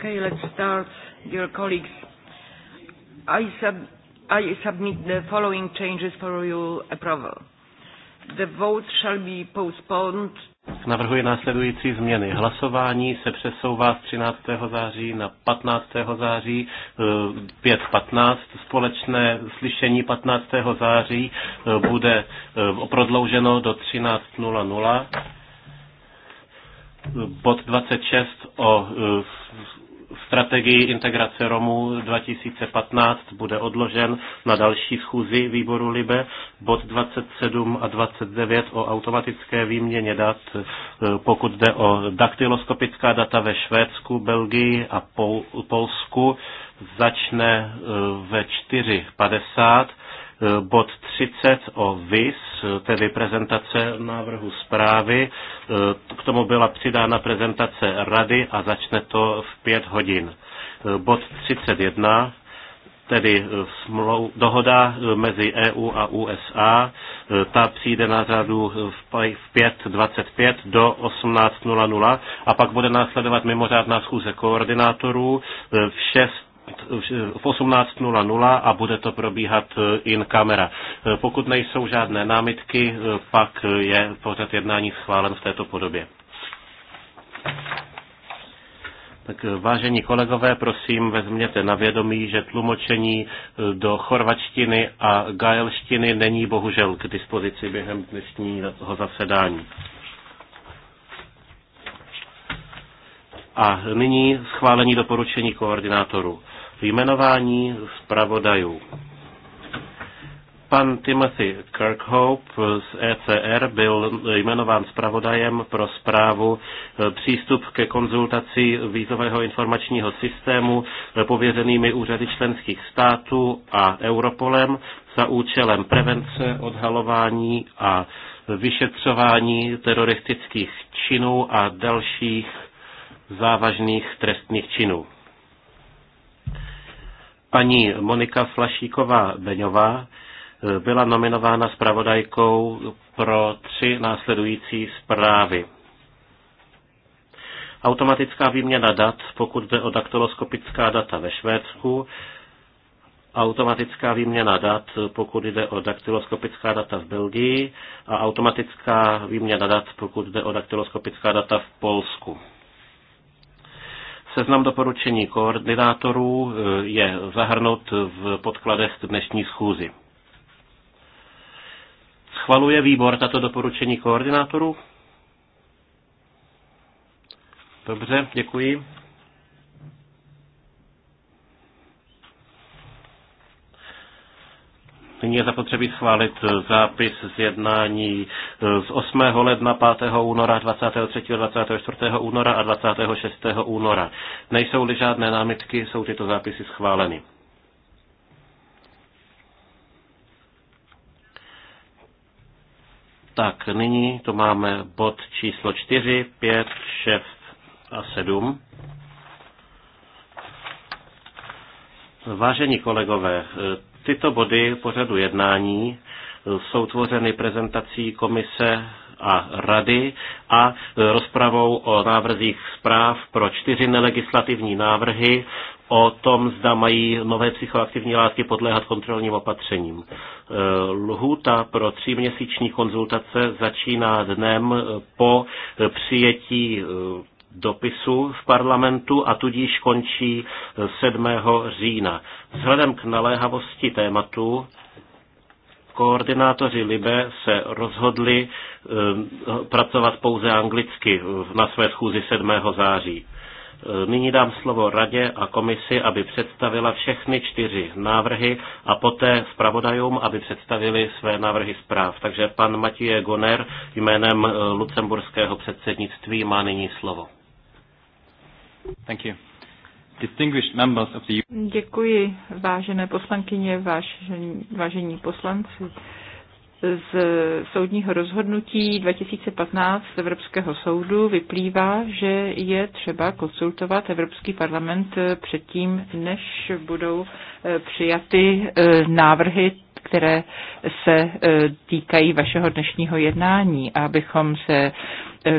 Okay, let's start, dear colleagues. I, sub I submit the following changes for your approval. The vote shall be postponed. Navrhuji následující změny. Hlasování se přesouvá z 13. září na 15. září 5.15. Eh, Společné slyšení 15. září eh, bude eh, prodlouženo do 13.00 bod 26 o strategii integrace Romů 2015 bude odložen na další schůzi výboru LIBE. Bod 27 a 29 o automatické výměně dat, e, pokud jde o daktyloskopická data ve Švédsku, Belgii a Polsku, začne e, ve 4.50 bod 30 o VIS, tedy prezentace návrhu zprávy. K tomu byla přidána prezentace rady a začne to v 5 hodin. Bod 31 tedy smlou, dohoda mezi EU a USA, ta přijde na řadu v 5.25 do 18.00 a pak bude následovat mimořádná schůze koordinátorů v 6 v 18.00 a bude to probíhat e, in kamera. E, pokud nejsou žádné námitky, e, pak je pořad jednání schválen v této podobě. Tak vážení kolegové, prosím, vezměte na vědomí, že tlumočení do chorvačtiny a gaelštiny není bohužel k dispozici během dnešního zasedání. A nyní schválení doporučení koordinátorů jmenování zpravodajů. Pan Timothy Kirkhope z ECR byl jmenován zpravodajem pro zprávu e, přístup ke konzultaci vízového informačního systému e, pověřenými úřady členských států a Europolem za účelem prevence, odhalování a vyšetřování teroristických činů a dalších závažných trestných činů. Paní Monika Flašíková-Beňová eh, byla nominována zpravodajkou pro tři následující zprávy. Automatická výměna dat, pokud jde o daktyloskopická data ve Švédsku, automatická výměna dat, pokud jde o daktyloskopická data v Belgii a automatická výměna dat, pokud jde o daktyloskopická data v Polsku. Seznam doporučení koordinátorů eh, je zahrnut v podkladech k dnešní schůzi. Schvaluje výbor tato doporučení koordinátorů? Dobře, děkuji. Nyní je zapotřebí schválit eh, zápis z jednání eh, z 8. ledna, 5. února, 23. 24. února a 26. února. Nejsou-li žádné námitky, jsou tyto zápisy schváleny. Tak, nyní to máme bod číslo 4, 5, 6 a 7. Vážení kolegové, eh, Tyto body pořadu jednání eh, jsou tvořeny prezentací komise a rady a eh, rozpravou o návrzích zpráv pro čtyři nelegislativní návrhy o tom, zda mají nové psychoaktivní látky podléhat kontrolním opatřením. Eh, lhůta pro tříměsíční konzultace začíná dnem po přijetí dopisu v parlamentu a tudíž končí 7. Eh, října. Vzhledem k naléhavosti tématu koordinátoři Libe se rozhodli eh, pracovat pouze anglicky na své schůzi 7. září. Eh, nyní dám slovo radě a komisi, aby představila všechny čtyři návrhy a poté zpravodajům, aby představili své návrhy zpráv. Takže pan Matěj Goner jménem lucemburského předsednictví má nyní slovo. Thank you. Distinguished members of the... Děkuji, vážené poslankyně, vážení, vážení poslanci z soudního rozhodnutí 2015 z Evropského soudu vyplývá, že je třeba konsultovat Evropský parlament předtím, než budou eh, přijaty eh, návrhy které se eh, týkají vašeho dnešního jednání. A abychom se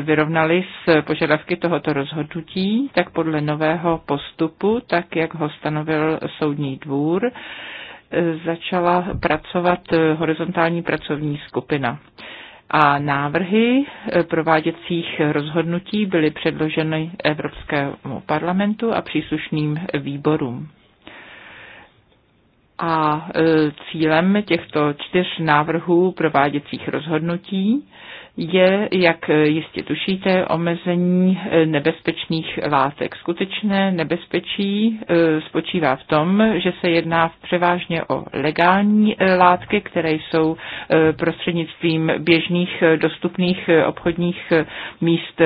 vyrovnali s požadavky tohoto rozhodnutí, tak podle nového postupu, tak jak ho stanovil soudní dvůr, začala pracovat eh, horizontální pracovní skupina. A návrhy eh, prováděcích rozhodnutí byly předloženy Evropskému parlamentu a příslušným výborům. A eh, cílem těchto čtyř návrhů prováděcích rozhodnutí je, jak jistě tušíte, omezení eh, nebezpečných látek. Skutečné nebezpečí eh, spočívá v tom, že se jedná v převážně o legální eh, látky, které jsou prostřednictvím běžných dostupných obchodních míst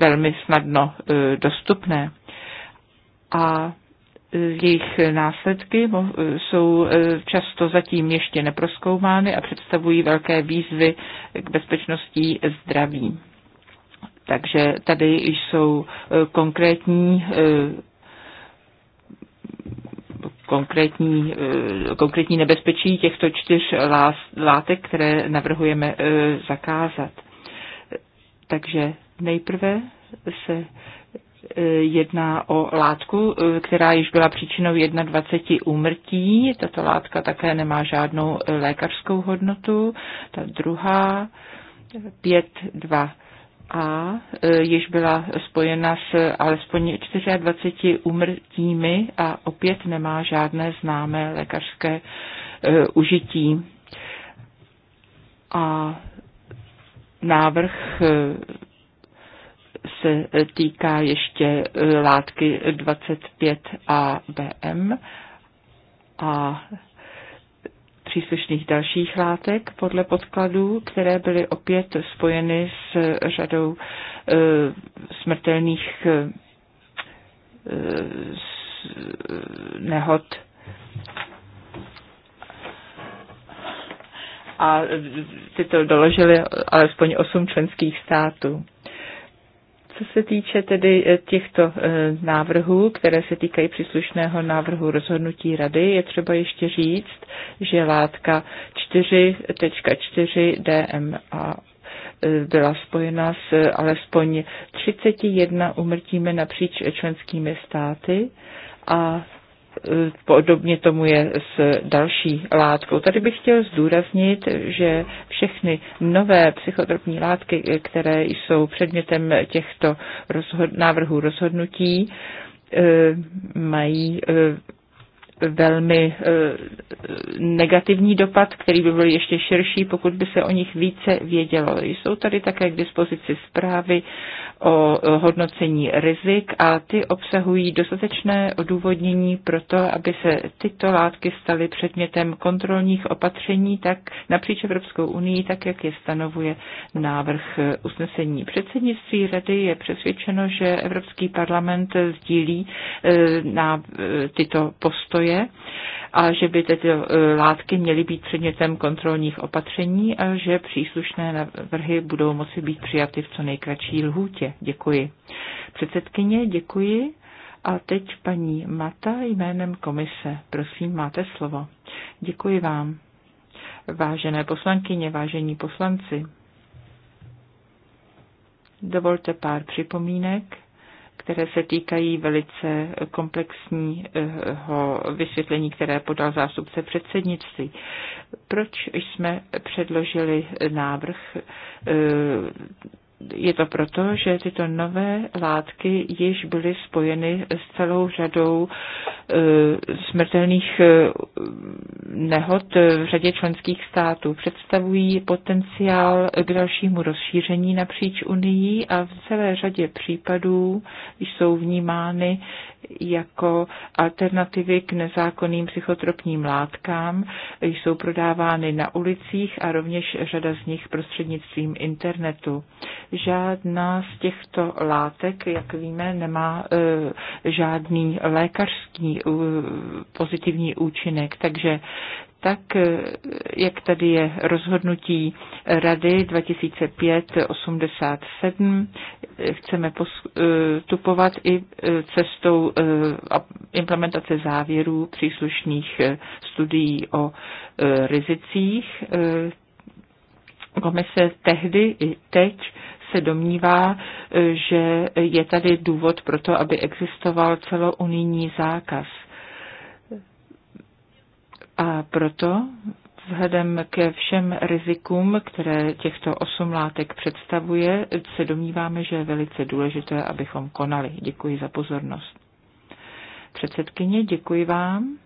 velmi snadno dostupné. A jejich následky jsou e, často zatím ještě neproskoumány a představují velké výzvy k bezpečnosti zdraví. Takže tady jsou e, konkrétní e, konkrétní, konkrétní nebezpečí těchto čtyř látek, které navrhujeme zakázat. Takže nejprve se jedná o látku, která již byla příčinou 21 úmrtí. Tato látka také nemá žádnou lékařskou hodnotu. Ta druhá 5.2 a již byla spojena s alespoň 24 úmrtími a opět nemá žádné známé lékařské e, užití. A návrh e, se týká ještě eh, látky 25 ABM a příslušných dalších látek podle podkladů, které byly opět spojeny s řadou e, smrtelných e, nehod. A tyto doložili alespoň osm členských států. Co se týče tedy e, těchto e, návrhů, které se týkají příslušného návrhu rozhodnutí rady, je třeba ještě říct, že látka 4.4 DMA e, byla spojena s alespoň 31 umrtími napříč členskými státy a Podobně tomu je s další látkou. Tady bych chtěl zdůraznit, že všechny nové psychotropní látky, které jsou předmětem těchto rozhod- návrhů rozhodnutí, eh, mají eh, velmi eh, negativní dopad, který by byl ještě širší, pokud by se o nich více vědělo. Jsou tady také k dispozici zprávy o hodnocení rizik a ty obsahují dostatečné odůvodnění pro to, aby se tyto látky staly předmětem kontrolních opatření tak napříč Evropskou unii, tak jak je stanovuje návrh eh, usnesení. Předsednictví rady je přesvědčeno, že Evropský parlament sdílí eh, na tyto postoje nástroje a že by tyto e, látky měly být předmětem kontrolních opatření a že příslušné návrhy budou moci být přijaty v co nejkratší lhůtě. Děkuji. Předsedkyně, děkuji. A teď paní Mata jménem komise. Prosím, máte slovo. Děkuji vám. Vážené poslankyně, vážení poslanci, dovolte pár připomínek které se týkají velice komplexního vysvětlení, které podal zástupce předsednictví. Proč jsme předložili návrh je to proto, že tyto nové látky již byly spojeny s celou řadou e, smrtelných e, nehod v řadě členských států. Představují potenciál k dalšímu rozšíření napříč Unii a v celé řadě případů jsou vnímány jako alternativy k nezákonným psychotropním látkám. Jsou prodávány na ulicích a rovněž řada z nich prostřednictvím internetu. Žádná z těchto látek, jak víme, nemá e, žádný lékařský pozitivní účinek, takže tak, eh, jak tady je rozhodnutí Rady 2005-87, chceme postupovat eh, i eh, cestou implementace závěrů příslušných studií o rizicích. Komise tehdy i teď se domnívá, že je tady důvod pro to, aby existoval celounijní zákaz a proto vzhledem ke všem rizikům, které těchto osm látek představuje, se domníváme, že je velice důležité, abychom konali. Děkuji za pozornost. Předsedkyně, děkuji vám.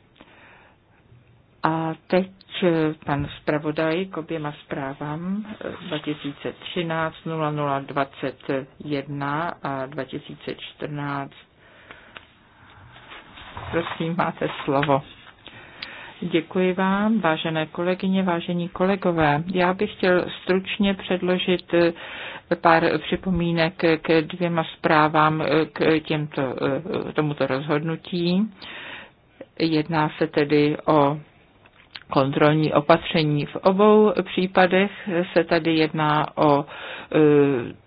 A teď eh, pan zpravodaj k oběma zprávám eh, 2013 0021 a 2014. Prosím, máte slovo. Děkuji vám, vážené kolegyně, vážení kolegové. Já bych chtěl stručně předložit eh, pár připomínek k dvěma zprávám eh, k těmto, eh, tomuto rozhodnutí. Jedná se tedy o kontrolní opatření. V obou případech se tady jedná o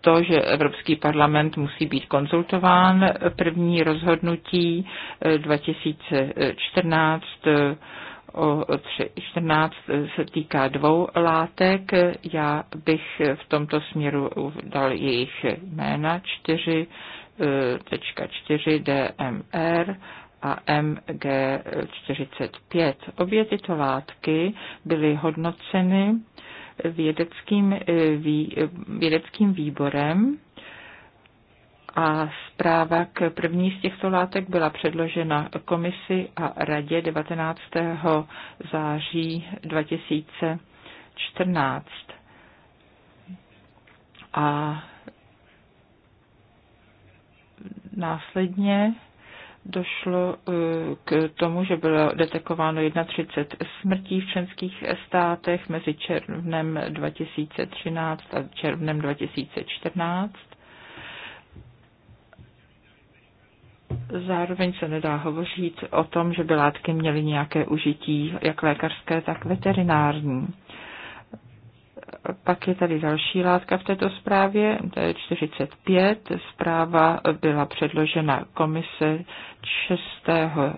to, že Evropský parlament musí být konzultován. První rozhodnutí 2014 o 14 se týká dvou látek. Já bych v tomto směru dal jejich jména 4.4 e, DMR a MG45. Obě tyto látky byly hodnoceny vědeckým, e, e, vědeckým výborem a zpráva k první z těchto látek byla předložena komisi a radě 19. září 2014. A následně došlo eh, k tomu, že bylo detekováno 31 smrtí v členských státech mezi červnem 2013 a červnem 2014 Zároveň se nedá hovořit o tom, že by látky měly nějaké užití, jak lékařské, tak veterinární. Pak je tady další látka v této zprávě, to je 45. Zpráva byla předložena komise 6.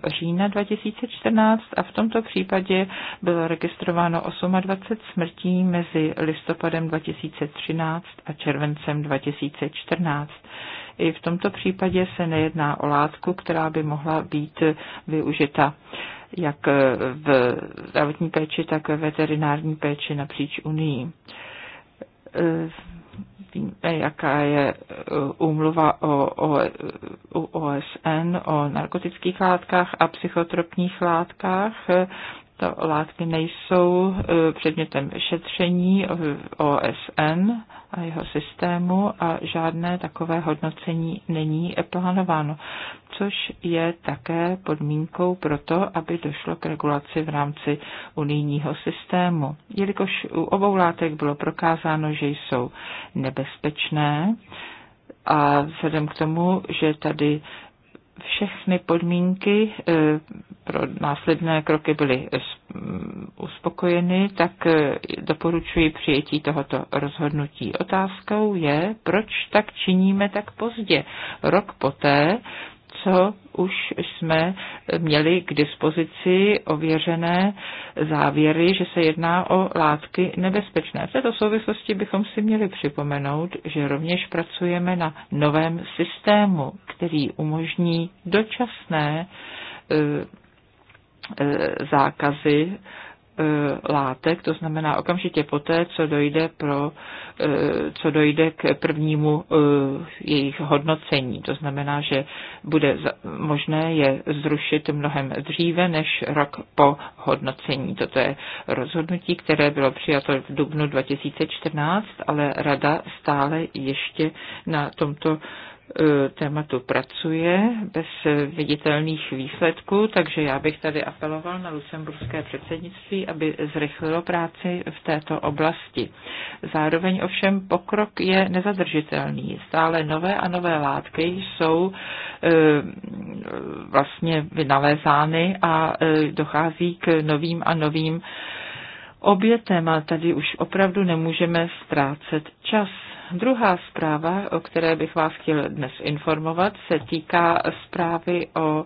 října 2014 a v tomto případě bylo registrováno 28 smrtí mezi listopadem 2013 a červencem 2014. I v tomto případě se nejedná o látku, která by mohla být využita jak v zdravotní péči, tak ve veterinární péči napříč Unii. Víme, jaká je úmluva o, o, OSN o narkotických látkách a psychotropních látkách tyto látky nejsou e, předmětem šetření OSN a jeho systému a žádné takové hodnocení není plánováno, což je také podmínkou pro to, aby došlo k regulaci v rámci unijního systému. Jelikož u obou látek bylo prokázáno, že jsou nebezpečné, a vzhledem k tomu, že tady všechny podmínky eh, pro následné kroky byly uspokojeny, tak eh, doporučuji přijetí tohoto rozhodnutí. Otázkou je, proč tak činíme tak pozdě, rok poté, co už jsme měli k dispozici ověřené závěry, že se jedná o látky nebezpečné. V této souvislosti bychom si měli připomenout, že rovněž pracujeme na novém systému, který umožní dočasné e, e, zákazy E, látek, to znamená okamžitě poté, co dojde, pro, e, co dojde k prvnímu e, jejich hodnocení. To znamená, že bude možné je zrušit mnohem dříve než rok po hodnocení. Toto je rozhodnutí, které bylo přijato v dubnu 2014, ale rada stále ještě na tomto E, tématu pracuje bez viditelných výsledků, takže já bych tady apeloval na lucemburské předsednictví, aby zrychlilo práci v této oblasti. Zároveň ovšem pokrok je nezadržitelný. Stále nové a nové látky jsou e, vlastně vynalézány a e, dochází k novým a novým obětem a tady už opravdu nemůžeme ztrácet čas Druhá zpráva, o které bych vás chtěl dnes informovat, se týká zprávy o e,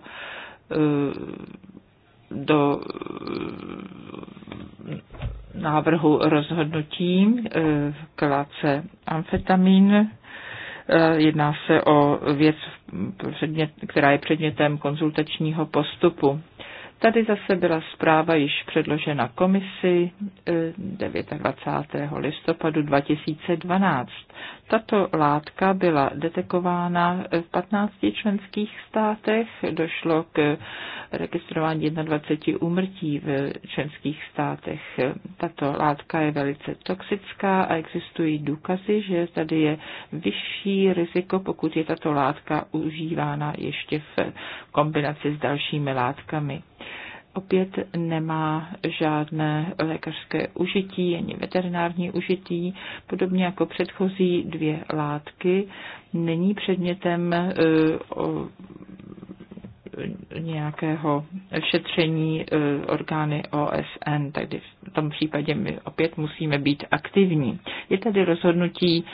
do e, návrhu rozhodnutí e, kláce amfetamin. Jedná se o věc, která je předmětem konzultačního postupu. Tady zase byla zpráva již předložena komisi 29. Eh, listopadu 2012. Tato látka byla detekována v 15 členských státech, došlo k registrování 21 úmrtí v členských státech. Tato látka je velice toxická a existují důkazy, že tady je vyšší riziko, pokud je tato látka užívána ještě v kombinaci s dalšími látkami opět nemá žádné lékařské užití ani veterinární užití, podobně jako předchozí dvě látky. Není předmětem e, nějakého šetření e, orgány OSN, takže v tom případě my opět musíme být aktivní. Je tady rozhodnutí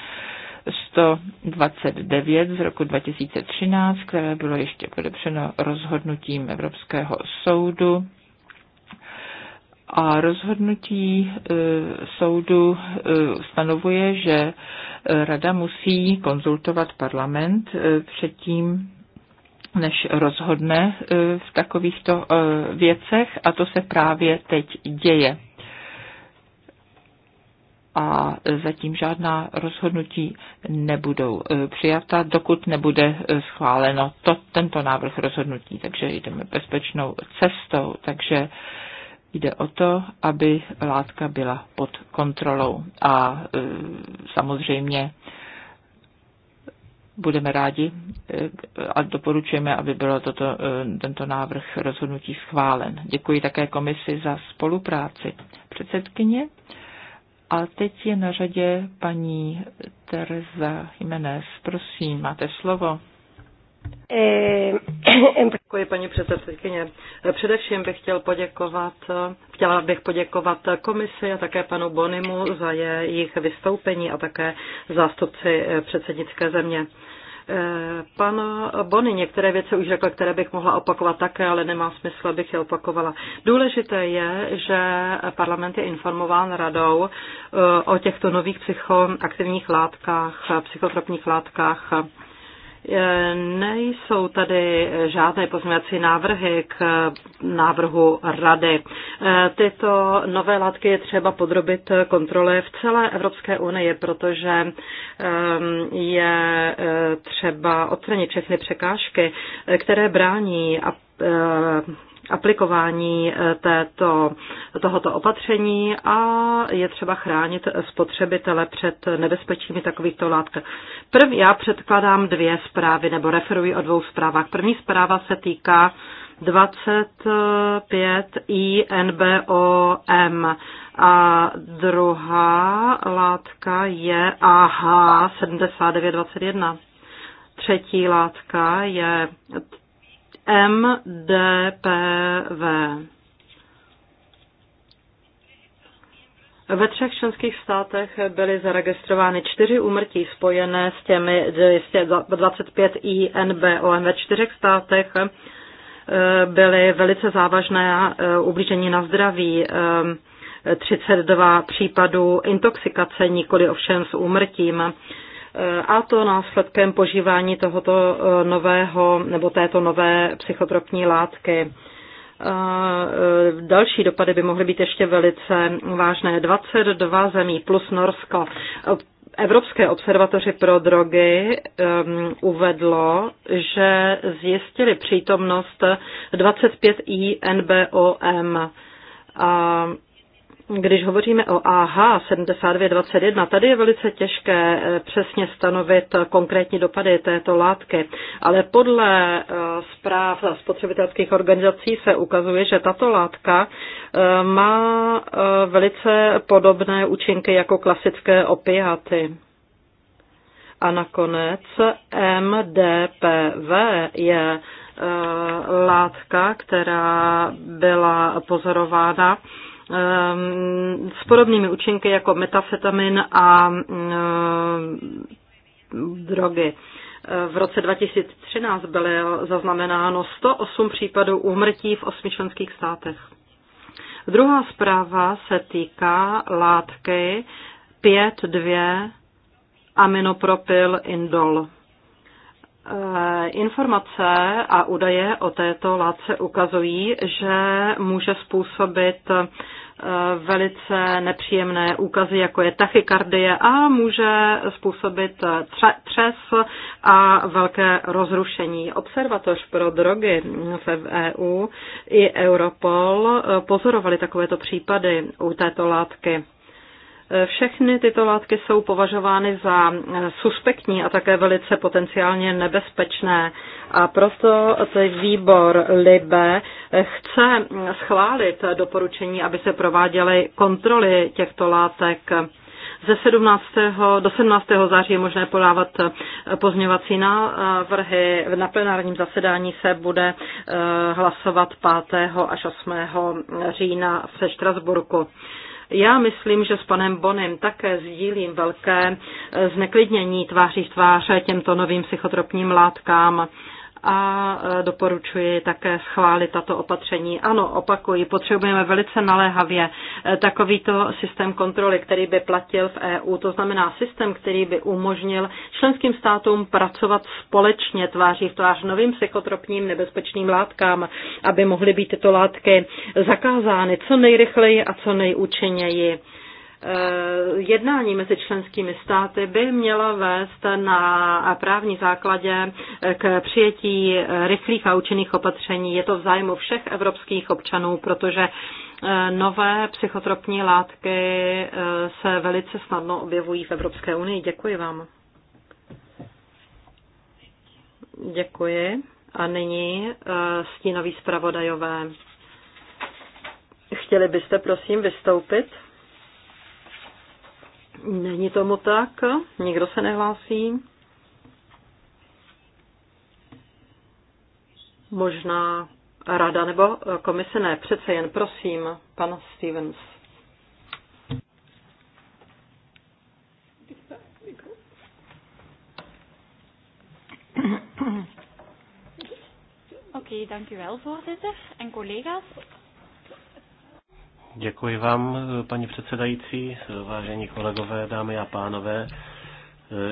129 z roku 2013, které bylo ještě podepřeno rozhodnutím Evropského soudu. A rozhodnutí e, soudu e, stanovuje, že e, rada musí konzultovat parlament e, předtím, než rozhodne e, v takovýchto e, věcech a to se právě teď děje a zatím žádná rozhodnutí nebudou eh, přijata, dokud nebude eh, schváleno to, tento návrh rozhodnutí. Takže jdeme bezpečnou cestou. Takže jde o to, aby látka byla pod kontrolou. A eh, samozřejmě budeme rádi a doporučujeme, aby byl tento návrh rozhodnutí schválen. Děkuji také komisi za spolupráci. Předsedkyně. A teď je na řadě paní Teresa Jiménez. Prosím, máte slovo. Eh, Děkuji, paní předsedkyně. Především bych chtěl poděkovat, chtěla bych poděkovat komisi a také panu Bonimu za jejich vystoupení a také zástupci předsednické země. Eh, pan Bony některé věci už řekl, které bych mohla opakovat také, ale nemá smysl, abych je opakovala. Důležité je, že parlament je informován radou eh, o těchto nových psychoaktivních látkách, eh, psychotropních látkách. E, nejsou tady žádné pozměňovací návrhy k návrhu rady. E, tyto nové látky je třeba podrobit kontrole v celé Evropské unii, protože e, je třeba odstranit všechny překážky, které brání a aplikování eh, této, tohoto opatření a je třeba chránit spotřebitele před nebezpečími takovýchto látek. Prv, já předkládám dvě zprávy nebo referuji o dvou zprávách. První zpráva se týká 25 INBOM a druhá látka je AH 7921. Třetí látka je MDPV. Ve třech členských státech byly zaregistrovány čtyři úmrtí spojené s těmi 25 INBOM. Ve čtyřech státech eh, byly velice závažné eh, ublížení na zdraví, 32 eh, případů intoxikace, nikoli ovšem s úmrtím. E, a to následkem požívání tohoto e, nového nebo této nové psychotropní látky. E, další dopady by mohly být ještě velice vážné. 22 zemí plus Norsko. Evropské observatoři pro drogy um, uvedlo, že zjistili přítomnost 25 INBOM. A když hovoříme o AH 7221, tady je velice těžké eh, přesně stanovit konkrétní dopady této látky, ale podle eh, zpráv spotřebitelských organizací se ukazuje, že tato látka eh, má velice podobné účinky jako klasické opiáty. A nakonec MDPV je látka, která byla pozorována Ehm, s podobnými účinky jako metafetamin a ehm, drogy. Ehm, v roce 2013 bylo zaznamenáno 108 případů úmrtí v osmi členských státech. Druhá zpráva se týká látky 5,2 aminopropyl indol. Eh, informace a údaje o této látce ukazují, že může způsobit eh, velice nepříjemné úkazy, jako je tachykardie a může způsobit eh, třes a velké rozrušení. Observatoř pro drogy v EU i Europol pozorovali takovéto případy u této látky. Všechny tyto látky jsou považovány za eh, suspektní a také velice potenciálně nebezpečné. A proto výbor LIBE eh, chce hm, schválit doporučení, aby se prováděly kontroly těchto látek. Ze 17. do 17. září je možné podávat eh, pozměvací návrhy. Na plenárním zasedání se bude hlasovat 5. až 8. října se Štrasburku. Já myslím, že s panem Bonem také sdílím velké eh, zneklidnění tváří v tváře těmto novým psychotropním látkám a e, doporučuji také schválit tato opatření. Ano, opakuji, potřebujeme velice naléhavě e, takovýto systém kontroly, který by platil v EU, to znamená systém, který by umožnil členským státům pracovat společně tváří v tvář novým psychotropním nebezpečným látkám, aby mohly být tyto látky zakázány co nejrychleji a co nejúčinněji. Eh, jednání mezi členskými státy by měla vést na právní základě eh, k přijetí eh, rychlých a účinných opatření. Je to v zájmu všech evropských občanů, protože nové psychotropní látky se velice snadno objevují v Evropské unii. Děkuji vám. Děkuji. A nyní stínoví zpravodajové. Chtěli byste, prosím, vystoupit? Není tomu tak, nikdo se nehlásí. Možná rada nebo komise ne, přece jen prosím, pan Stevens. Oké, okay, dank u wel, voorzitter en collega's. Děkuji vám, paní předsedající, vážení kolegové, dámy a pánové.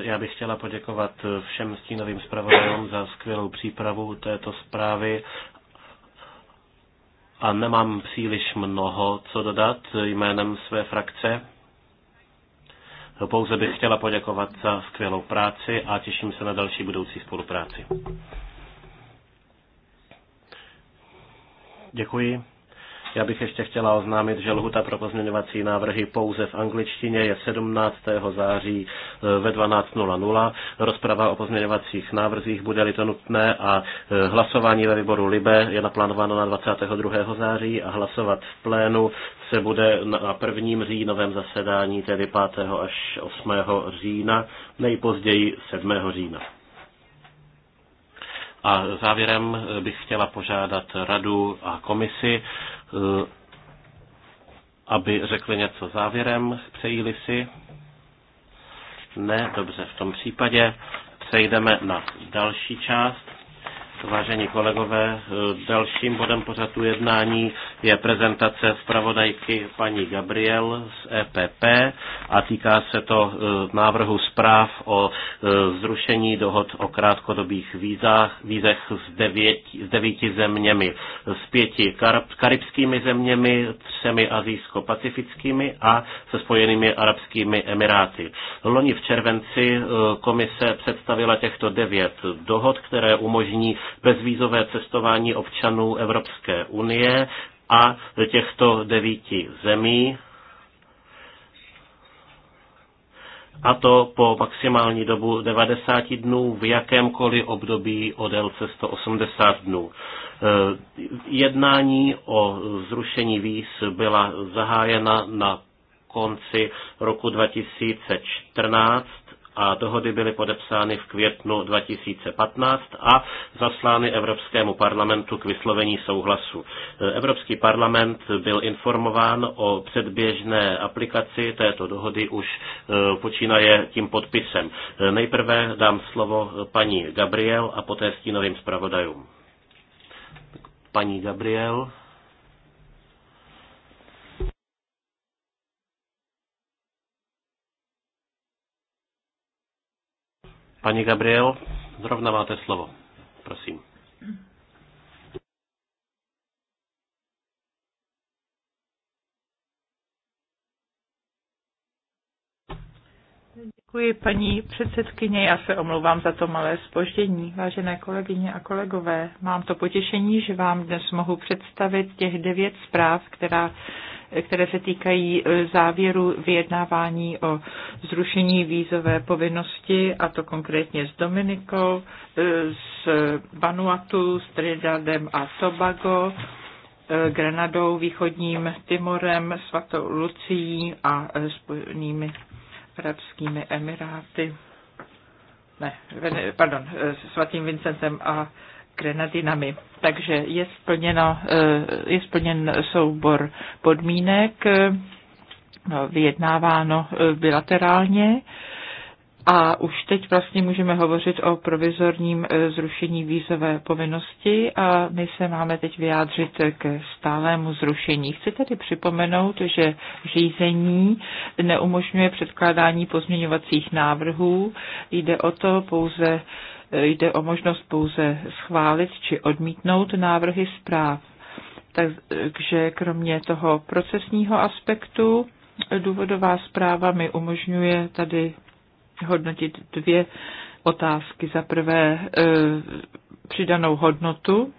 Já bych chtěla poděkovat všem stínovým zpravodajům za skvělou přípravu této zprávy a nemám příliš mnoho co dodat jménem své frakce. Pouze bych chtěla poděkovat za skvělou práci a těším se na další budoucí spolupráci. Děkuji. Já bych ještě chtěla oznámit, že lhuta pro pozměňovací návrhy pouze v angličtině je 17. září e, ve 12.00. Rozprava o pozměňovacích návrzích bude-li to nutné a e, hlasování ve výboru Libe je naplánováno na 22. září a hlasovat v plénu se bude na prvním říjnovém zasedání, tedy 5. až 8. října, nejpozději 7. října. A závěrem e, bych chtěla požádat radu a komisi, Eh, aby řekli něco závěrem, přejí si? Ne, dobře, v tom případě přejdeme na další část Vážení kolegové, dalším bodem pořadu jednání je prezentace zpravodajky paní Gabriel z EPP a týká se to eh, návrhu zpráv o eh, zrušení dohod o krátkodobých vízách, vízech s, devět, s devíti zeměmi, s pěti karibskými zeměmi, třemi azijsko-pacifickými a se spojenými arabskými emiráty. Loni v červenci eh, komise představila těchto devět dohod, které umožní bezvízové cestování občanů Evropské unie a těchto devíti zemí, a to po maximální dobu 90 dnů v jakémkoliv období o délce 180 dnů. E, jednání o zrušení víz byla zahájena na konci roku 2014 a dohody byly podepsány v květnu 2015 a zaslány Evropskému parlamentu k vyslovení souhlasu. Evropský parlament byl informován o předběžné aplikaci této dohody už e, počínaje tím podpisem. Nejprve dám slovo paní Gabriel a poté stínovým zpravodajům. Paní Gabriel. Paní Gabriel, zrovna máte slovo. Prosím. Děkuji, paní předsedkyně. Já se omlouvám za to malé spoždění. Vážené kolegyně a kolegové, mám to potěšení, že vám dnes mohu představit těch devět zpráv, která, které se týkají e, závěru vyjednávání o zrušení vízové povinnosti, a to konkrétně s Dominikou, e, s Vanuatu, s Trinidadem a Tobago, e, Grenadou, východním Timorem, svatou Lucií a Spojenými Arabskými Emiráty, ne, pardon, eh, svatým Vincentem a Grenadinami. Takže je, splněno, eh, je splněn soubor podmínek, eh, no, vyjednáváno bilaterálně a už teď vlastně můžeme hovořit o provizorním e, zrušení vízové povinnosti a my se máme teď vyjádřit k stálému zrušení. Chci tedy připomenout, že řízení neumožňuje předkládání pozměňovacích návrhů. Jde o to pouze e, jde o možnost pouze schválit či odmítnout návrhy zpráv. Takže kromě toho procesního aspektu důvodová zpráva mi umožňuje tady hodnotit dvě otázky. Za prvé eh, přidanou hodnotu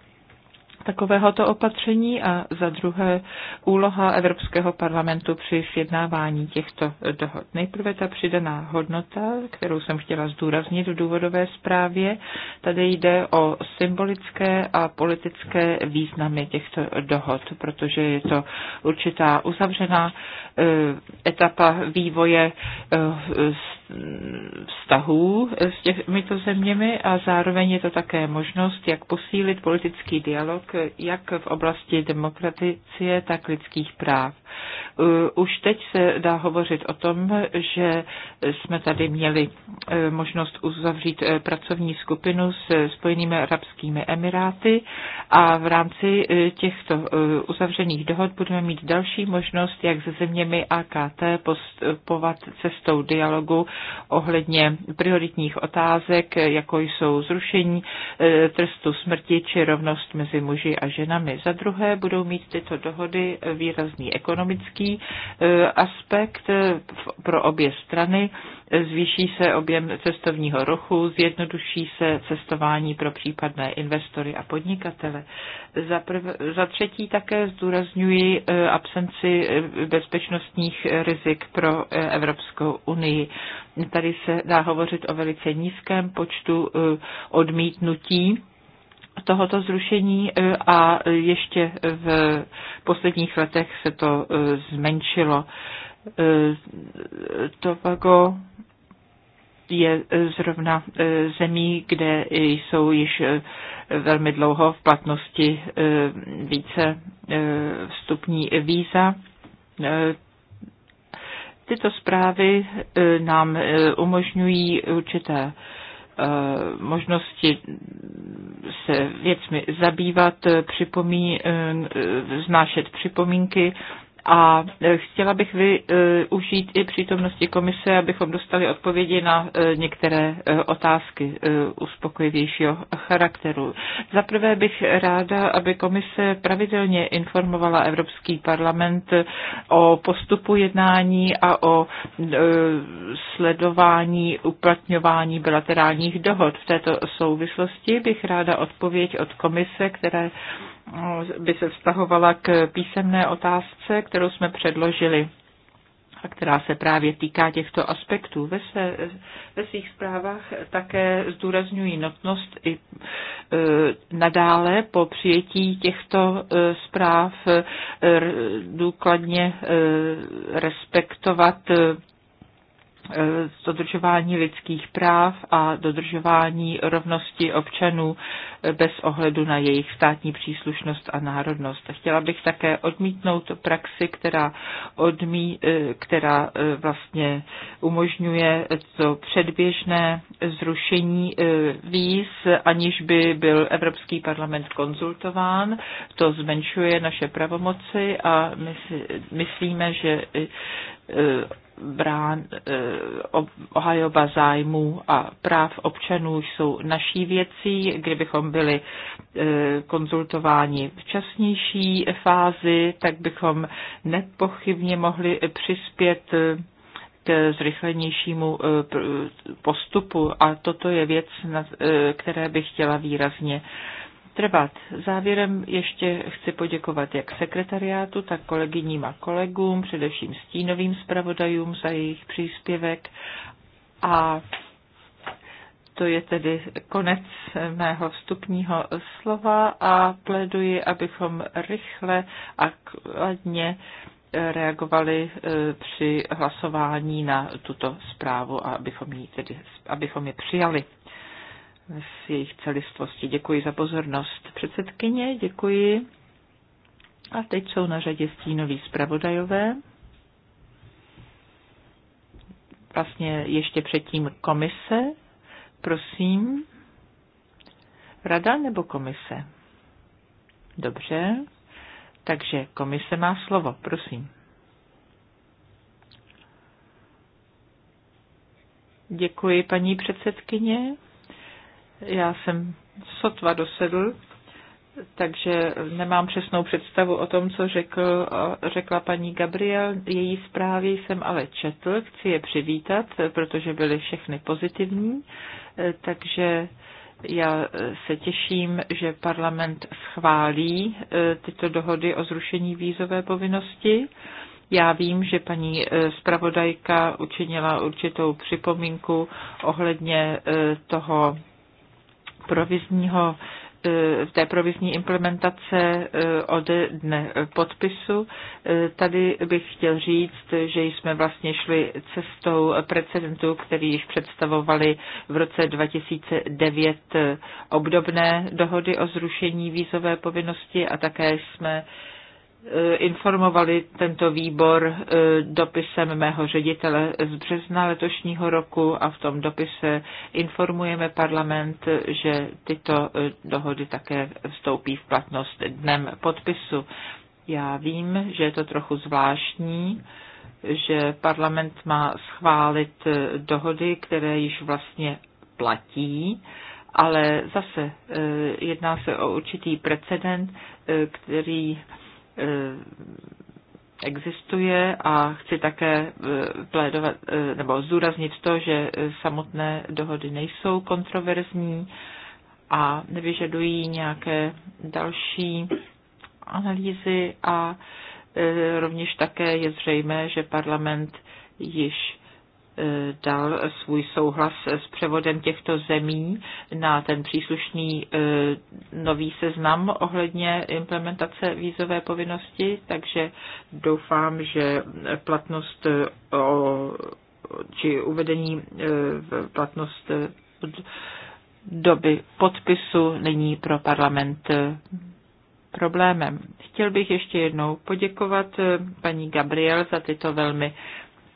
takovéhoto opatření a za druhé úloha Evropského parlamentu při sjednávání těchto dohod. Nejprve ta přidaná hodnota, kterou jsem chtěla zdůraznit v důvodové zprávě. Tady jde o symbolické a politické významy těchto dohod, protože je to určitá uzavřená eh, etapa vývoje eh, vztahů s těmito zeměmi a zároveň je to také možnost, jak posílit politický dialog jak v oblasti demokracie, tak lidských práv. Eh, už teď se dá hovořit o tom, že jsme tady měli eh, možnost uzavřít eh, pracovní skupinu s Spojenými arabskými emiráty a v rámci těchto uzavřených dohod budeme mít další možnost, jak se zeměmi AKT postupovat cestou dialogu ohledně prioritních otázek, jako jsou zrušení trestu smrti či rovnost mezi muži a ženami. Za druhé budou mít tyto dohody výrazný ekonomický další e, aspekt e, pro obě strany. Zvýší se objem cestovního ruchu, zjednoduší se cestování pro případné investory a podnikatele. Za, prv, za třetí také zdůrazňuji e, absenci bezpečnostních rizik pro Evropskou unii. Tady se dá hovořit o velice nízkém počtu odmítnutí tohoto zrušení e, a ještě v posledních letech se to e, zmenšilo. E, Tobago je zrovna zemí, kde jsou již velmi dlouho v platnosti více vstupní víza. Tyto zprávy nám umožňují určité Eh, možnosti se věcmi zabývat, eh, připomín, eh, znášet připomínky a e, chtěla bych využít i přítomnosti komise, abychom dostali odpovědi na e, některé e, otázky uspokojivějšího charakteru. Zaprvé bych ráda, aby komise pravidelně informovala Evropský parlament o postupu jednání a o sledování uplatňování bilaterálních dohod. V této souvislosti bych ráda odpověď od komise, které by se vztahovala k písemné otázce, kterou jsme předložili a která se právě týká těchto aspektů. Ve, své, ve svých zprávách také zdůrazňují notnost i e, nadále po přijetí těchto e, zpráv e, důkladně e, respektovat e, Eh, dodržování lidských práv a dodržování rovnosti občanů eh, bez ohledu na jejich státní příslušnost a národnost. Chtěla bych také odmítnout praxi, která, odmí, eh, která vlastně umožňuje to předběžné zrušení víz, aniž by byl Evropský parlament konzultován. To zmenšuje naše pravomoci a my si myslíme, že brán, eh, obhajoba zájmů a práv občanů jsou naší věcí. Kdybychom byli eh, konzultováni v časnější fázi, tak bychom nepochybně mohli přispět eh, k zrychlenějšímu postupu a toto je věc, které bych chtěla výrazně trvat. Závěrem ještě chci poděkovat jak sekretariátu, tak kolegyním a kolegům, především stínovým zpravodajům za jejich příspěvek a to je tedy konec mého vstupního slova a pléduji, abychom rychle a kladně reagovali eh, při hlasování na tuto zprávu a abychom ji, tedy, abychom ji přijali s jejich celistvosti. Děkuji za pozornost. Předsedkyně, děkuji. A teď jsou na řadě stínoví zpravodajové. Vlastně ještě předtím komise. Prosím. Rada nebo komise? Dobře. Takže komise má slovo, prosím. Děkuji, paní předsedkyně. Já jsem sotva dosedl, takže nemám přesnou představu o tom, co řekl, řekla paní Gabriel. Její zprávy jsem ale četl, chci je přivítat, protože byly všechny pozitivní, takže já se těším, že parlament schválí eh, tyto dohody o zrušení vízové povinnosti. Já vím, že paní eh, zpravodajka učinila určitou připomínku ohledně eh, toho provizního e, té provizní implementace e, od dne podpisu. E, tady bych chtěl říct, že jsme vlastně šli cestou precedentu, který již představovali v roce 2009 obdobné dohody o zrušení vízové povinnosti a také jsme Eh, informovali tento výbor eh, dopisem mého ředitele z března letošního roku a v tom dopise informujeme parlament, že tyto eh, dohody také vstoupí v platnost dnem podpisu. Já vím, že je to trochu zvláštní, že parlament má schválit dohody, které již vlastně platí, ale zase jedná se o určitý precedent, který Eh, existuje a chci také eh, plédovat, eh, nebo zdůraznit to, že samotné dohody nejsou kontroverzní a nevyžadují nějaké další analýzy a rovněž také je zřejmé, že parlament již dal svůj souhlas s převodem těchto zemí na ten příslušný e, nový seznam ohledně implementace vízové povinnosti, takže doufám, že platnost e, o, či uvedení e, v platnost od doby podpisu není pro parlament problémem. Chtěl bych ještě jednou poděkovat paní Gabriel za tyto velmi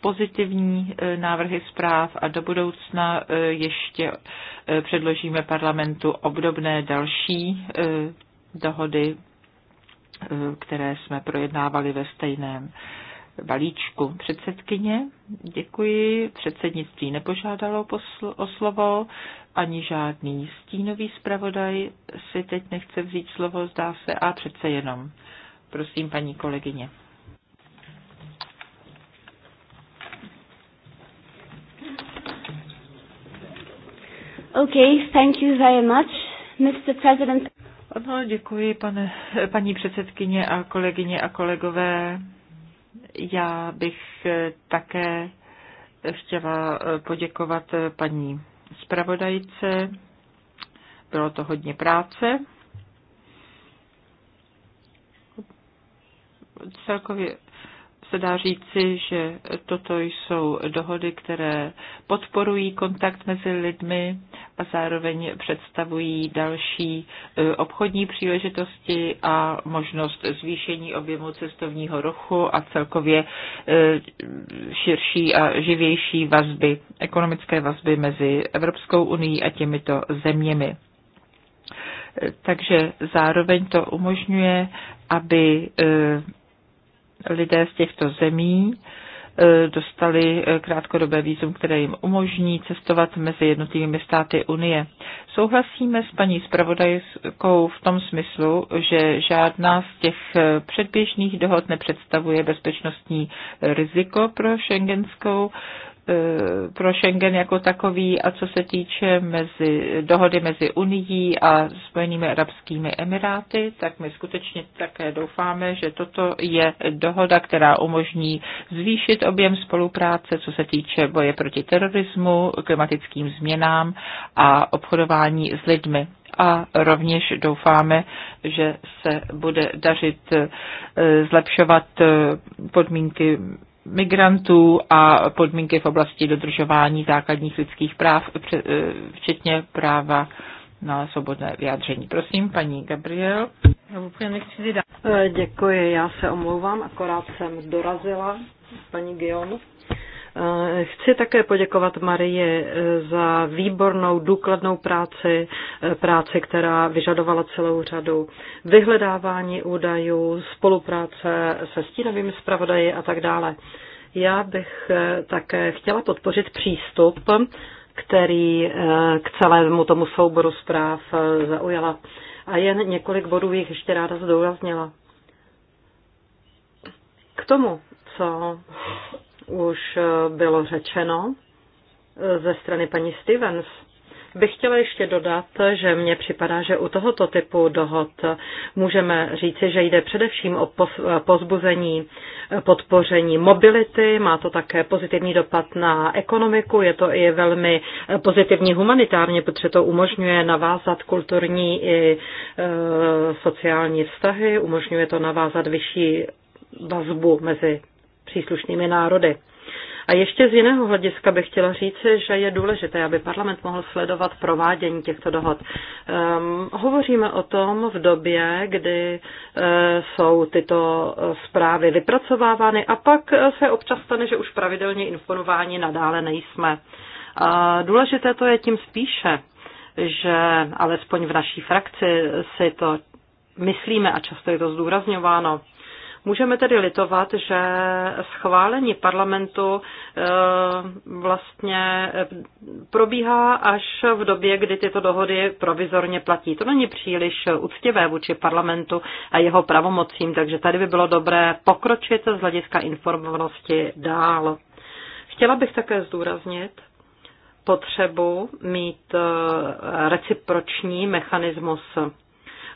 pozitivní e, návrhy zpráv a do budoucna e, ještě e, předložíme parlamentu obdobné další dohody, které jsme projednávali ve stejném balíčku. Předsedkyně, děkuji. Předsednictví nepožádalo o slovo, ani žádný stínový zpravodaj si teď nechce vzít slovo, zdá se, a přece jenom. Prosím, paní kolegyně. Okay, thank you very much, Mr. President. Ano, děkuji, pane, paní předsedkyně a kolegyně a kolegové. Já bych také chtěla poděkovat paní zpravodajce. Bylo to hodně práce. Celkově se dá říci, že toto jsou dohody, které podporují kontakt mezi lidmi a zároveň představují další e, obchodní příležitosti a možnost zvýšení objemu cestovního ruchu a celkově e, širší a živější vazby, ekonomické vazby mezi Evropskou unii a těmito zeměmi e, takže zároveň to umožňuje, aby lidé z těchto zemí eh, dostali eh, krátkodobé výzum, které jim umožní cestovat mezi jednotlivými státy Unie. Souhlasíme s paní zpravodajkou v tom smyslu, že žádná z těch eh, předběžných dohod nepředstavuje bezpečnostní riziko pro šengenskou E, pro Schengen jako takový a co se týče mezi, dohody mezi Unií a Spojenými arabskými emiráty, tak my skutečně také doufáme, že toto je dohoda, která umožní zvýšit objem spolupráce, co se týče boje proti terorismu, klimatickým změnám a obchodování s lidmi a rovněž doufáme, že se bude dařit e, zlepšovat e, podmínky migrantů a podmínky v oblasti dodržování základních lidských práv, eh, včetně práva na svobodné vyjádření. Prosím, paní Gabriel. Eh, děkuji, já se omlouvám, akorát jsem dorazila, paní Gion. Eh, chci také poděkovat Marie eh, za výbornou, důkladnou práci, eh, práci, která vyžadovala celou řadu vyhledávání údajů, spolupráce se stínovými zpravodaji a tak dále. Já bych také chtěla podpořit přístup, který k celému tomu souboru zpráv zaujala. A jen několik bodů jich ještě ráda zdůraznila. K tomu, co už eh, bylo řečeno eh, ze strany paní Stevens, bych chtěla ještě dodat, že mně připadá, že u tohoto typu dohod můžeme říci, že jde především o pozbuzení, eh, podpoření mobility, má to také pozitivní dopad na ekonomiku, je to i velmi pozitivní humanitárně, protože to umožňuje navázat kulturní i sociální vztahy, umožňuje to navázat vyšší vazbu mezi příslušnými národy. A ještě z jiného hlediska bych chtěla říci, že je důležité, aby parlament mohl sledovat provádění těchto dohod. Um, hovoříme o tom v době, kdy uh, jsou tyto eh, zprávy vypracovávány a pak eh, se občas stane, že už pravidelně informováni nadále nejsme. Uh, důležité to je tím spíše, že alespoň v naší frakci si to myslíme a často je to zdůrazňováno, Můžeme tedy litovat, že schválení parlamentu eh, vlastně eh, probíhá až v době, kdy tyto dohody provizorně platí. To není příliš úctivé vůči parlamentu a jeho pravomocím, takže tady by bylo dobré pokročit z hlediska informovanosti dál. Chtěla bych také zdůraznit, potřebu mít eh, reciproční mechanismus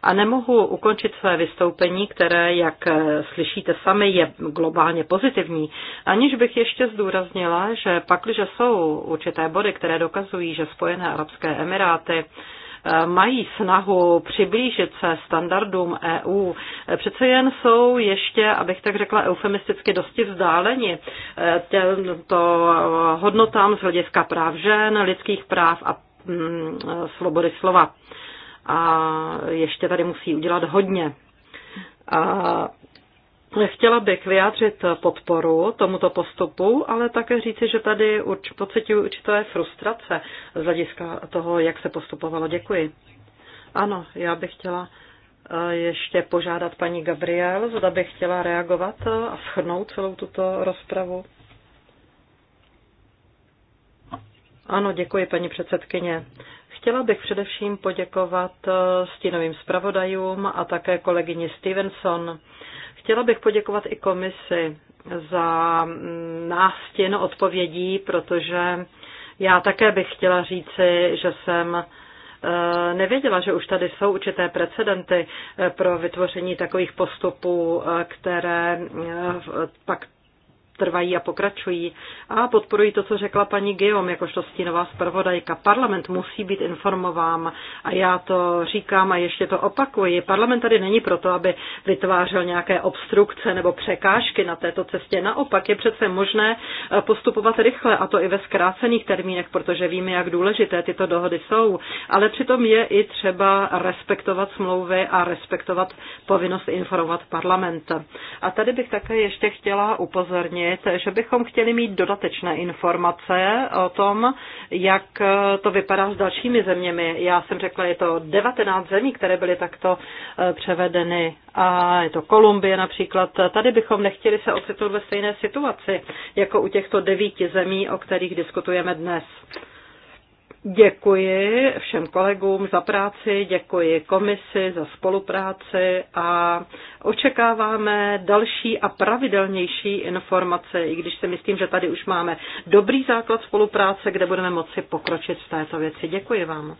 a nemohu ukončit své vystoupení, které, jak slyšíte sami, je globálně pozitivní, aniž bych ještě zdůraznila, že pakliže jsou určité body, které dokazují, že Spojené Arabské Emiráty eh, mají snahu přiblížit se standardům EU. Eh, přece jen jsou ještě, abych tak řekla eufemisticky, dosti vzdáleni eh, to hodnotám z hlediska práv žen, lidských práv a mm, svobody slova a ještě tady musí udělat hodně. A Chtěla bych vyjádřit podporu tomuto postupu, ale také říci, že tady urč, pocituji určité frustrace z hlediska toho, jak se postupovalo. Děkuji. Ano, já bych chtěla eh, ještě požádat paní Gabriel, zda bych chtěla reagovat a shrnout celou tuto rozpravu. Ano, děkuji, paní předsedkyně. Chtěla bych především poděkovat eh, stínovým zpravodajům a také kolegyni Stevenson. Chtěla bych poděkovat i komisi za mm, nástěn odpovědí, protože já také bych chtěla říci, že jsem eh, nevěděla, že už tady jsou určité precedenty eh, pro vytvoření takových postupů, které pak trvají a pokračují. A podporuji to, co řekla paní Geom, jakožto stínová zpravodajka. Parlament musí být informován a já to říkám a ještě to opakuji. Parlament tady není proto, aby vytvářel nějaké obstrukce nebo překážky na této cestě. Naopak je přece možné eh, postupovat rychle a to i ve zkrácených termínech, protože víme, jak důležité tyto dohody jsou. Ale přitom je i třeba respektovat smlouvy a respektovat povinnost informovat parlament. A tady bych také ještě chtěla upozornit, zmínit, že bychom chtěli mít dodatečné informace o tom, jak to vypadá s dalšími zeměmi. Já jsem řekla, je to 19 zemí, které byly takto eh, převedeny a je to Kolumbie například. Tady bychom nechtěli se ocitnout ve stejné situaci jako u těchto devíti zemí, o kterých diskutujeme dnes. Děkuji všem kolegům za práci, děkuji komisi za spolupráci a očekáváme další a pravidelnější informace, i když si myslím, že tady už máme dobrý základ spolupráce, kde budeme moci pokročit v této věci. Děkuji vám.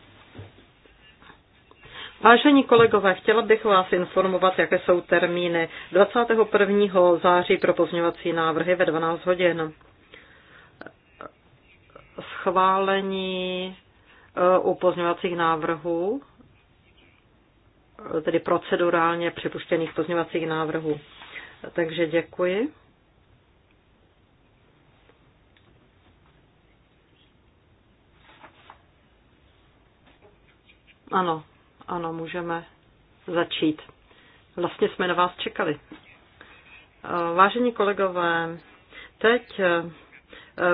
Vážení kolegové, chtěla bych vás informovat, jaké jsou termíny 21. září pro pozměňovací návrhy ve 12 hodin schválení eh, u pozměňovacích návrhů, eh, tedy procedurálně připuštěných pozměňovacích návrhů. Takže děkuji. Ano, ano, můžeme začít. Vlastně jsme na vás čekali. Eh, vážení kolegové, teď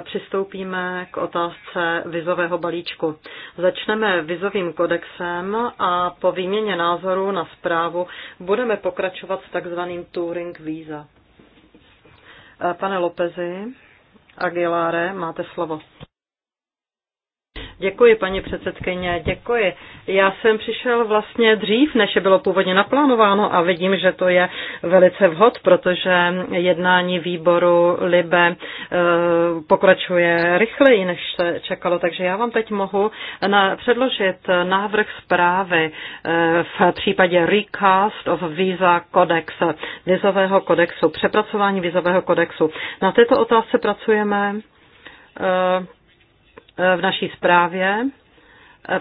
přistoupíme k otázce vizového balíčku. Začneme vizovým kodexem a po výměně názoru na zprávu budeme pokračovat s takzvaným Touring Visa. Pane Lopezi, Aguilare, máte slovo. Děkuji, paní předsedkyně, děkuji. Já jsem přišel vlastně dřív, než je bylo původně naplánováno a vidím, že to je velice vhod, protože jednání výboru Libe eh, pokračuje rychleji, než se čekalo. Takže já vám teď mohu na, předložit návrh zprávy eh, v případě recast of visa kodex, vizového kodexu, přepracování vizového kodexu. Na této otázce pracujeme eh, v naší zprávě,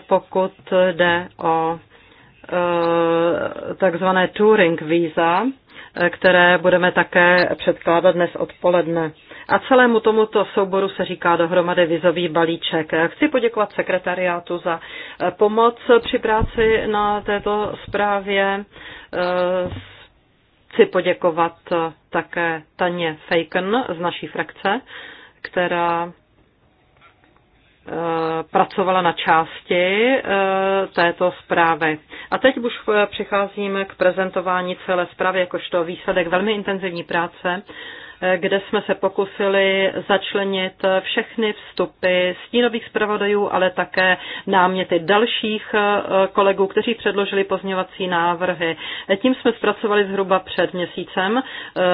pokud jde o eh, takzvané touring víza, které budeme také předkládat dnes odpoledne. A celému tomuto souboru se říká dohromady vizový balíček. Chci poděkovat sekretariátu za eh, pomoc při práci na této zprávě. Eh, chci poděkovat také Taně Fejken z naší frakce, která Eh, pracovala na části eh, této zprávy. A teď už eh, přicházíme k prezentování celé zprávy jakožto výsledek velmi intenzivní práce, kde jsme se pokusili začlenit všechny vstupy stínových zpravodajů, ale také náměty dalších kolegů, kteří předložili pozměvací návrhy. Tím jsme zpracovali zhruba před měsícem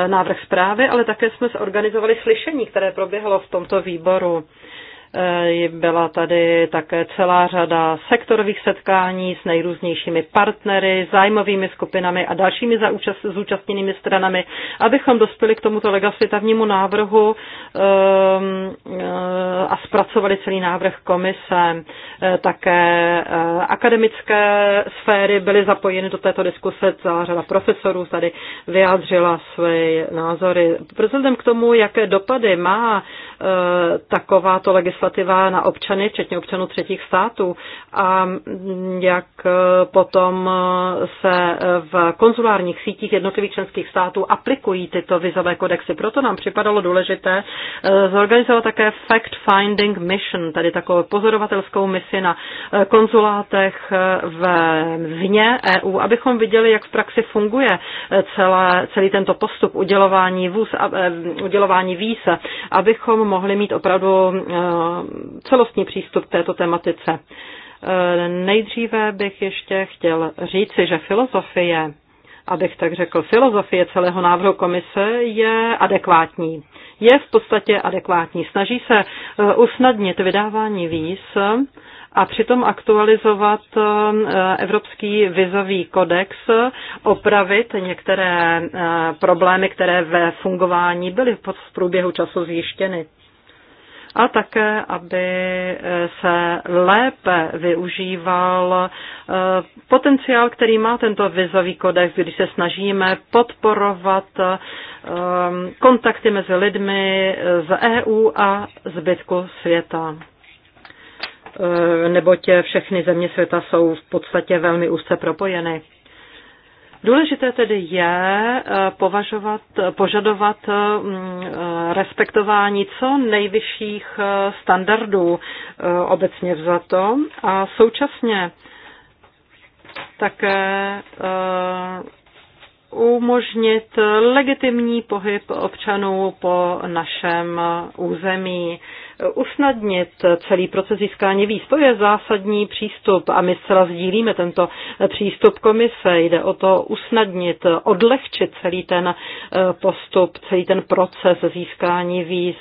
návrh zprávy, ale také jsme zorganizovali slyšení, které proběhlo v tomto výboru. Eh, byla tady také celá řada sektorových setkání s nejrůznějšími partnery, zájmovými skupinami a dalšími zúčastněnými stranami, abychom dospěli k tomuto legislativnímu návrhu ehm, eh, a zpracovali celý návrh komise. Eh, také akademické sféry byly zapojeny do této diskuse, celá řada profesorů tady vyjádřila své názory. Vzhledem k tomu, jaké dopady má takováto legislativní legislativa na občany, včetně občanů třetích států a jak potom se v konzulárních sítích jednotlivých členských států aplikují tyto vizové kodexy. Proto nám připadalo důležité eh, zorganizovat také fact-finding mission, tedy takovou pozorovatelskou misi na eh, konzulátech eh, vně EU, abychom viděli, jak v praxi funguje celé, celý tento postup udělování, vůz, udělování víz, abychom mohli mít opravdu celostní přístup k této tematice. Nejdříve bych ještě chtěl říci, že filozofie, abych tak řekl, filozofie celého návrhu komise je adekvátní. Je v podstatě adekvátní. Snaží se eh, usnadnit vydávání víz a přitom aktualizovat eh, Evropský vizový kodex, opravit některé eh, problémy, které ve fungování byly v průběhu času zjištěny a také, aby eh, se lépe využíval eh, potenciál, který má tento vizový kodex, když se snažíme podporovat eh, kontakty mezi lidmi z EU a zbytku světa neboť všechny země světa jsou v podstatě velmi úzce propojeny. Důležité tedy je eh, považovat, požadovat mm, eh, respektování co nejvyšších eh, standardů obecně vzato a současně také umožnit legitimní pohyb občanů po našem území usnadnit celý proces získání víz. To je zásadní přístup a my zcela sdílíme tento přístup komise. Jde o to usnadnit, odlehčit celý ten eh, postup, celý ten proces získání víz.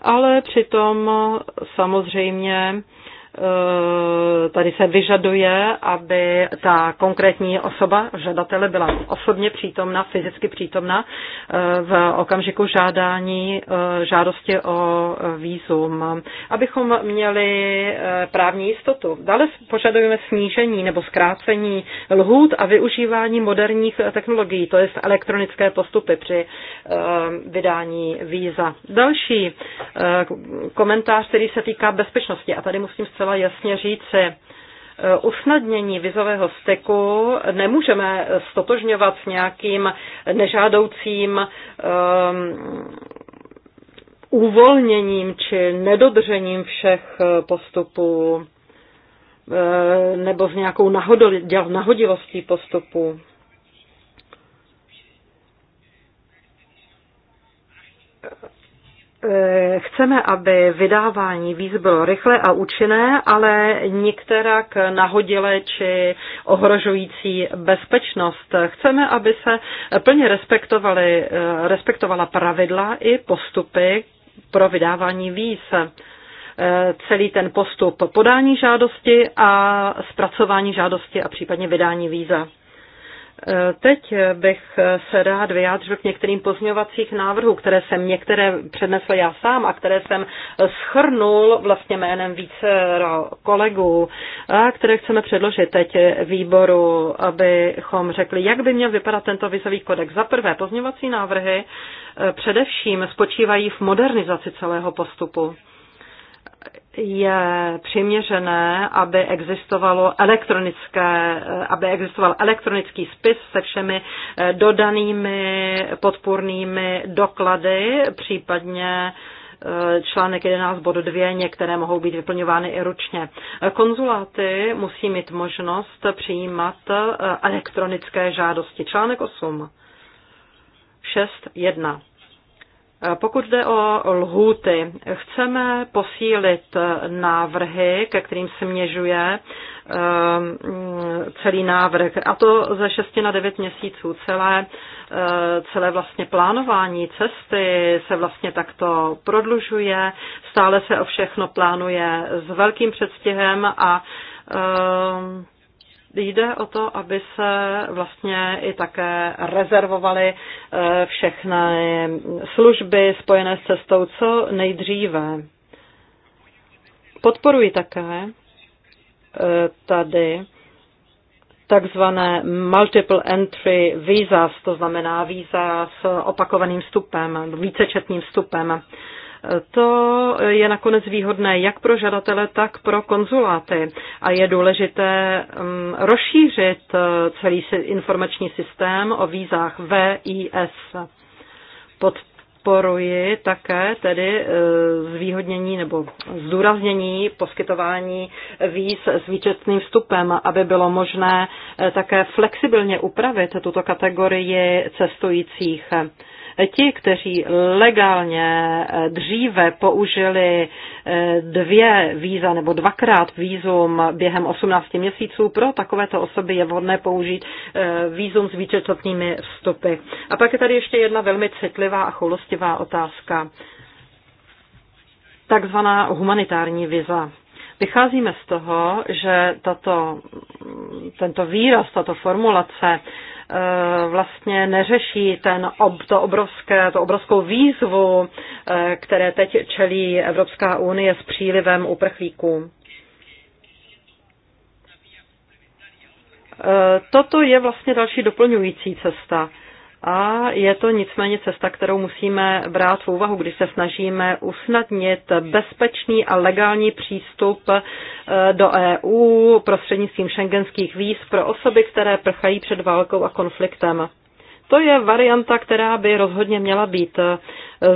Ale přitom samozřejmě Eh, tady se vyžaduje, aby ta konkrétní osoba žadatele byla osobně přítomna, fyzicky přítomna eh, v okamžiku žádání eh, žádosti o výzum, abychom měli právní jistotu. Dále požadujeme snížení nebo zkrácení lhůt a využívání moderních technologií, to je elektronické postupy při vydání víza. Další komentář, který se týká bezpečnosti, a tady musím zcela zcela jasně říci. E, usnadnění vizového styku nemůžeme stotožňovat s nějakým nežádoucím um, uvolněním či nedodržením všech e, postupů nebo s nějakou nahodilostí postupu. Eh, chceme, aby vydávání víz bylo rychlé a účinné, ale k nahodile či ohrožující bezpečnost. Chceme, aby se plně eh, respektovala pravidla i postupy pro vydávání víz eh, celý ten postup podání žádosti a zpracování žádosti a případně vydání víza. Eh, teď bych se rád vyjádřil k některým pozměňovacích návrhů, které jsem některé přednesl já sám a které jsem schrnul vlastně jménem více kolegů, a které chceme předložit teď výboru, abychom řekli, jak by měl vypadat tento vizový kodex. Za prvé, pozměňovací návrhy eh, především spočívají v modernizaci celého postupu je přiměřené, aby existovalo elektronické, aby existoval elektronický spis se všemi eh, dodanými podpůrnými doklady, případně eh, článek 11 bod 2, některé mohou být vyplňovány i ručně. Konzuláty musí mít možnost přijímat eh, elektronické žádosti. Článek 8. 6.1. Pokud jde o lhůty, chceme posílit návrhy, ke kterým se měžuje ehm, celý návrh, a to ze 6 na 9 měsíců. Celé, eh, celé vlastně plánování cesty se vlastně takto prodlužuje, stále se o všechno plánuje s velkým předstihem a ehm, Jde o to, aby se vlastně i také rezervovaly eh, všechny služby spojené s cestou co nejdříve. Podporuji také eh, tady takzvané multiple entry visas, to znamená víza s opakovaným vstupem, vícečetným vstupem. To je nakonec výhodné jak pro žadatele, tak pro konzuláty a je důležité mm, rozšířit eh, celý informační systém o vízách VIS. podporuji také tedy eh, zvýhodnění nebo zdůraznění poskytování víz s výčetným vstupem, aby bylo možné eh, také flexibilně upravit tuto kategorii cestujících. Ti, kteří legálně eh, dříve použili eh, dvě víza nebo dvakrát vízum během 18 měsíců, pro takovéto osoby je vhodné použít eh, vízum s výčetnými vstupy. A pak je tady ještě jedna velmi citlivá a choulostivá otázka. Takzvaná humanitární viza. Vycházíme z toho, že tato, tento výraz, tato formulace Eh, vlastně neřeší ten, to, obrovské, to obrovskou výzvu, eh, které teď čelí Evropská unie s přílivem uprchlíků. Eh, toto je vlastně další doplňující cesta. A je to nicméně cesta, kterou musíme brát v úvahu, když se snažíme usnadnit bezpečný a legální přístup eh, do EU prostřednictvím šengenských víz pro osoby, které prchají před válkou a konfliktem. To je varianta, která by rozhodně měla být eh,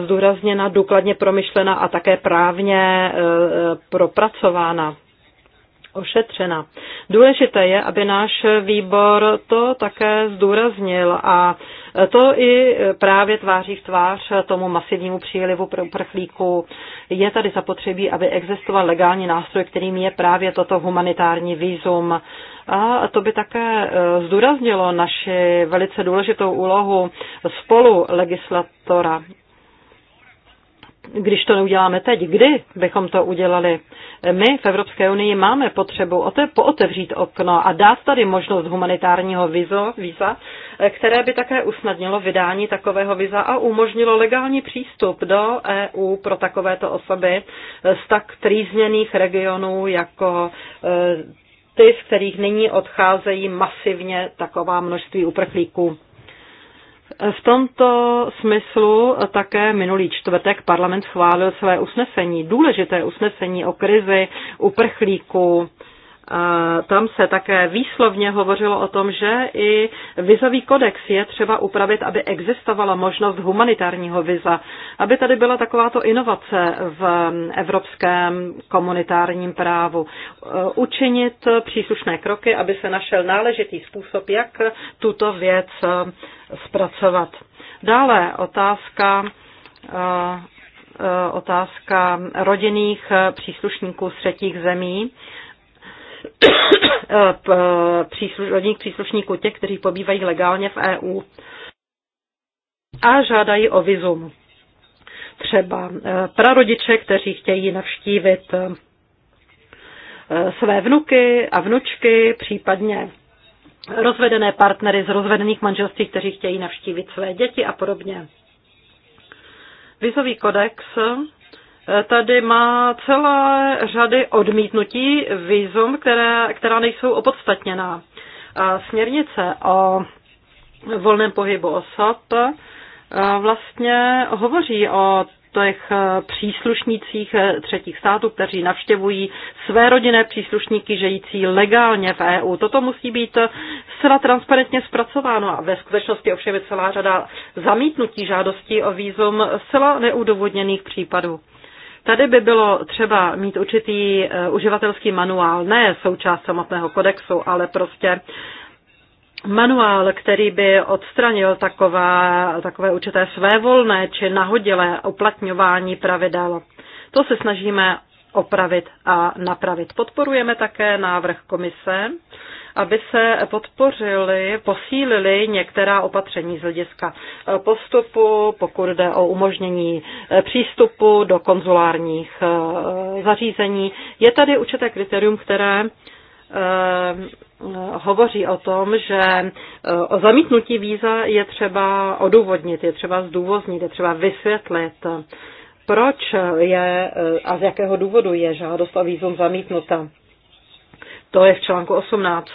zdůrazněna, důkladně promyšlena a také právně eh, propracována ošetřena. Důležité je, aby náš výbor to také zdůraznil a to i právě tváří v tvář tomu masivnímu přílivu pro uprchlíků. Je tady zapotřebí, aby existoval legální nástroj, kterým je právě toto humanitární výzum. A to by také e, zdůraznilo naši velice důležitou úlohu spolu legislatora když to neuděláme teď, kdy bychom to udělali? My v Evropské unii máme potřebu pootevřít okno a dát tady možnost humanitárního vizo, víza, které by také usnadnilo vydání takového víza a umožnilo legální přístup do EU pro takovéto osoby z tak trýzněných regionů jako e, ty, z kterých nyní odcházejí masivně taková množství uprchlíků. V tomto smyslu také minulý čtvrtek parlament schválil své usnesení, důležité usnesení o krizi uprchlíků tam se také výslovně hovořilo o tom, že i vizový kodex je třeba upravit, aby existovala možnost humanitárního viza, aby tady byla takováto inovace v evropském komunitárním právu. E, učinit příslušné kroky, aby se našel náležitý způsob, jak tuto věc e, zpracovat. Dále otázka e, otázka rodinných příslušníků z třetích zemí. příslušník, příslušníků těch, kteří pobývají legálně v EU a žádají o vizum. Třeba eh, prarodiče, kteří chtějí navštívit eh, své vnuky a vnučky, případně rozvedené partnery z rozvedených manželství, kteří chtějí navštívit své děti a podobně. Vizový kodex tady má celé řady odmítnutí výzum, které, která nejsou opodstatněná. A směrnice o volném pohybu osob vlastně hovoří o těch příslušnících třetích států, kteří navštěvují své rodinné příslušníky žijící legálně v EU. Toto musí být zcela transparentně zpracováno a ve skutečnosti ovšem je celá řada zamítnutí žádostí o výzum zcela neudovodněných případů. Tady by bylo třeba mít určitý eh, uživatelský manuál, ne součást samotného kodexu, ale prostě manuál, který by odstranil taková, takové určité svévolné či nahodilé uplatňování pravidel. To se snažíme opravit a napravit. Podporujeme také návrh komise, aby se podpořili, posílili některá opatření z hlediska eh, postupu, pokud jde o umožnění eh, přístupu do konzulárních eh, zařízení. Je tady určité kritérium, které hovoří o tom, že o zamítnutí víza je třeba odůvodnit, je třeba zdůvodnit, je třeba vysvětlit, proč je a z jakého důvodu je žádost o vízum zamítnuta. To je v článku 18.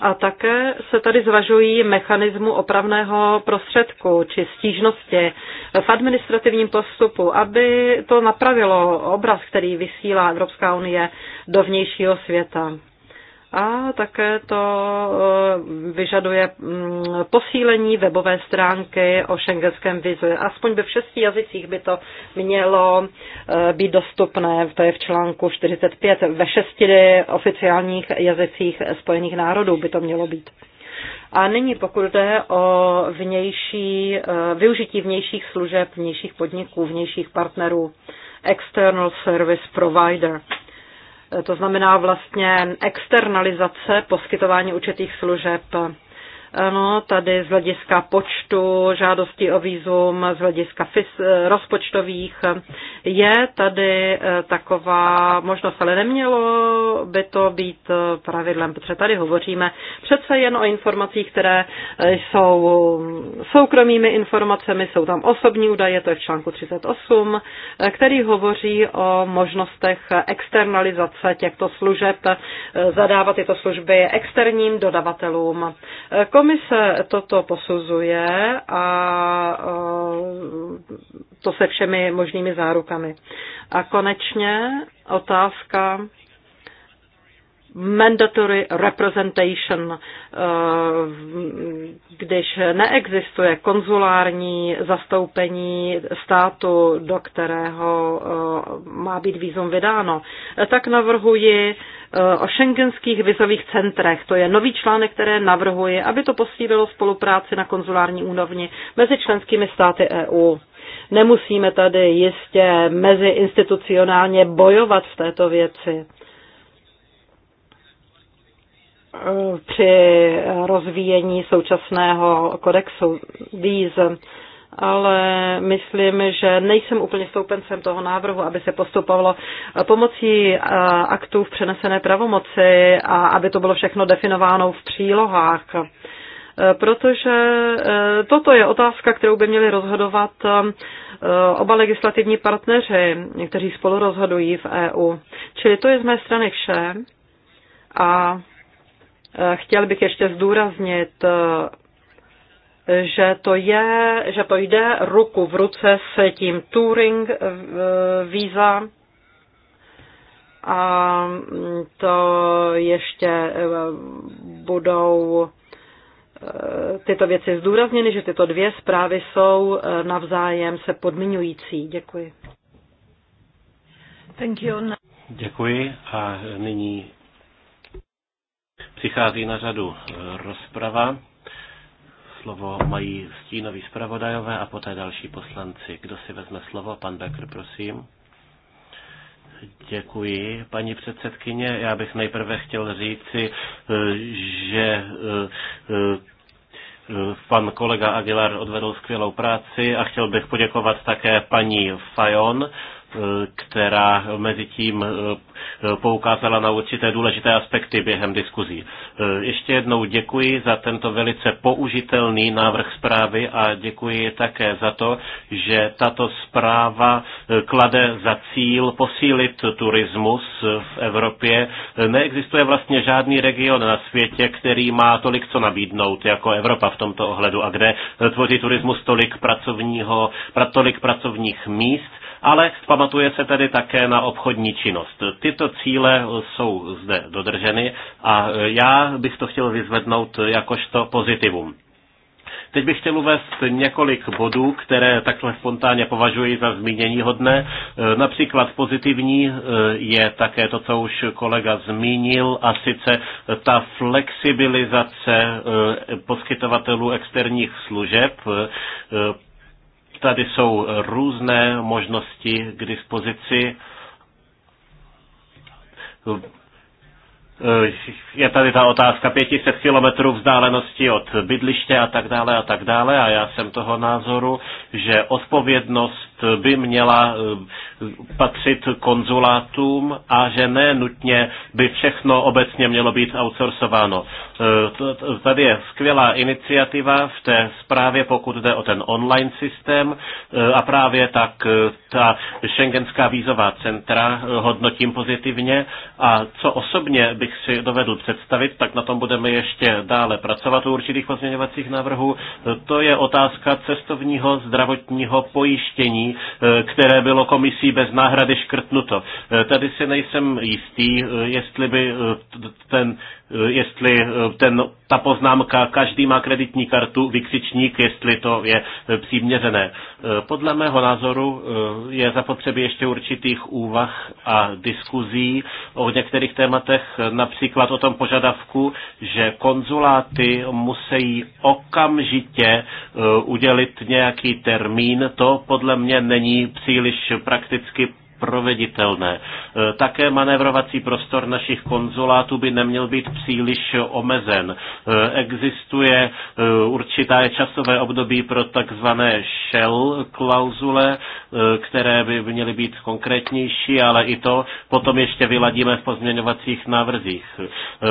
A také se tady zvažují mechanismu opravného prostředku či stížnosti v administrativním postupu, aby to napravilo obraz, který vysílá Evropská unie do vnějšího světa a také to eh, vyžaduje mm, posílení webové stránky o šengenském vize. Aspoň ve všech jazycích by to mělo eh, být dostupné, to je v článku 45, ve šesti oficiálních jazycích Spojených národů by to mělo být. A nyní pokud jde o vnější, eh, využití vnějších služeb, vnějších podniků, vnějších partnerů, external service provider to znamená vlastně externalizace poskytování určitých služeb ano, tady z hlediska počtu žádostí o výzum, z hlediska fys- eh, rozpočtových je tady eh, taková možnost, ale nemělo by to být eh, pravidlem, protože tady hovoříme přece jen o informacích, které jsou soukromými informacemi, jsou tam osobní údaje, to je v článku 38, který hovoří o možnostech externalizace těchto služeb, zadávat tyto služby externím dodavatelům. Kom Komise toto posuzuje a to se všemi možnými zárukami. A konečně otázka mandatory representation, když neexistuje konzulární zastoupení státu, do kterého má být výzum vydáno, tak navrhuji Eh, o šengenských vizových centrech. To je nový článek, které navrhuje, aby to posílilo spolupráci na konzulární úrovni mezi členskými státy EU. Nemusíme tady jistě mezi institucionálně bojovat v této věci eh, při rozvíjení současného kodexu víz ale myslím, že nejsem úplně stoupencem toho návrhu, aby se postupovalo pomocí eh, aktů v přenesené pravomoci a aby to bylo všechno definováno v přílohách. Eh, protože eh, toto je otázka, kterou by měli rozhodovat oba legislativní partneři, kteří spolu rozhodují v EU. Čili to je z mé strany vše. A chtěl bych ještě zdůraznit že to, je, že to jde ruku v ruce s tím Turing eh, víza a to ještě eh, budou eh, tyto věci zdůrazněny, že tyto dvě zprávy jsou navzájem se podmiňující. Děkuji. Thank you. Děkuji a nyní přichází na řadu rozprava slovo mají stínoví zpravodajové a poté další poslanci. Kdo si vezme slovo? Pan Becker, prosím. Děkuji, paní předsedkyně. Já bych nejprve chtěl říci, eh, že eh, eh, pan kolega Aguilar odvedl skvělou práci a chtěl bych poděkovat také paní Fajon která mezi tím eh, poukázala na určité důležité aspekty během diskuzí. Eh, ještě jednou děkuji za tento velice použitelný návrh zprávy a děkuji také za to, že tato zpráva eh, klade za cíl posílit turismus v Evropě. Neexistuje vlastně žádný region na světě, který má tolik co nabídnout jako Evropa v tomto ohledu a kde tvoří turismus tolik, pracovního, tolik pracovních míst ale pamatuje se tedy také na obchodní činnost. Tyto cíle jsou zde dodrženy a já bych to chtěl vyzvednout jakožto pozitivum. Teď bych chtěl uvést několik bodů, které takhle spontánně považuji za zmínění hodné. Například pozitivní eh, je také to, co už kolega zmínil, a sice ta flexibilizace eh, poskytovatelů externích služeb, eh, Tady jsou různé možnosti k dispozici. Je tady ta otázka 500 kilometrů vzdálenosti od bydliště a tak dále a tak dále a já jsem toho názoru, že odpovědnost by měla eh, patřit konzulátům a že ne nutně by všechno obecně mělo být outsourcováno. Eh, tady je skvělá iniciativa v té zprávě, pokud jde o ten online systém eh, a právě tak ta šengenská vízová centra hodnotím pozitivně a co osobně bych si dovedl představit, tak na tom budeme ještě dále pracovat u určitých pozměňovacích návrhů, to je otázka cestovního zdravotního pojištění Eh, které bylo komisí bez náhrady škrtnuto. Eh, tady si nejsem jistý, eh, jestli by ten, jestli ten, ta poznámka každý má kreditní kartu, vykřičník, jestli to je příměřené. Podle mého názoru je zapotřebí ještě určitých úvah a diskuzí o některých tématech, například o tom požadavku, že konzuláty musí okamžitě udělit nějaký termín. To podle mě rozhodně není příliš prakticky proveditelné. E, také manévrovací prostor našich konzulátů by neměl být příliš omezen. E, existuje e, určité časové období pro takzvané shell klauzule, které by měly být konkrétnější, ale i to potom ještě vyladíme v pozměňovacích návrzích.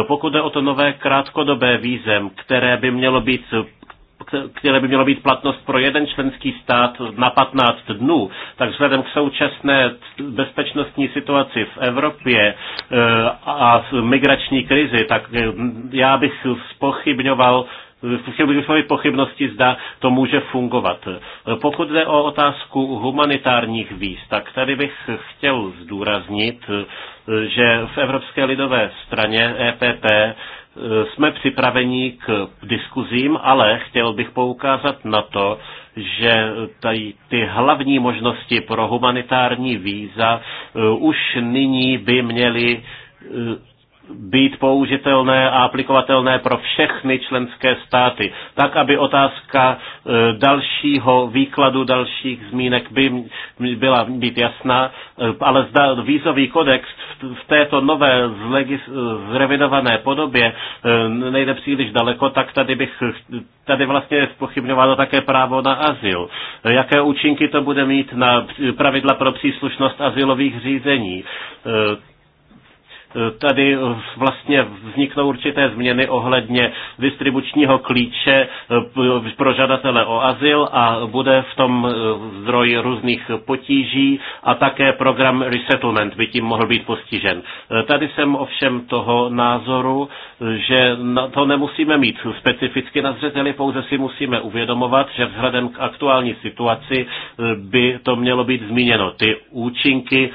Pokud jde o to nové krátkodobé vízem, které by mělo být které by mělo být platnost pro jeden členský stát na 15 dnů, tak vzhledem k současné bezpečnostní situaci v Evropě e, a migrační krizi, tak e, já bych spochybňoval chtěl bych vyslovit pochybnosti, zda to může fungovat. Pokud jde o otázku humanitárních víz, tak tady bych chtěl zdůraznit, e, že v Evropské lidové straně EPP Eh, jsme připraveni k diskuzím, ale chtěl bych poukázat na to, že tady ty hlavní možnosti pro humanitární víza eh, už nyní by měly eh, být použitelné a aplikovatelné pro všechny členské státy, tak aby otázka e, dalšího výkladu, dalších zmínek by byla být jasná, e, ale zda vízový kodex v této nové e, zrevidované podobě nejde příliš daleko, tak tady bych tady vlastně je spochybňováno také právo na azyl. Jaké účinky to bude mít na pravidla pro příslušnost azylových řízení? tady eh, vlastně vzniknou určité změny ohledně distribučního klíče eh, pro žadatele o azyl a bude v tom eh, zdroj různých potíží a také program resettlement by tím mohl být postižen. Tady jsem ovšem toho názoru, že na to nemusíme mít specificky na zřeteli, pouze si musíme uvědomovat, že vzhledem k aktuální situaci by to mělo být zmíněno. Ty účinky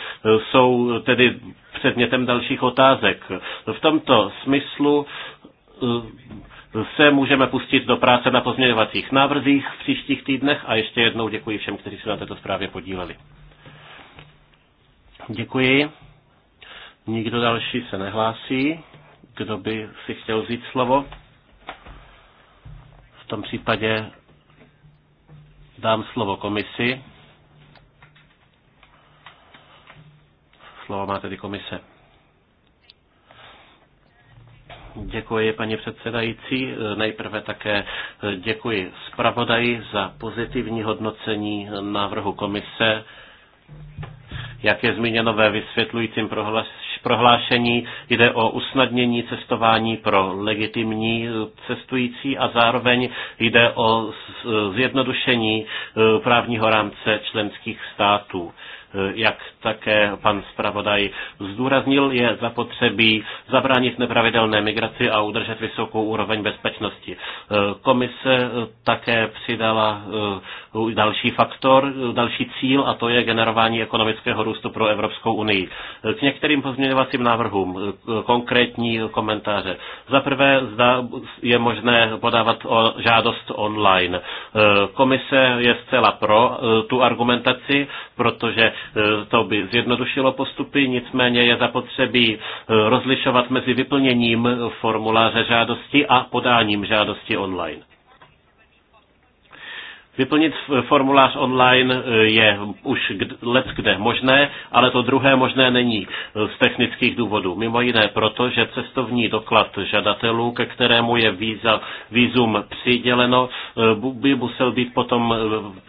jsou tedy předmětem dalších otázek. V tomto smyslu eh, se můžeme pustit do práce na pozměňovacích návrzích v příštích týdnech a ještě jednou děkuji všem, kteří se na této zprávě podíleli. Děkuji. Nikdo další se nehlásí. Kdo by si chtěl vzít slovo? V tom případě dám slovo komisi. Slovo má tedy komise. Děkuji, paní předsedající. Nejprve také děkuji zpravodaji za pozitivní hodnocení návrhu komise. Jak je zmíněno ve vysvětlujícím prohlášení, jde o usnadnění cestování pro legitimní cestující a zároveň jde o zjednodušení eh, právního rámce členských států. Eh, jak také pan zpravodaj zdůraznil, je zapotřebí zabránit nepravidelné migraci a udržet vysokou úroveň bezpečnosti. Eh, komise eh, také přidala další faktor, další cíl a to je generování ekonomického růstu pro Evropskou unii. K některým pozměňovacím návrhům konkrétní komentáře. Za prvé, zda je možné podávat o žádost online. Eh, komise je zcela pro eh, tu argumentaci, protože eh, to by zjednodušilo postupy, nicméně je zapotřebí rozlišovat mezi vyplněním formuláře žádosti a podáním žádosti online. Vyplnit formulář online e, je už let kde možné, ale to druhé možné není e, z technických důvodů. Mimo jiné proto, že cestovní doklad žadatelů, ke kterému je víza, vízum přiděleno, e, by musel být potom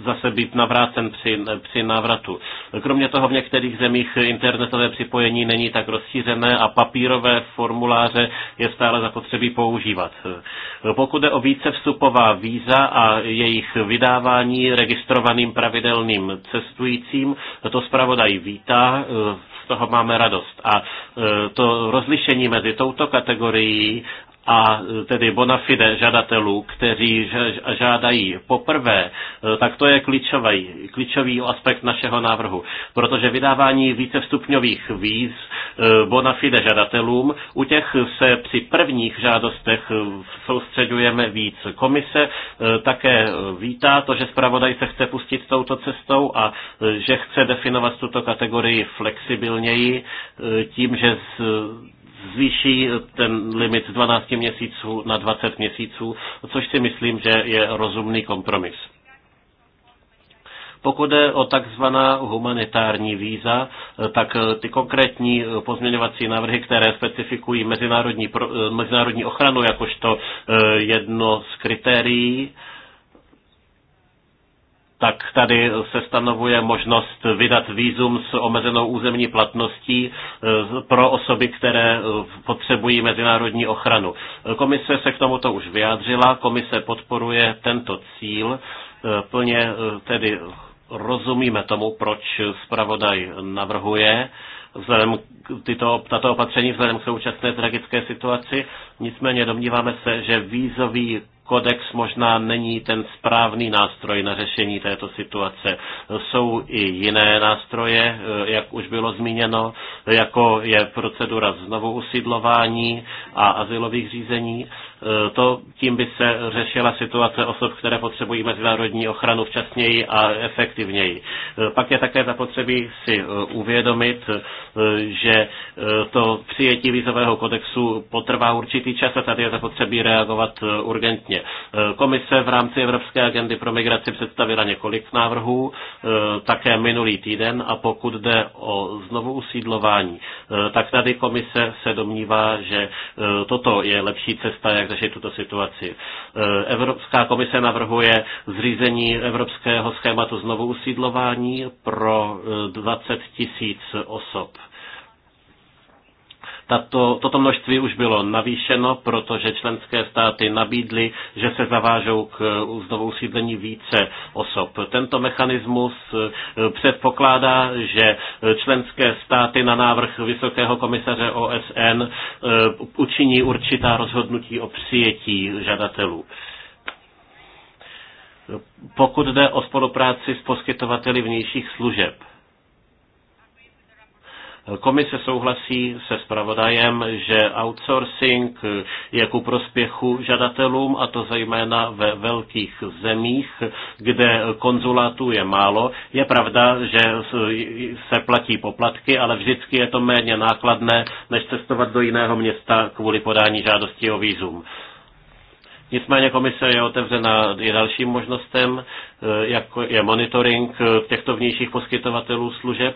zase být navrácen při, při návratu. Kromě toho v některých zemích internetové připojení není tak rozšířené a papírové formuláře je stále zapotřebí používat. Pokud je o více vstupová víza a jejich vydávání, vydávání registrovaným pravidelným cestujícím. To zpravodaj vítá, eh, z toho máme radost. A eh, to rozlišení mezi touto kategorií a e, tedy bona fide žadatelů, kteří žádají poprvé, e, tak to je klíčový, klíčový aspekt našeho návrhu, protože vydávání více vstupňových víz e, bona fide žadatelům, u těch se při prvních žádostech soustředujeme víc. Komise také vítá to, že zpravodaj se chce pustit touto cestou a že chce definovat tuto kategorii flexibilněji tím, že z zvýší ten limit z 12 měsíců na 20 měsíců, což si myslím, že je rozumný kompromis. Pokud jde o takzvaná humanitární víza, tak ty konkrétní pozměňovací návrhy, které specifikují mezinárodní, mezinárodní ochranu jakožto eh, jedno z kritérií, tak tady se stanovuje možnost vydat výzum s omezenou územní platností e, pro osoby, které e, potřebují mezinárodní ochranu. Komise se k tomuto už vyjádřila, komise podporuje tento cíl, e, plně tedy rozumíme tomu, proč zpravodaj navrhuje vzhledem tyto, tato opatření vzhledem k současné tragické situaci. Nicméně domníváme se, že výzový kodex možná není ten správný nástroj na řešení této situace. Jsou i jiné nástroje, eh, jak už bylo zmíněno, jako je procedura znovu usídlování a asilových řízení. Eh, to tím by se řešila situace osob, které potřebují mezinárodní ochranu včasněji a efektivněji. Eh, pak je také zapotřebí si uvědomit, že to přijetí vízového kodexu potrvá určitý čas a tady je zapotřebí reagovat urgentně. Eh, komise v rámci Evropské agendy pro migraci představila několik návrhů, eh, také minulý týden a pokud jde o znovu usídlování, eh, tak tady komise se domnívá, že toto je lepší cesta, jak řešit tuto situaci. Evropská komise navrhuje zřízení evropského schématu znovu usídlování pro 20 tisíc osob. Tato, toto množství už bylo navýšeno, protože členské státy nabídly, že se zavážou k znovu sídlení více osob. Tento mechanismus eh, předpokládá, že členské státy na návrh Vysokého komisaře OSN eh, učiní určitá rozhodnutí o přijetí žadatelů. Pokud jde o spolupráci s poskytovateli vnějších služeb, Komise souhlasí se spravodajem, že outsourcing je ku prospěchu žadatelům, a to zejména ve velkých zemích, kde konzulátů je málo. Je pravda, že se platí poplatky, ale vždycky je to méně nákladné, než cestovat do jiného města kvůli podání žádosti o výzum. Nicméně komise je otevřena i dalším možnostem, jako je monitoring těchto vnějších poskytovatelů služeb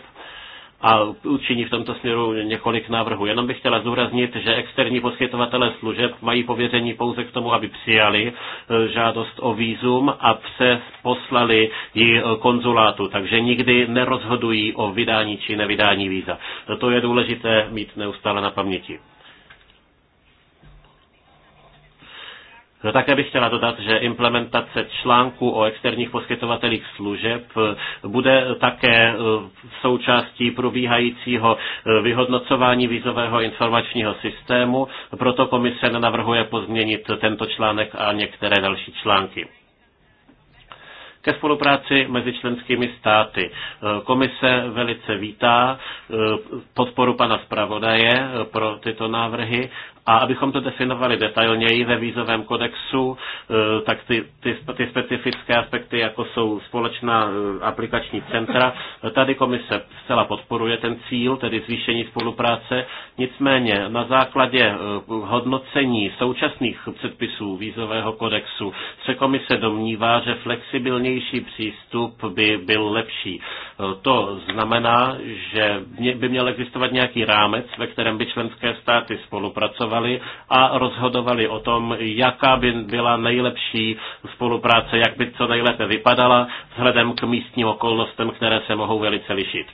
a učiní v tomto směru několik návrhů. Jenom bych chtěla zúraznit, že externí poskytovatele služeb mají pověření pouze k tomu, aby přijali e, žádost o výzum a přes poslali ji e, konzulátu, takže nikdy nerozhodují o vydání či nevydání víza. To je důležité mít neustále na paměti. No také bych chtěla dodat, že implementace článku o externích poskytovatelích služeb eh, bude také eh, součástí probíhajícího eh, vyhodnocování vízového informačního systému, proto komise navrhuje pozměnit tento článek a některé další články ke spolupráci mezi členskými státy. Komise velice vítá podporu pana zpravodaje pro tyto návrhy a abychom to definovali detailněji ve vízovém kodexu, eh, tak ty, ty, ty specifické aspekty, jako jsou společná eh, aplikační centra, tady komise zcela podporuje ten cíl, tedy zvýšení spolupráce. Nicméně na základě eh, hodnocení současných předpisů vízového kodexu se komise domnívá, že flexibilnější přístup by byl lepší. To znamená, že by měl existovat nějaký rámec, ve kterém by členské státy spolupracovaly vyjednávali a rozhodovali o tom, jaká by byla nejlepší spolupráce, jak by co nejlépe vypadala vzhledem k místním okolnostem, které se mohou velice lišit.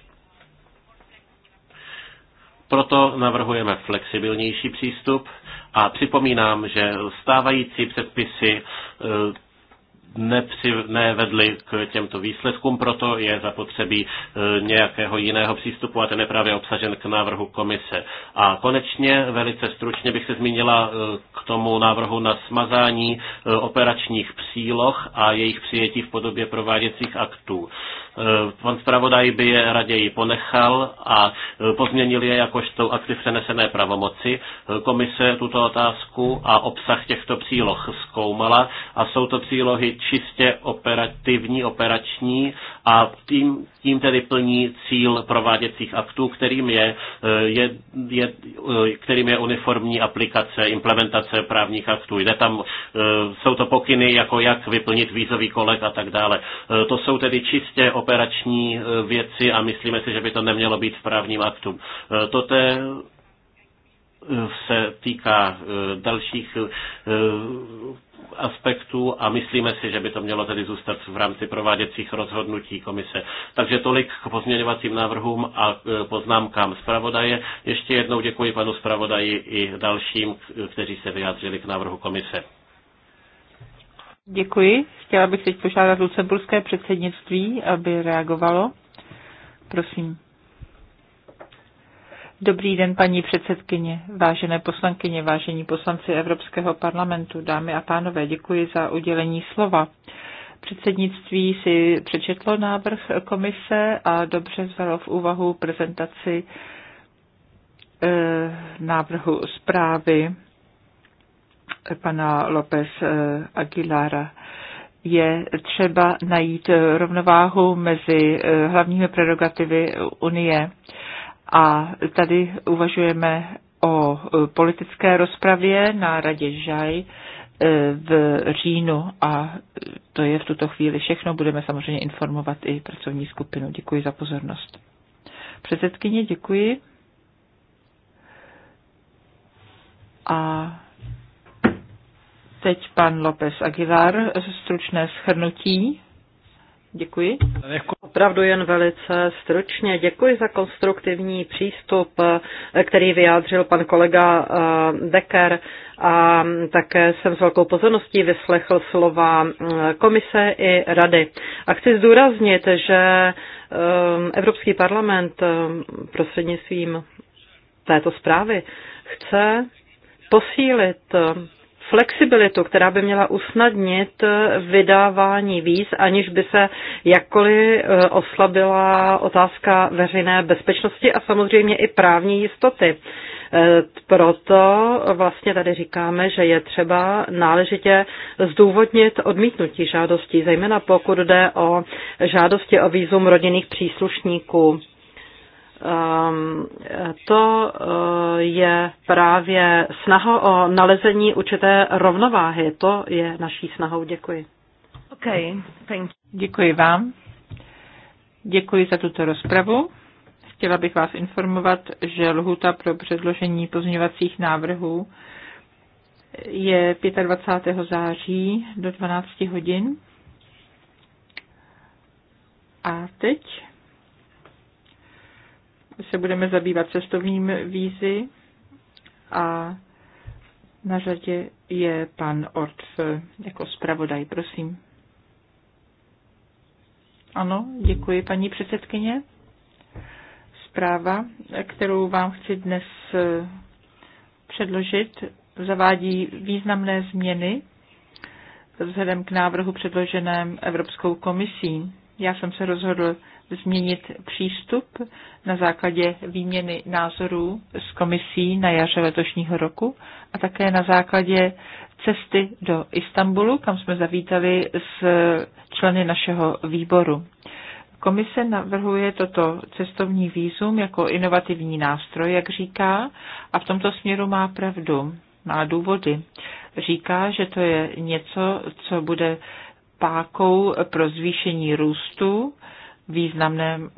Proto navrhujeme flexibilnější přístup a připomínám, že stávající předpisy eh, nepři, nevedly k těmto výsledkům, proto je zapotřebí e, nějakého jiného přístupu a ten je právě obsažen k návrhu komise. A konečně velice stručně bych se zmínila e, k tomu návrhu na smazání e, operačních příloh a jejich přijetí v podobě prováděcích aktů. Eh, pan zpravodaj by je raději ponechal a eh, pozměnil je jakožto aktiv přenesené pravomoci. Eh, komise tuto otázku a obsah těchto příloh zkoumala a jsou to přílohy čistě operativní, operační a tím, tím tedy plní cíl prováděcích aktů, kterým je, je, je, kterým je uniformní aplikace, implementace právních aktů. Jde tam, jsou to pokyny, jako jak vyplnit vízový kolek a tak dále. To jsou tedy čistě operační e, věci a myslíme si, že by to nemělo být v právním aktu. E, Toto e, se týká dalších aspektů a myslíme si, že by to mělo tedy zůstat v rámci prováděcích rozhodnutí komise. Takže tolik k pozměňovacím návrhům a poznámkám zpravodaje. Ještě jednou děkuji panu zpravodaji i dalším, kteří se vyjádřili k návrhu komise. Děkuji. Chtěla bych teď požádat lucemburské předsednictví, aby reagovalo. Prosím. Dobrý den, paní předsedkyně, vážené poslankyně, vážení poslanci Evropského parlamentu, dámy a pánové, děkuji za udělení slova. Předsednictví si přečetlo návrh komise a dobře vzalo v úvahu prezentaci eh, návrhu zprávy pana López eh, Aguilara je třeba najít eh, rovnováhu mezi eh, hlavními prerogativy Unie. A tady uvažujeme o politické rozpravě na Radě Žaj v říjnu a to je v tuto chvíli všechno. Budeme samozřejmě informovat i pracovní skupinu. Děkuji za pozornost. Předsedkyně, děkuji. A Teď pan López Aguilar, stručné schrnutí. Děkuji. Opravdu jen velice stručně. Děkuji za konstruktivní přístup, který vyjádřil pan kolega eh, Decker. A také jsem s velkou pozorností vyslechl slova eh, komise i rady. A chci zdůraznit, že eh, Evropský parlament prostřednictvím této zprávy chce posílit flexibilitu, která by měla usnadnit vydávání víz, aniž by se jakkoliv e, oslabila otázka veřejné bezpečnosti a samozřejmě i právní jistoty. E, proto vlastně tady říkáme, že je třeba náležitě zdůvodnit odmítnutí žádostí, zejména pokud jde o žádosti o výzum rodinných příslušníků. Ehm, to eh, je právě snaha o nalezení určité rovnováhy. To je naší snahou. Děkuji. Okay, thank you. Děkuji vám. Děkuji za tuto rozpravu. Chtěla bych vás informovat, že lhuta pro předložení pozměňovacích návrhů je 25. září do 12 hodin. A teď se budeme zabývat cestovním vízy a na řadě je pan Ortf jako zpravodaj, prosím. Ano, děkuji paní předsedkyně. Zpráva, kterou vám chci dnes eh, předložit, zavádí významné změny vzhledem k návrhu předloženém Evropskou komisí. Já jsem se rozhodl změnit přístup na základě výměny názorů s komisí na jaře letošního roku a také na základě cesty do Istanbulu, kam jsme zavítali s členy našeho výboru. Komise navrhuje toto cestovní výzum jako inovativní nástroj, jak říká, a v tomto směru má pravdu, má důvody. Říká, že to je něco, co bude pákou pro zvýšení růstu, významného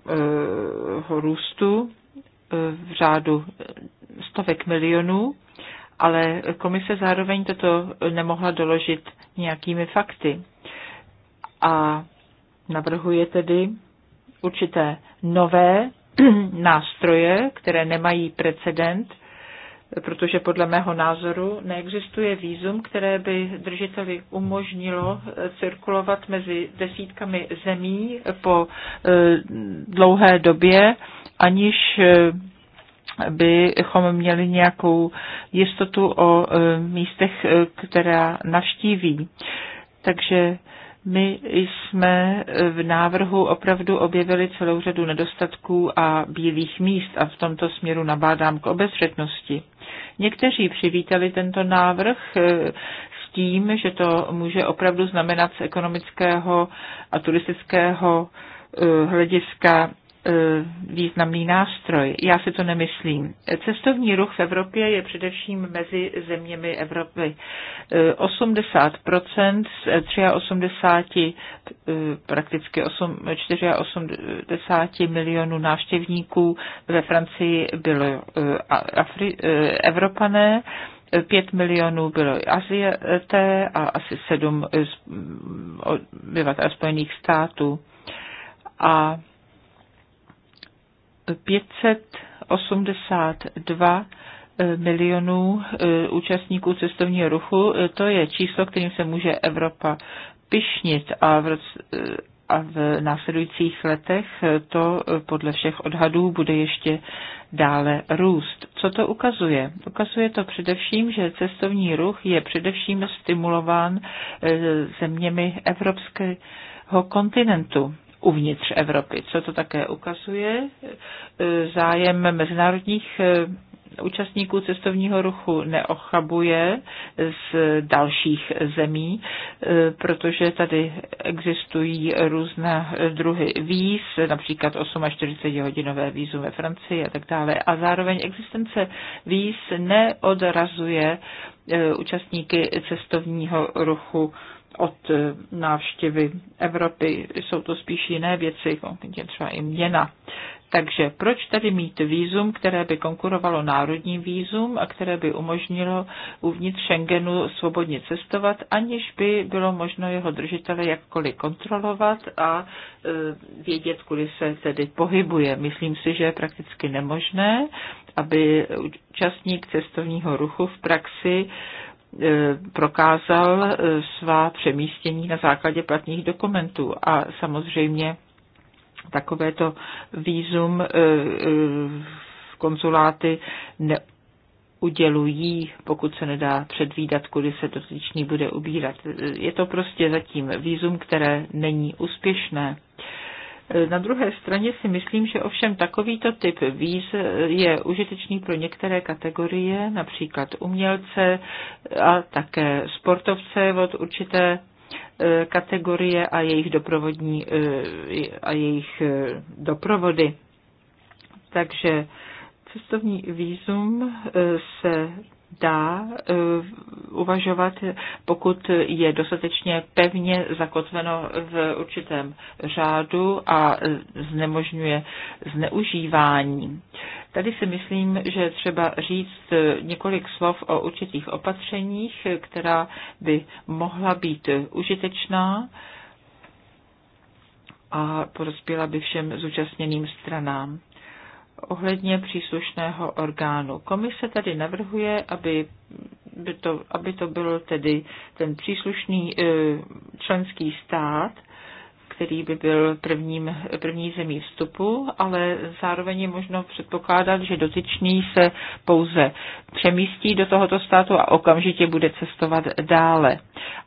eh, růstu eh, v řádu stovek milionů, ale komise zároveň toto nemohla doložit nějakými fakty. A navrhuje tedy určité nové nástroje, které nemají precedent protože podle mého názoru neexistuje výzum, které by držiteli umožnilo eh, cirkulovat mezi desítkami zemí po eh, dlouhé době, aniž eh, bychom měli nějakou jistotu o místech, která navštíví. Takže my jsme v návrhu opravdu objevili celou řadu nedostatků a bílých míst a v tomto směru nabádám k obezřetnosti. Někteří přivítali tento návrh eh, s tím, že to může opravdu znamenat z ekonomického a turistického eh, hlediska E, významný nástroj. Já si to nemyslím. Cestovní ruch v Evropě je především mezi zeměmi Evropy. 80 e, z 83, e, prakticky 84 milionů návštěvníků ve Francii bylo Afri, Evropané. 5 milionů bylo Azieté a asi 7 obyvatel Spojených států. A 582 eh, milionů eh, účastníků cestovního ruchu. Eh, to je číslo, kterým se může Evropa pišnit a v, roc, a v následujících letech to podle všech odhadů bude ještě dále růst. Co to ukazuje? Ukazuje to především, že cestovní ruch je především stimulován zeměmi evropského kontinentu uvnitř Evropy. Co to také ukazuje? E, zájem mezinárodních e, účastníků cestovního ruchu neochabuje z dalších zemí, e, protože tady existují různé druhy víz, například 48-hodinové vízu ve Francii a tak dále. A zároveň existence víz neodrazuje účastníky cestovního ruchu od eh, návštěvy Evropy. Jsou to spíš jiné věci, konkrétně třeba i měna. Takže proč tady mít výzum, které by konkurovalo národním výzum a které by umožnilo uvnitř Schengenu svobodně cestovat, aniž by bylo možno jeho držitele jakkoliv kontrolovat a eh, vědět, kudy se tedy pohybuje. Myslím si, že je prakticky nemožné, aby účastník cestovního ruchu v praxi E, prokázal e, svá přemístění na základě platných dokumentů a samozřejmě takovéto výzum e, konzuláty ne, udělují, pokud se nedá předvídat, kudy se dotyčný bude ubírat. Je to prostě zatím výzum, které není úspěšné. Na druhé straně si myslím, že ovšem takovýto typ víz je užitečný pro některé kategorie, například umělce a také sportovce od určité e, kategorie a jejich doprovodní e, a jejich e, doprovody. Takže cestovní výzum se dá eh, uvažovat, pokud je dostatečně pevně zakotveno v určitém řádu a eh, znemožňuje zneužívání. Tady si myslím, že třeba říct eh, několik slov o určitých opatřeních, která by mohla být užitečná a prospěla by všem zúčastněným stranám ohledně příslušného orgánu. Komise tady navrhuje, aby by to, aby to byl tedy ten příslušný e, členský stát, který by byl prvním, první zemí vstupu, ale zároveň je možno předpokládat, že dotyčný se pouze přemístí do tohoto státu a okamžitě bude cestovat dále.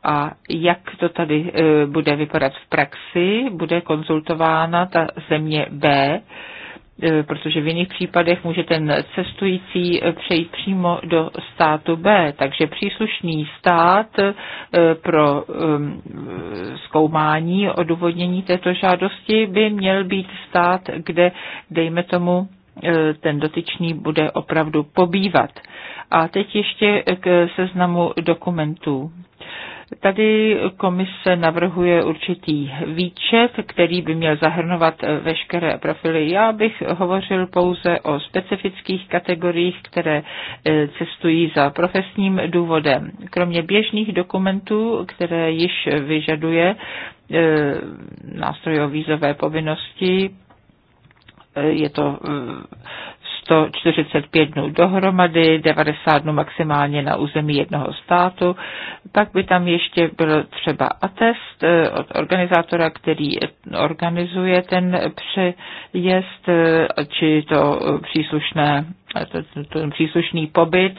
A jak to tady e, bude vypadat v praxi, bude konzultována ta země B, E, protože v jiných případech může ten cestující e, přejít přímo do státu B. Takže příslušný stát e, pro zkoumání odůvodnění této žádosti by měl být stát, kde, dejme tomu, ten dotyčný bude opravdu pobývat. A teď ještě k seznamu dokumentů. Tady komise navrhuje určitý výčet, který by měl zahrnovat eh, veškeré profily. Já bych hovořil pouze o specifických kategoriích, které eh, cestují za profesním důvodem. Kromě běžných dokumentů, které již vyžaduje eh, nástrojové vízové povinnosti, je to 145 dnů dohromady, 90 dnů maximálně na území jednoho státu. Pak by tam ještě byl třeba atest eh, od organizátora, který organizuje ten přejezd, eh, či to příslušné, eh, ten příslušný pobyt.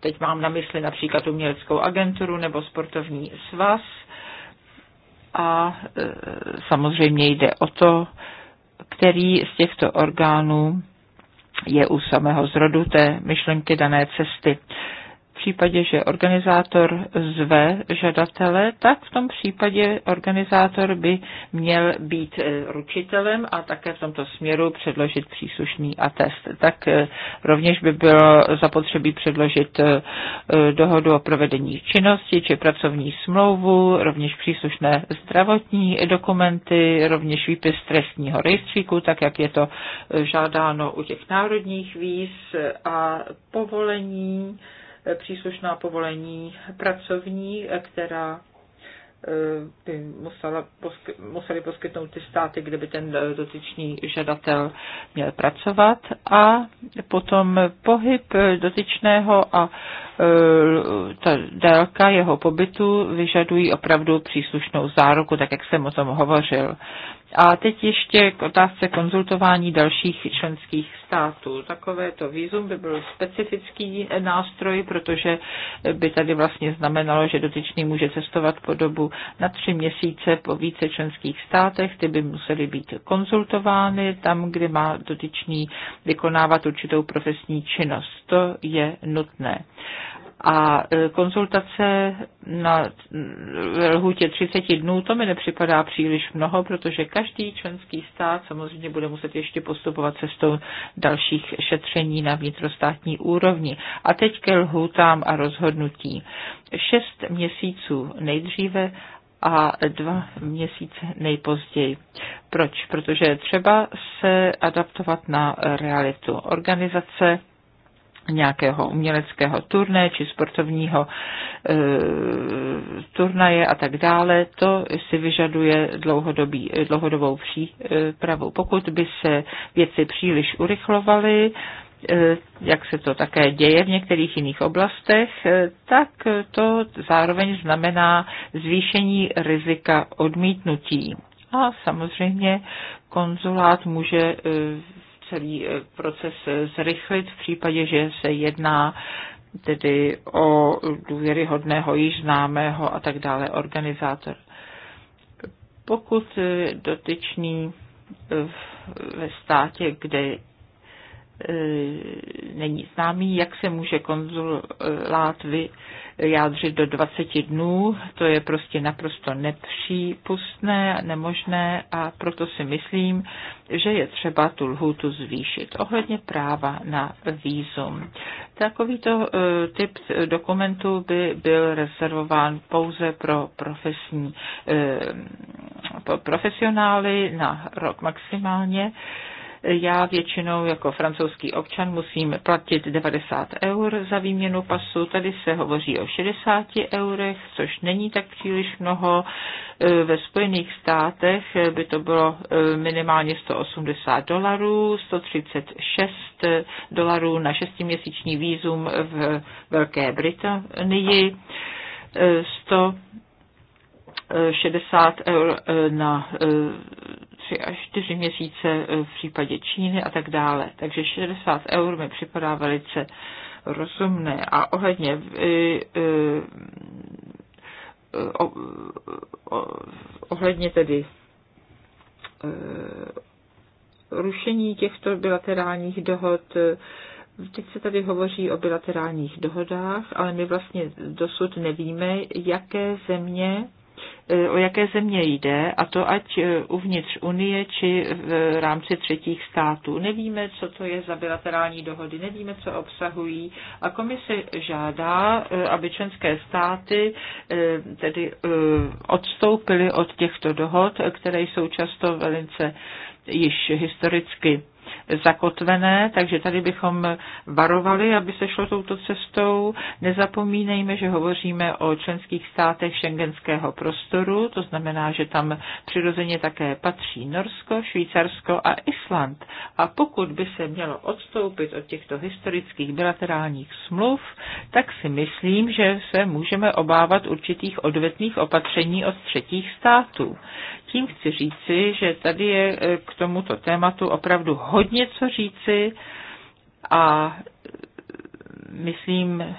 Teď mám na mysli například uměleckou agenturu nebo sportovní svaz. A samozřejmě jde o to, který z těchto orgánů je u samého zrodu té myšlenky dané cesty případě, že organizátor zve žadatele, tak v tom případě organizátor by měl být eh, ručitelem a také v tomto směru předložit příslušný atest. Tak eh, rovněž by bylo zapotřebí předložit eh, dohodu o provedení činnosti či pracovní smlouvu, rovněž příslušné zdravotní dokumenty, rovněž výpis trestního rejstříku, tak jak je to žádáno u těch národních víz a povolení příslušná povolení pracovní, která eh, by musela, museli poskytnout ty státy, kde by ten eh, dotyčný žadatel měl pracovat a potom pohyb eh, dotyčného a ta délka jeho pobytu vyžadují opravdu příslušnou záruku, tak jak jsem o tom hovořil. A teď ještě k otázce konzultování dalších členských států. Takovéto výzum by byl specifický nástroj, protože by tady vlastně znamenalo, že dotyčný může cestovat po dobu na tři měsíce po více členských státech. Ty by musely být konzultovány tam, kde má dotyčný vykonávat určitou profesní činnost. To je nutné. A e, konzultace na e, lhůtě 30 dnů, to mi nepřipadá příliš mnoho, protože každý členský stát samozřejmě bude muset ještě postupovat cestou dalších šetření na vnitrostátní úrovni. A teď ke lhůtám a rozhodnutí. Šest měsíců nejdříve a dva měsíce nejpozději. Proč? Protože třeba se adaptovat na realitu. Organizace nějakého uměleckého turné či sportovního e, turnaje a tak dále, to si vyžaduje dlouhodobý, dlouhodobou přípravu. Pokud by se věci příliš urychlovaly, e, jak se to také děje v některých jiných oblastech, e, tak to zároveň znamená zvýšení rizika odmítnutí. A samozřejmě konzulát může e, celý eh, proces eh, zrychlit v případě, že se jedná tedy o důvěryhodného, již známého a tak dále organizátor. Pokud eh, dotyčný ve státě, kde není známý, jak se může konzulát vy, jádřit do 20 dnů. To je prostě naprosto nepřípustné, nemožné a proto si myslím, že je třeba tu lhůtu zvýšit. Ohledně práva na výzum. Takovýto e, typ dokumentu by byl rezervován pouze pro profesní, e, pro profesionály na rok maximálně. Já většinou jako francouzský občan musím platit 90 eur za výměnu pasu. Tady se hovoří o 60 eurech, což není tak příliš mnoho. E, ve Spojených státech by to bylo e, minimálně 180 dolarů, 136 dolarů na šestiměsíční výzum v Velké Británii. 100 e, 60 eur eh, na 3 eh, až 4 měsíce eh, v případě Číny a tak dále. Takže 60 eur mi připadá velice rozumné. A ohledně ohledně tedy rušení těchto bilaterálních dohod. Teď se tady hovoří o bilaterálních dohodách, ale my vlastně dosud nevíme, jaké země E, o jaké země jde, a to ať e, uvnitř Unie či v rámci třetích států. Nevíme, co to je za bilaterální dohody, nevíme, co obsahují a komise žádá, e, aby členské státy tedy odstoupily od těchto dohod, které jsou často velice již historicky zakotvené, takže tady bychom varovali, aby se šlo touto cestou. Nezapomínejme, že hovoříme o členských státech šengenského prostoru, to znamená, že tam přirozeně také patří Norsko, Švýcarsko a Island. A pokud by se mělo odstoupit od těchto historických bilaterálních smluv, tak si myslím, že se můžeme obávat určitých odvetných opatření od třetích států. Tím chci říci, že tady je eh, k tomuto tématu opravdu hodně něco říci a myslím,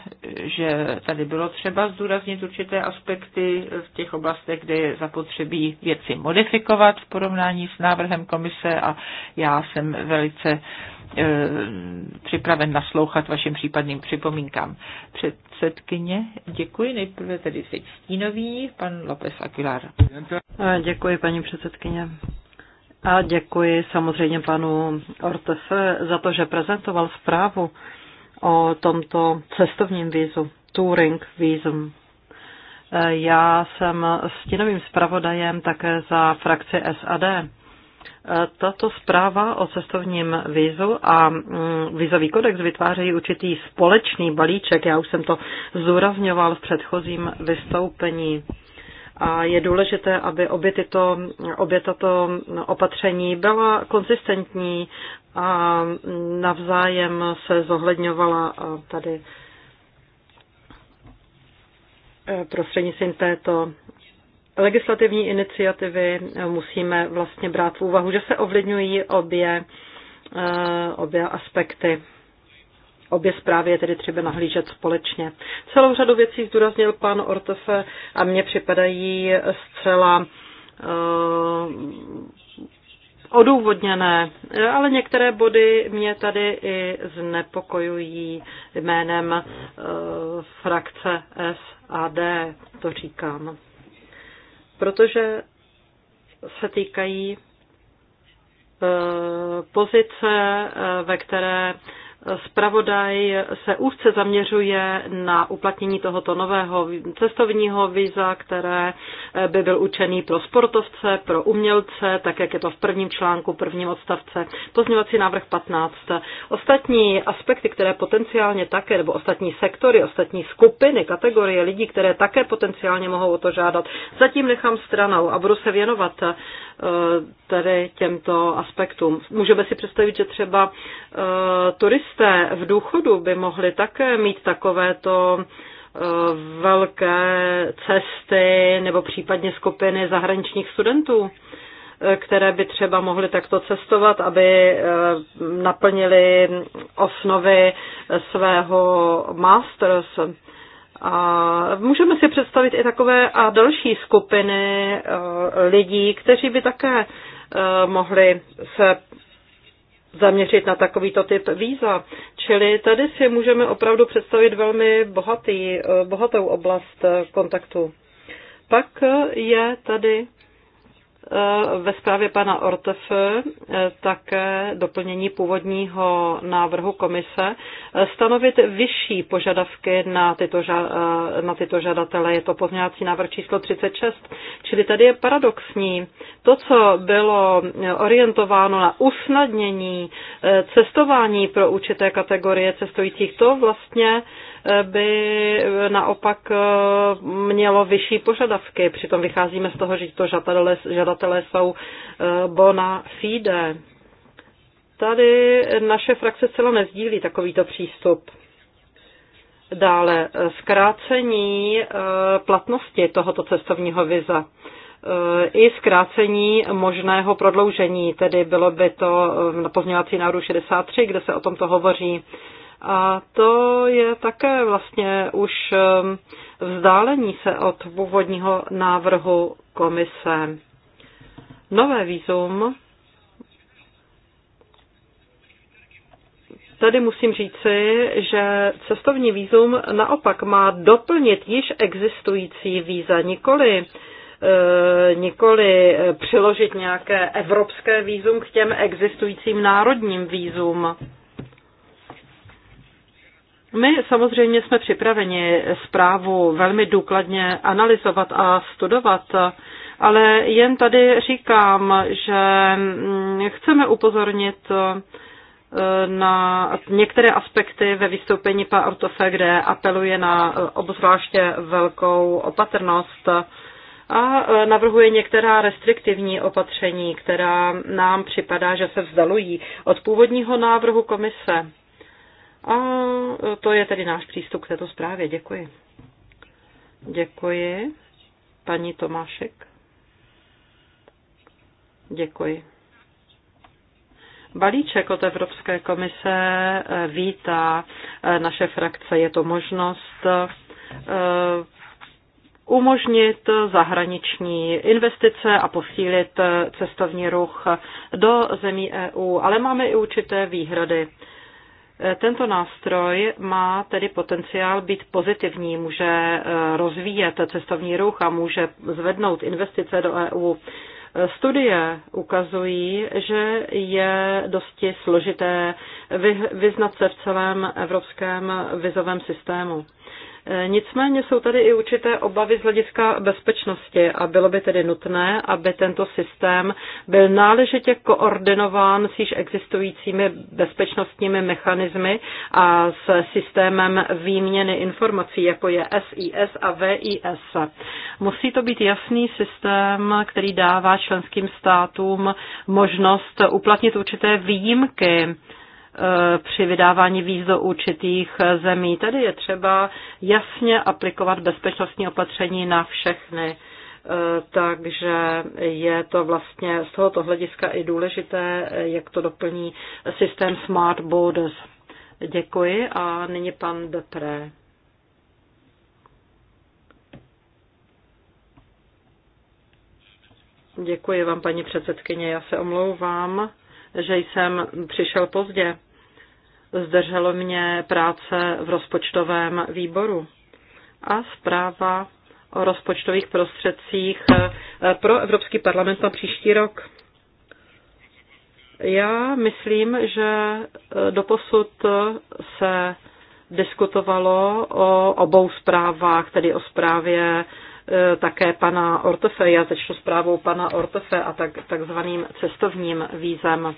že tady bylo třeba zdůraznit určité aspekty v těch oblastech, kde je zapotřebí věci modifikovat v porovnání s návrhem komise a já jsem velice eh, připraven naslouchat vašim případným připomínkám. Předsedkyně, děkuji. Nejprve tedy teď stínový, pan López Aguilar. Děkuji, paní předsedkyně. A děkuji samozřejmě panu Ortese za to, že prezentoval zprávu o tomto cestovním vízu, touring vízum. Já jsem stínovým zpravodajem také za frakci SAD. Tato zpráva o cestovním vízu a mm, vízový kodex vytvářejí určitý společný balíček. Já už jsem to zúrazňoval v předchozím vystoupení. A je důležité, aby obě, tyto, obě tato opatření byla konsistentní a navzájem se zohledňovala tady e, prostřednictvím této legislativní iniciativy musíme vlastně brát v úvahu, že se ovlivňují obě, e, obě aspekty. Obě zprávy je tedy třeba nahlížet společně. Celou řadu věcí zdůraznil pan Ortefe a mně připadají zcela uh, odůvodněné, ale některé body mě tady i znepokojují jménem uh, frakce SAD, to říkám. Protože se týkají eh, pozice, ve které Spravodaj se úzce zaměřuje na uplatnění tohoto nového cestovního víza, které by byl učený pro sportovce, pro umělce, tak jak je to v prvním článku, prvním odstavce, pozměvací návrh 15. Ostatní aspekty, které potenciálně také, nebo ostatní sektory, ostatní skupiny, kategorie lidí, které také potenciálně mohou o to žádat, zatím nechám stranou a budu se věnovat eh, tedy těmto aspektům. Můžeme si představit, že třeba eh, turist starosté v důchodu by mohli také mít takovéto eh, velké cesty nebo případně skupiny zahraničních studentů, eh, které by třeba mohly takto cestovat, aby eh, naplnili osnovy svého masters. A můžeme si představit i takové a další skupiny lidí, kteří by také mohli se zaměřit na takovýto typ víza. Čili tady si můžeme opravdu představit velmi bohatý, eh, bohatou oblast eh, kontaktu. Pak je tady Eh, ve zprávě pana Ortef eh, také doplnění původního návrhu komise eh, stanovit vyšší požadavky na tyto, na tyto žadatele. Je to pozměňovací návrh číslo 36. Čili tady je paradoxní. To, co bylo orientováno na usnadnění cestování pro určité kategorie cestujících, to vlastně by naopak e, mělo vyšší požadavky. Přitom vycházíme z toho, že to žadatelé, žadatelé jsou e, bona fide. Tady naše frakce celo nezdílí takovýto přístup. Dále e, zkrácení platnosti tohoto cestovního viza i zkrácení možného prodloužení, tedy bylo by to na pozměňovací návrhu 63, kde se o tomto hovoří a to je také vlastně už um, vzdálení se od původního návrhu komise. Nové výzum Tady musím říci, že cestovní výzum naopak má doplnit již existující víza, nikoli, eh, nikoli přiložit nějaké evropské výzum k těm existujícím národním výzum. My samozřejmě jsme připraveni zprávu velmi důkladně analyzovat a studovat, ale jen tady říkám, že mm, chceme upozornit e, na některé aspekty ve vystoupení pa Ortofe, kde apeluje na e, obzvláště velkou opatrnost a e, navrhuje některá restriktivní opatření, která nám připadá, že se vzdalují od původního návrhu komise. A to je tedy náš přístup k této zprávě. Děkuji. Děkuji. Paní Tomášek. Děkuji. Balíček od Evropské komise eh, vítá eh, naše frakce. Je to možnost eh, umožnit zahraniční investice a posílit cestovní ruch do zemí EU, ale máme i určité výhrady. Tento nástroj má tedy potenciál být pozitivní, může eh, rozvíjet cestovní ruch a může zvednout investice do EU. Studie ukazují, že je dosti složité vyznat se v celém evropském vizovém systému. Nicméně jsou tady i určité obavy z hlediska bezpečnosti a bylo by tedy nutné, aby tento systém byl náležitě koordinován s již existujícími bezpečnostními mechanismy a s systémem výměny informací, jako je SIS a VIS. Musí to být jasný systém, který dává členským státům možnost uplatnit určité výjimky Eh, při vydávání víz do určitých eh, zemí. Tady je třeba jasně aplikovat bezpečnostní opatření na všechny. Eh, takže je to vlastně z tohoto hlediska i důležité, jak to doplní systém Smart Borders. Děkuji a nyní pan Depré. Děkuji vám, paní předsedkyně, já se omlouvám že jsem přišel pozdě. Zdrželo mě práce v rozpočtovém výboru a zpráva o rozpočtových prostředcích eh, pro Evropský parlament na příští rok. Já myslím, že eh, doposud se diskutovalo o obou zprávách, tedy o zprávě E, také pana Ortefe. Já začnu zprávou pana Ortefe a tak, takzvaným cestovním vízem.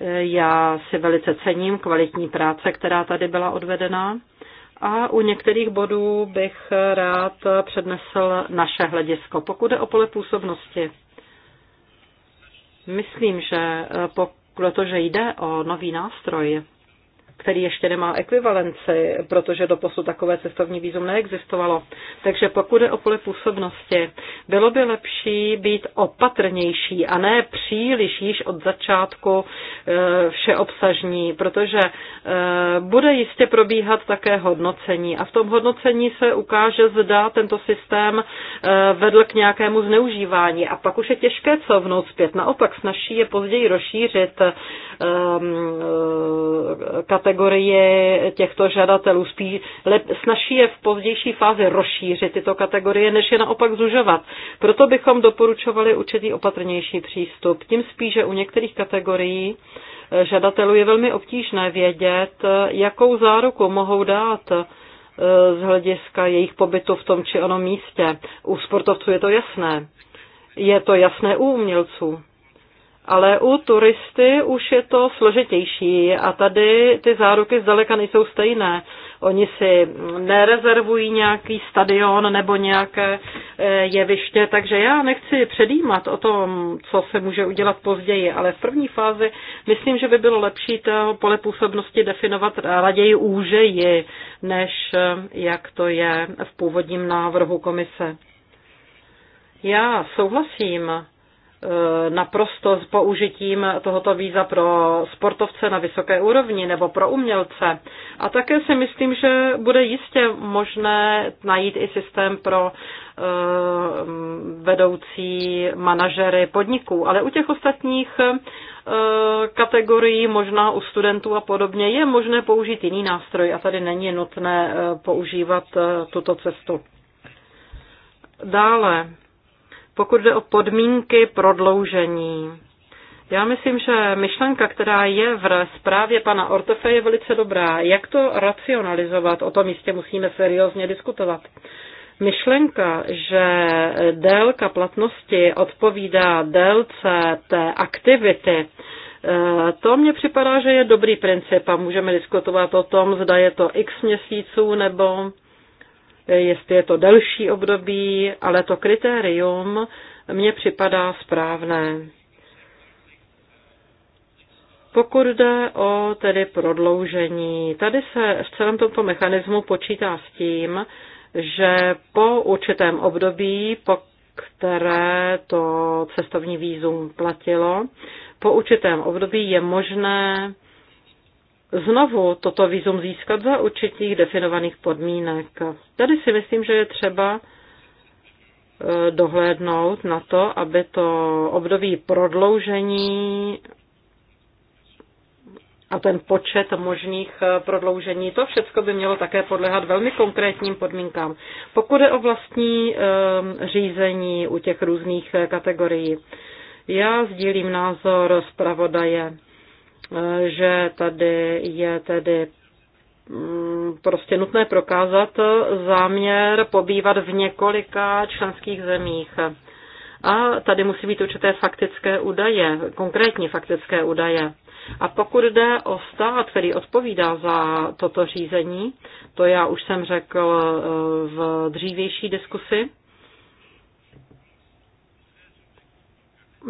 E, já si velice cením kvalitní práce, která tady byla odvedena a u některých bodů bych rád přednesl naše hledisko, pokud je o pole působnosti. Myslím, že pokud že jde o nový nástroj, který ještě nemá ekvivalenci, protože do posud takové cestovní výzum neexistovalo. Takže pokud je o poli působnosti, bylo by lepší být opatrnější a ne příliš již od začátku e, všeobsažní, protože e, bude jistě probíhat také hodnocení a v tom hodnocení se ukáže, zda tento systém e, vedl k nějakému zneužívání a pak už je těžké couvnout zpět. Naopak snaží je později rozšířit um, kategorie těchto žadatelů. Spíš lep, snaží je v pozdější fázi rozšířit tyto kategorie, než je naopak zužovat. Proto bychom doporučovali určitý opatrnější přístup. Tím spíše u některých kategorií eh, žadatelů je velmi obtížné vědět, eh, jakou záruku mohou dát eh, z hlediska jejich pobytu v tom či onom místě. U sportovců je to jasné. Je to jasné u umělců ale u turisty už je to složitější a tady ty záruky zdaleka nejsou stejné. Oni si nerezervují nějaký stadion nebo nějaké eh, jeviště, takže já nechci předjímat o tom, co se může udělat později, ale v první fázi myslím, že by bylo lepší to pole působnosti definovat raději úžeji, než eh, jak to je v původním návrhu komise. Já souhlasím Eh, naprosto s použitím tohoto víza pro sportovce na vysoké úrovni nebo pro umělce. A také si myslím, že bude jistě možné najít i systém pro eh, vedoucí manažery podniků, ale u těch ostatních eh, kategorií, možná u studentů a podobně, je možné použít jiný nástroj a tady není nutné používat tuto cestu. Dále pokud jde o podmínky prodloužení, já myslím, že myšlenka, která je v zprávě pana Ortefe, je velice dobrá. Jak to racionalizovat? O tom jistě musíme seriózně diskutovat. Myšlenka, že délka platnosti odpovídá délce té aktivity, eh, to mně připadá, že je dobrý princip a můžeme diskutovat o tom, zda je to x měsíců nebo jestli je to delší období, ale to kritérium mně připadá správné. Pokud jde o tedy prodloužení, tady se v celém tomto mechanismu počítá s tím, že po určitém období, po které to cestovní výzum platilo, po určitém období je možné znovu toto výzum získat za určitých definovaných podmínek. Tady si myslím, že je třeba e, dohlédnout na to, aby to období prodloužení a ten počet možných e, prodloužení, to všechno by mělo také podléhat velmi konkrétním podmínkám. Pokud je o vlastní e, řízení u těch různých kategorií, já sdílím názor zpravodaje že tady je tedy mm, prostě nutné prokázat záměr pobývat v několika členských zemích. A tady musí být určité faktické údaje, konkrétní faktické údaje. A pokud jde o stát, který odpovídá za toto řízení, to já už jsem řekl eh, v dřívější diskusi,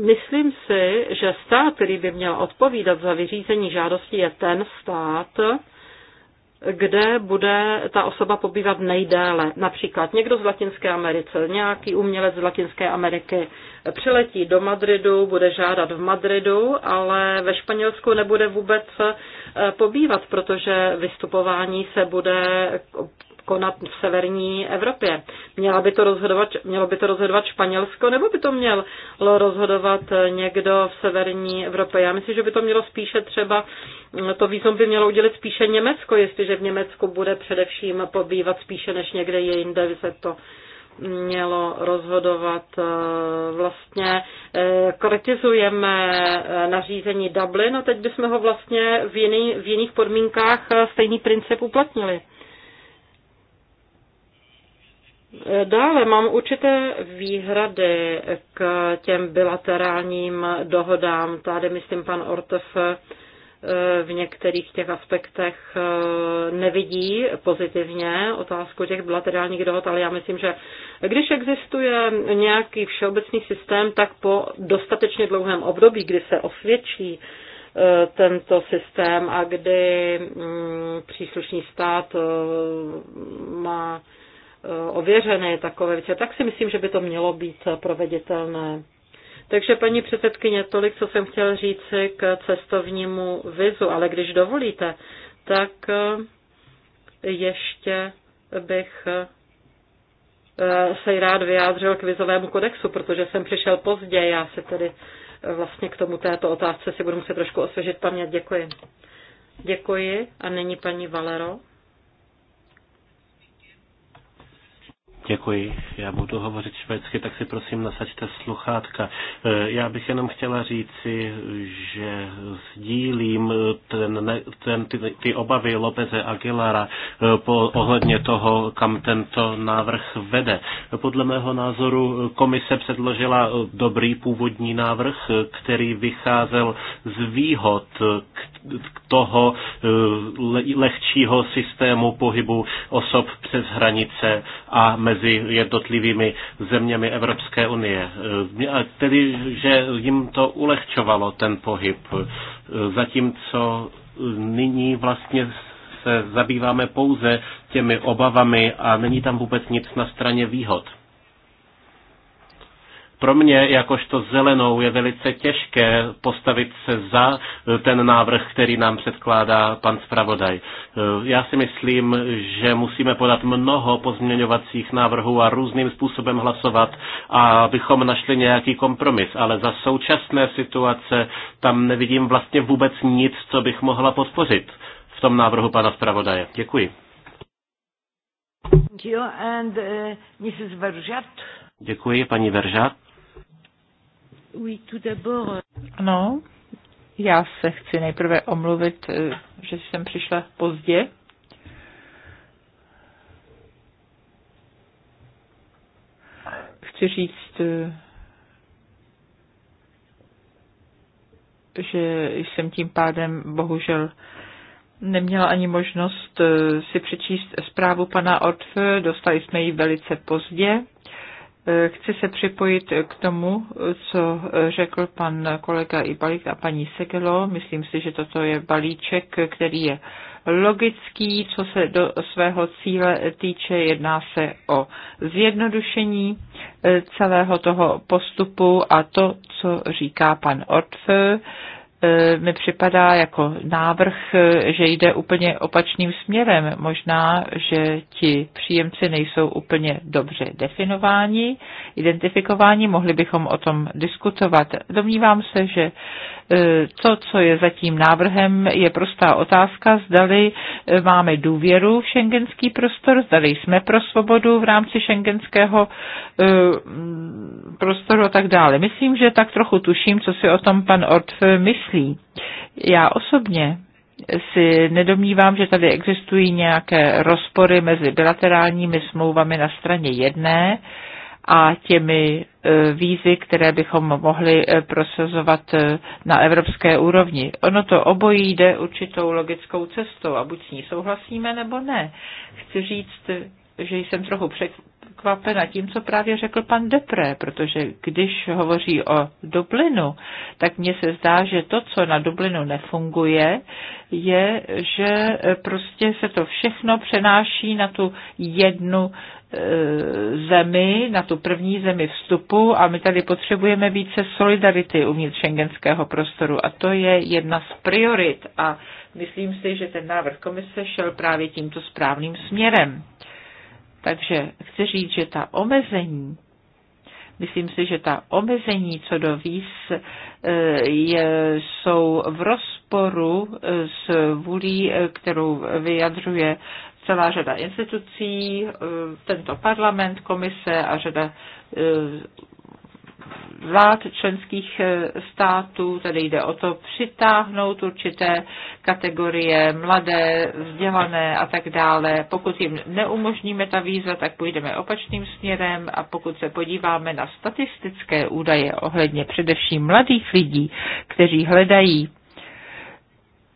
Myslím si, že stát, který by měl odpovídat za vyřízení žádosti, je ten stát, kde bude ta osoba pobývat nejdéle. Například někdo z Latinské Americe, nějaký umělec z Latinské Ameriky přiletí do Madridu, bude žádat v Madridu, ale ve Španělsku nebude vůbec eh, pobývat, protože vystupování se bude konat v severní Evropě. Měla by to rozhodovat, mělo by to rozhodovat Španělsko, nebo by to mělo rozhodovat někdo v severní Evropě? Já myslím, že by to mělo spíše třeba, to výzum by mělo udělit spíše Německo, jestliže v Německu bude především pobývat spíše než někde jinde, by se to mělo rozhodovat. Eh, vlastně eh, kritizujeme eh, nařízení Dublin a teď bychom ho vlastně v, jiný, v jiných podmínkách stejný princip uplatnili. Dále mám určité výhrady k těm bilaterálním dohodám. Tady, myslím, pan Ortef eh, v některých těch aspektech eh, nevidí pozitivně otázku těch bilaterálních dohod, ale já myslím, že když existuje nějaký všeobecný systém, tak po dostatečně dlouhém období, kdy se osvědčí eh, tento systém a kdy mm, příslušný stát má ověřené takové věci, tak si myslím, že by to mělo být proveditelné. Takže paní předsedkyně, tolik, co jsem chtěl říci k cestovnímu vizu, ale když dovolíte, tak eh, ještě bych eh, se rád vyjádřil k vizovému kodexu, protože jsem přišel pozdě. Já se tedy eh, vlastně k tomu této otázce si budu muset trošku osvěžit paměť. Děkuji. Děkuji. A není paní Valero? Děkuji. Já budu hovořit švédsky, tak si prosím nasaďte sluchátka. E, já bych jenom chtěla říci, že sdílím ten, ten, ty, ty obavy Lopeze Aguilara e, po, ohledně toho, kam tento návrh vede. Podle mého názoru komise předložila dobrý původní návrh, který vycházel z výhod k toho e, lehčího systému pohybu osob přes hranice a mezi mezi jednotlivými zeměmi Evropské unie. E, a tedy, že jim to ulehčovalo ten pohyb, e, zatímco nyní vlastně se zabýváme pouze těmi obavami a není tam vůbec nic na straně výhod. Pro mě, jakožto zelenou, je velice těžké postavit se za e, ten návrh, který nám předkládá pan zpravodaj. E, já si myslím, že musíme podat mnoho pozměňovacích návrhů a různým způsobem hlasovat, abychom našli nějaký kompromis. Ale za současné situace tam nevidím vlastně vůbec nic, co bych mohla podpořit v tom návrhu pana zpravodaje. Děkuji. Uh, Děkuji, paní Veržat. Ano, euh, já se chci nejprve omluvit, eh, že jsem přišla pozdě. Chci říct, eh, že jsem tím pádem bohužel neměla ani možnost eh, si přečíst zprávu pana Ortfe, dostali jsme ji velice pozdě Chci se připojit k tomu, co řekl pan kolega Ibalik a paní Segelo. Myslím si, že toto je balíček, který je logický, co se do svého cíle týče. Jedná se o zjednodušení eh, celého toho postupu a to, co říká pan Ortfe, E, mi připadá jako návrh, e, že jde úplně opačným směrem. Možná, že ti příjemci nejsou úplně dobře definováni, identifikováni, mohli bychom o tom diskutovat. Domnívám se, že to, e, co je zatím návrhem, je prostá otázka, zdali e, máme důvěru v šengenský prostor, zdali jsme pro svobodu v rámci šengenského e, prostoru a tak dále. Myslím, že tak trochu tuším, co si o tom pan Ort myslí. Já osobně si nedomnívám, že tady existují nějaké rozpory mezi bilaterálními smlouvami na straně jedné, a těmi e, výzvy, které bychom mohli e, prosazovat e, na evropské úrovni. Ono to obojí jde určitou logickou cestou a buď s ní souhlasíme nebo ne. Chci říct, že jsem trochu překvapena tím, co právě řekl pan Depré, protože když hovoří o Dublinu, tak mně se zdá, že to, co na Dublinu nefunguje, je, že prostě se to všechno přenáší na tu jednu e, zemi, na tu první zemi vstupu a my tady potřebujeme více solidarity uvnitř šengenského prostoru a to je jedna z priorit a myslím si, že ten návrh komise šel právě tímto správným směrem. Takže chci říct, že ta omezení, myslím si, že ta omezení co do víz eh, je, jsou v rozporu eh, s vůlí, eh, kterou vyjadřuje celá řada institucí, tento parlament, komise a řada vlád členských eh, států. Tady jde o to přitáhnout určité kategorie mladé, vzdělané a tak dále. Pokud jim neumožníme ta víza, tak půjdeme opačným směrem a pokud se podíváme na statistické údaje ohledně především mladých lidí, kteří hledají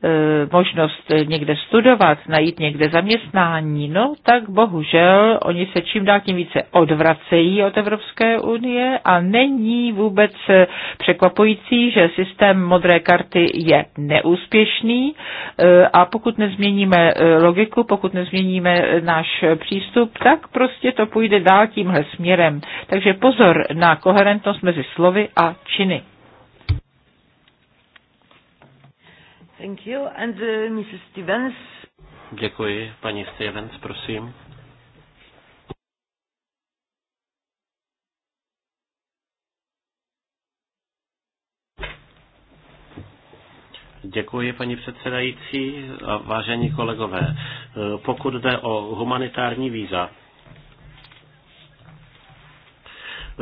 Eh, možnost někde studovat, najít někde zaměstnání, no tak bohužel oni se čím dál tím více odvracejí od Evropské unie a není vůbec eh, překvapující, že systém modré karty je neúspěšný eh, a pokud nezměníme logiku, pokud nezměníme náš přístup, tak prostě to půjde dál tímhle směrem. Takže pozor na koherentnost mezi slovy a činy. Thank you. And uh, Mrs. Stevens. Děkuji. Paní Stevens, prosím. Děkuji, paní předsedající a vážení kolegové. Eh, pokud jde o humanitární víza,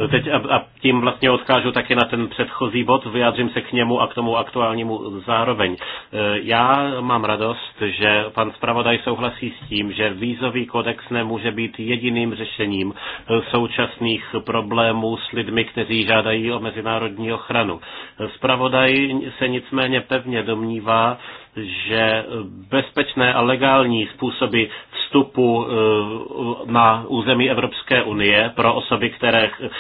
Teď a, a tím vlastně odkážu taky na ten předchozí bod, vyjádřím se k němu a k tomu aktuálnímu zároveň. E, já mám radost, že pan zpravodaj souhlasí s tím, že vízový kodex nemůže být jediným řešením e, současných problémů s lidmi, kteří žádají o mezinárodní ochranu. E, zpravodaj se nicméně pevně domnívá, že bezpečné a legální způsoby vstupu eh, na území Evropské unie pro osoby, které eh,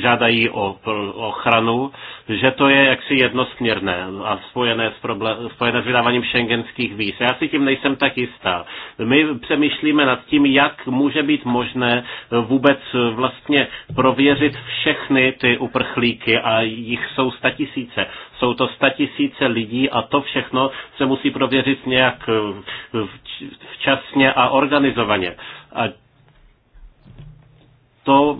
žádají o ochranu, že to je jaksi jednosměrné a spojené s, problém, spojené s vydáváním šengenských víz. Já si tím nejsem tak jistá. My přemýšlíme nad tím, jak může být možné eh, vůbec vlastně prověřit všechny ty uprchlíky a jich jsou statisíce. Jsou to statisíce lidí a to všechno se musí prověřit nějak eh, včasně a organizovaně. A to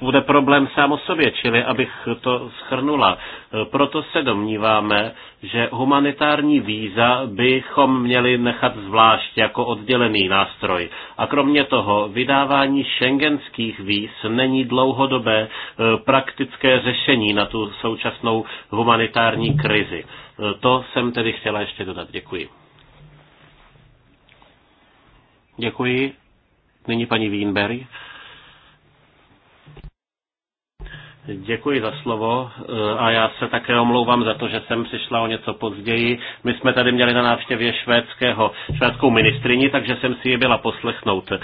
bude problém sám o sobě, čili abych to schrnula. Proto se domníváme, že humanitární víza bychom měli nechat zvlášť jako oddělený nástroj. A kromě toho vydávání šengenských víz není dlouhodobé eh, praktické řešení na tu současnou humanitární krizi. Eh, to jsem tedy chtěla ještě dodat. Děkuji. Děkuji. Nyní paní Wienberg. Děkuji za slovo eh, a já se také omlouvám za to, že jsem přišla o něco později. My jsme tady měli na návštěvě švédského, švédskou ministrini, takže jsem si ji byla poslechnout. Eh,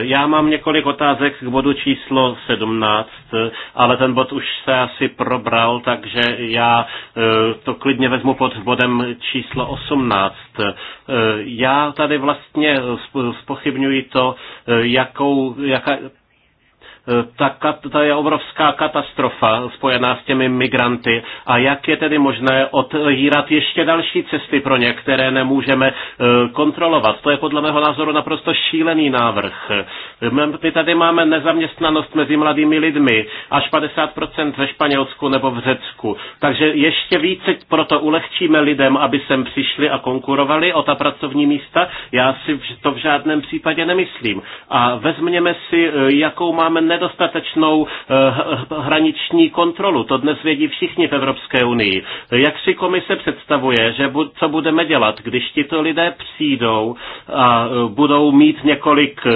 já mám několik otázek k bodu číslo 17, eh, ale ten bod už se asi probral, takže já to klidně vezmu pod bodem číslo 18. Já tady vlastně spochybňuji to, jakou, jaká, Eh, ta, ta je obrovská katastrofa spojená s těmi migranty a jak je tedy možné otvírat ještě další cesty pro ně, které nemůžeme eh, kontrolovat. To je podle mého názoru naprosto šílený návrh. My tady máme nezaměstnanost mezi mladými lidmi, až 50% ve Španělsku nebo v Řecku. Takže ještě více proto ulehčíme lidem, aby sem přišli a konkurovali o ta pracovní místa. Já si to v žádném případě nemyslím. A vezměme si, eh, jakou máme nedostatečnou eh, hraniční kontrolu. To dnes vědí všichni v Evropské unii. Jak si komise představuje, že co budeme dělat, když tito lidé přijdou a eh, budou mít několik eh,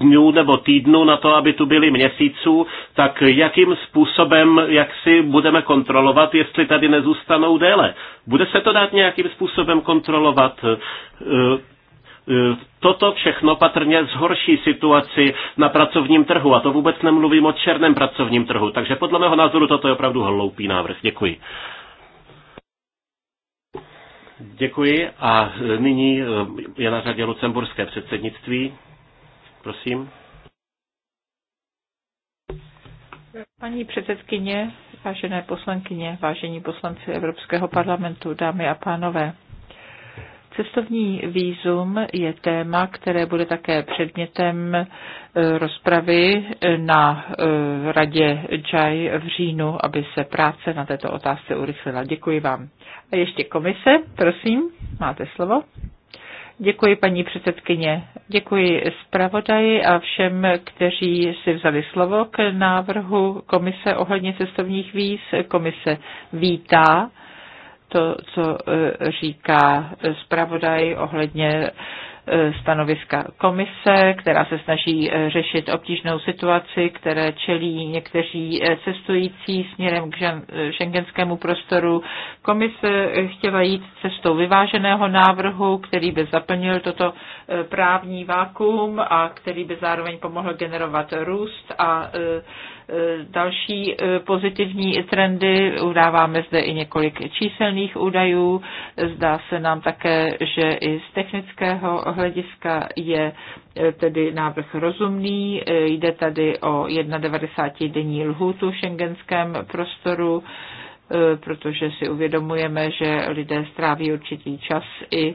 dnů nebo týdnů na to, aby tu byli měsíců, tak jakým způsobem, jak si budeme kontrolovat, jestli tady nezůstanou déle? Bude se to dát nějakým způsobem kontrolovat? E, toto všechno patrně zhorší situaci na pracovním trhu a to vůbec nemluvím o černém pracovním trhu. Takže podle mého názoru toto je opravdu hloupý návrh. Děkuji. Děkuji a e, nyní e, je na řadě lucemburské předsednictví. Prosím. Paní předsedkyně, vážené poslankyně, vážení poslanci Evropského parlamentu, dámy a pánové, Cestovní výzum je téma, které bude také předmětem e, rozpravy e, na e, radě JAI v říjnu, aby se práce na této otázce urychlila. Děkuji vám. A ještě komise, prosím, máte slovo. Děkuji paní předsedkyně, děkuji zpravodaji a všem, kteří si vzali slovo k návrhu komise ohledně cestovních víz. Komise vítá to, co e, říká zpravodaj ohledně e, stanoviska komise, která se snaží e, řešit obtížnou situaci, které čelí někteří cestující směrem k šengenskému prostoru. Komise chtěla jít cestou vyváženého návrhu, který by zaplnil toto právní vákuum a který by zároveň pomohl generovat růst a Eh, další eh, pozitivní trendy. Udáváme zde i několik číselných údajů. Zdá se nám také, že i z technického hlediska je eh, tedy návrh rozumný. Jde tady o 91-denní lhůtu v šengenském prostoru protože si uvědomujeme, že lidé stráví určitý čas i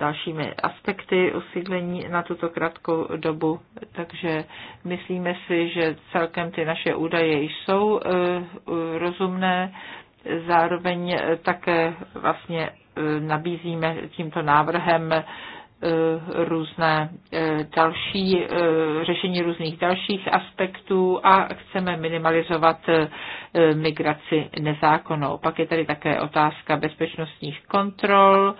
dalšími aspekty osídlení na tuto krátkou dobu. Takže myslíme si, že celkem ty naše údaje jsou eh, rozumné. Zároveň také vlastně eh, nabízíme tímto návrhem eh, různé další, řešení různých dalších aspektů a chceme minimalizovat migraci nezákonnou. Pak je tady také otázka bezpečnostních kontrol,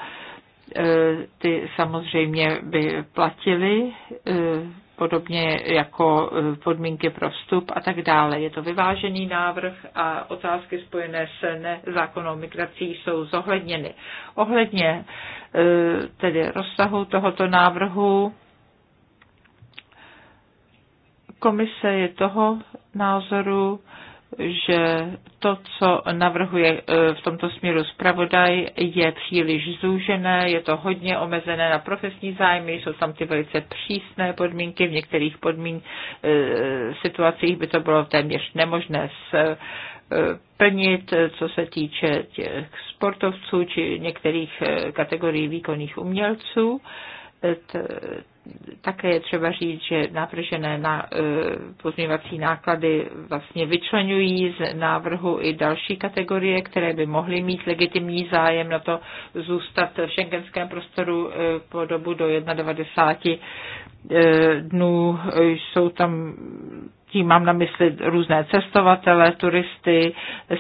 Eh, ty samozřejmě by platily, eh, podobně jako eh, podmínky pro vstup a tak dále. Je to vyvážený návrh a otázky spojené s nezákonnou migrací jsou zohledněny. Ohledně tedy rozsahu tohoto návrhu komise je toho názoru, že to, co navrhuje e, v tomto směru zpravodaj, je příliš zúžené, je to hodně omezené na profesní zájmy, jsou tam ty velice přísné podmínky, v některých podmín e, situacích by to bylo téměř nemožné splnit, e, co se týče těch sportovců či některých kategorií výkonných umělců také je třeba říct, že navržené na, e, pozměňovací náklady vlastně vyčlenují z návrhu i další kategorie, které by mohly mít legitimní zájem na to zůstat v šengenském prostoru e, po dobu do 91 dnů. E, jsou tam tím mám na mysli různé cestovatele, turisty,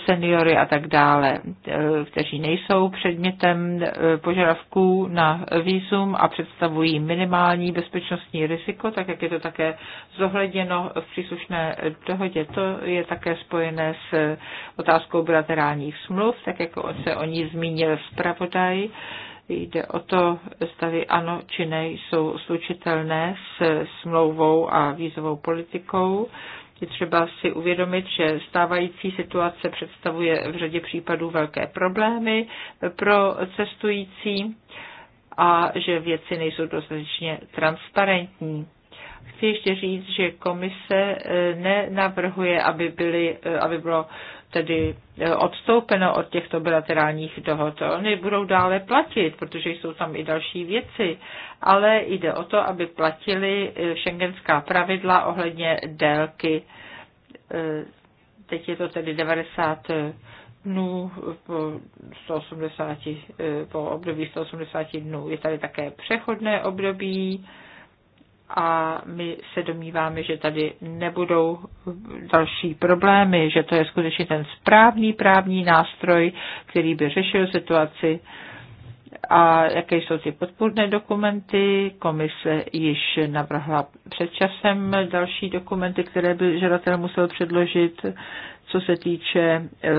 seniory a tak dále, eh, kteří nejsou předmětem eh, požadavků na výzum a představují minimální bezpečnostní riziko, tak jak je to také zohleděno v příslušné dohodě. To je také spojené s otázkou bilaterálních smluv, tak jako se o ní zmínil zpravodaj. Jde o to, stavy ano či ne jsou slučitelné s smlouvou a vízovou politikou. Je třeba si uvědomit, že stávající situace představuje v řadě případů velké problémy pro cestující a že věci nejsou dostatečně transparentní. Chci ještě říct, že komise eh, nenavrhuje, aby, byly, eh, aby bylo tedy eh, odstoupeno od těchto bilaterálních dohod. Oni budou dále platit, protože jsou tam i další věci, ale jde o to, aby platili eh, šengenská pravidla ohledně délky. Eh, teď je to tedy 90 dnů po, 180, po období 180 dnů. Je tady také přechodné období, a my se domníváme, že tady nebudou další problémy, že to je skutečně ten správný právní nástroj, který by řešil situaci a jaké jsou ty podpůrné dokumenty. Komise již navrhla před časem další dokumenty, které by žadatel musel předložit, co se týče eh,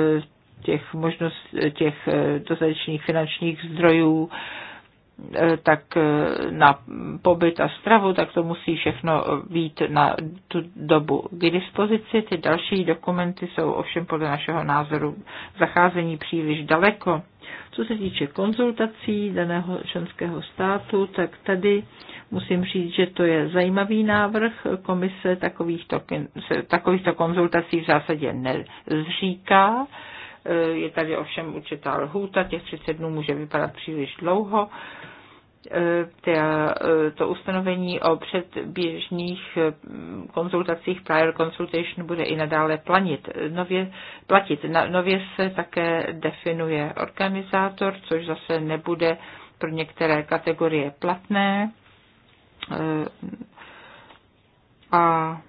těch možnost, těch eh, dostatečných finančních zdrojů, E, tak e, na pobyt a stravu, tak to musí všechno být na tu dobu k dispozici. Ty další dokumenty jsou ovšem podle našeho názoru zacházení příliš daleko. Co se týče konzultací daného členského státu, tak tady musím říct, že to je zajímavý návrh. Komise takovýchto, takovýchto konzultací v zásadě nezříká je tady ovšem určitá lhůta, těch 30 dnů může vypadat příliš dlouho. Eh, to ustanovení o předběžných eh, konzultacích prior consultation bude i nadále planit. Nově, platit. Nově se také definuje organizátor, což zase nebude pro některé kategorie platné. Eh, a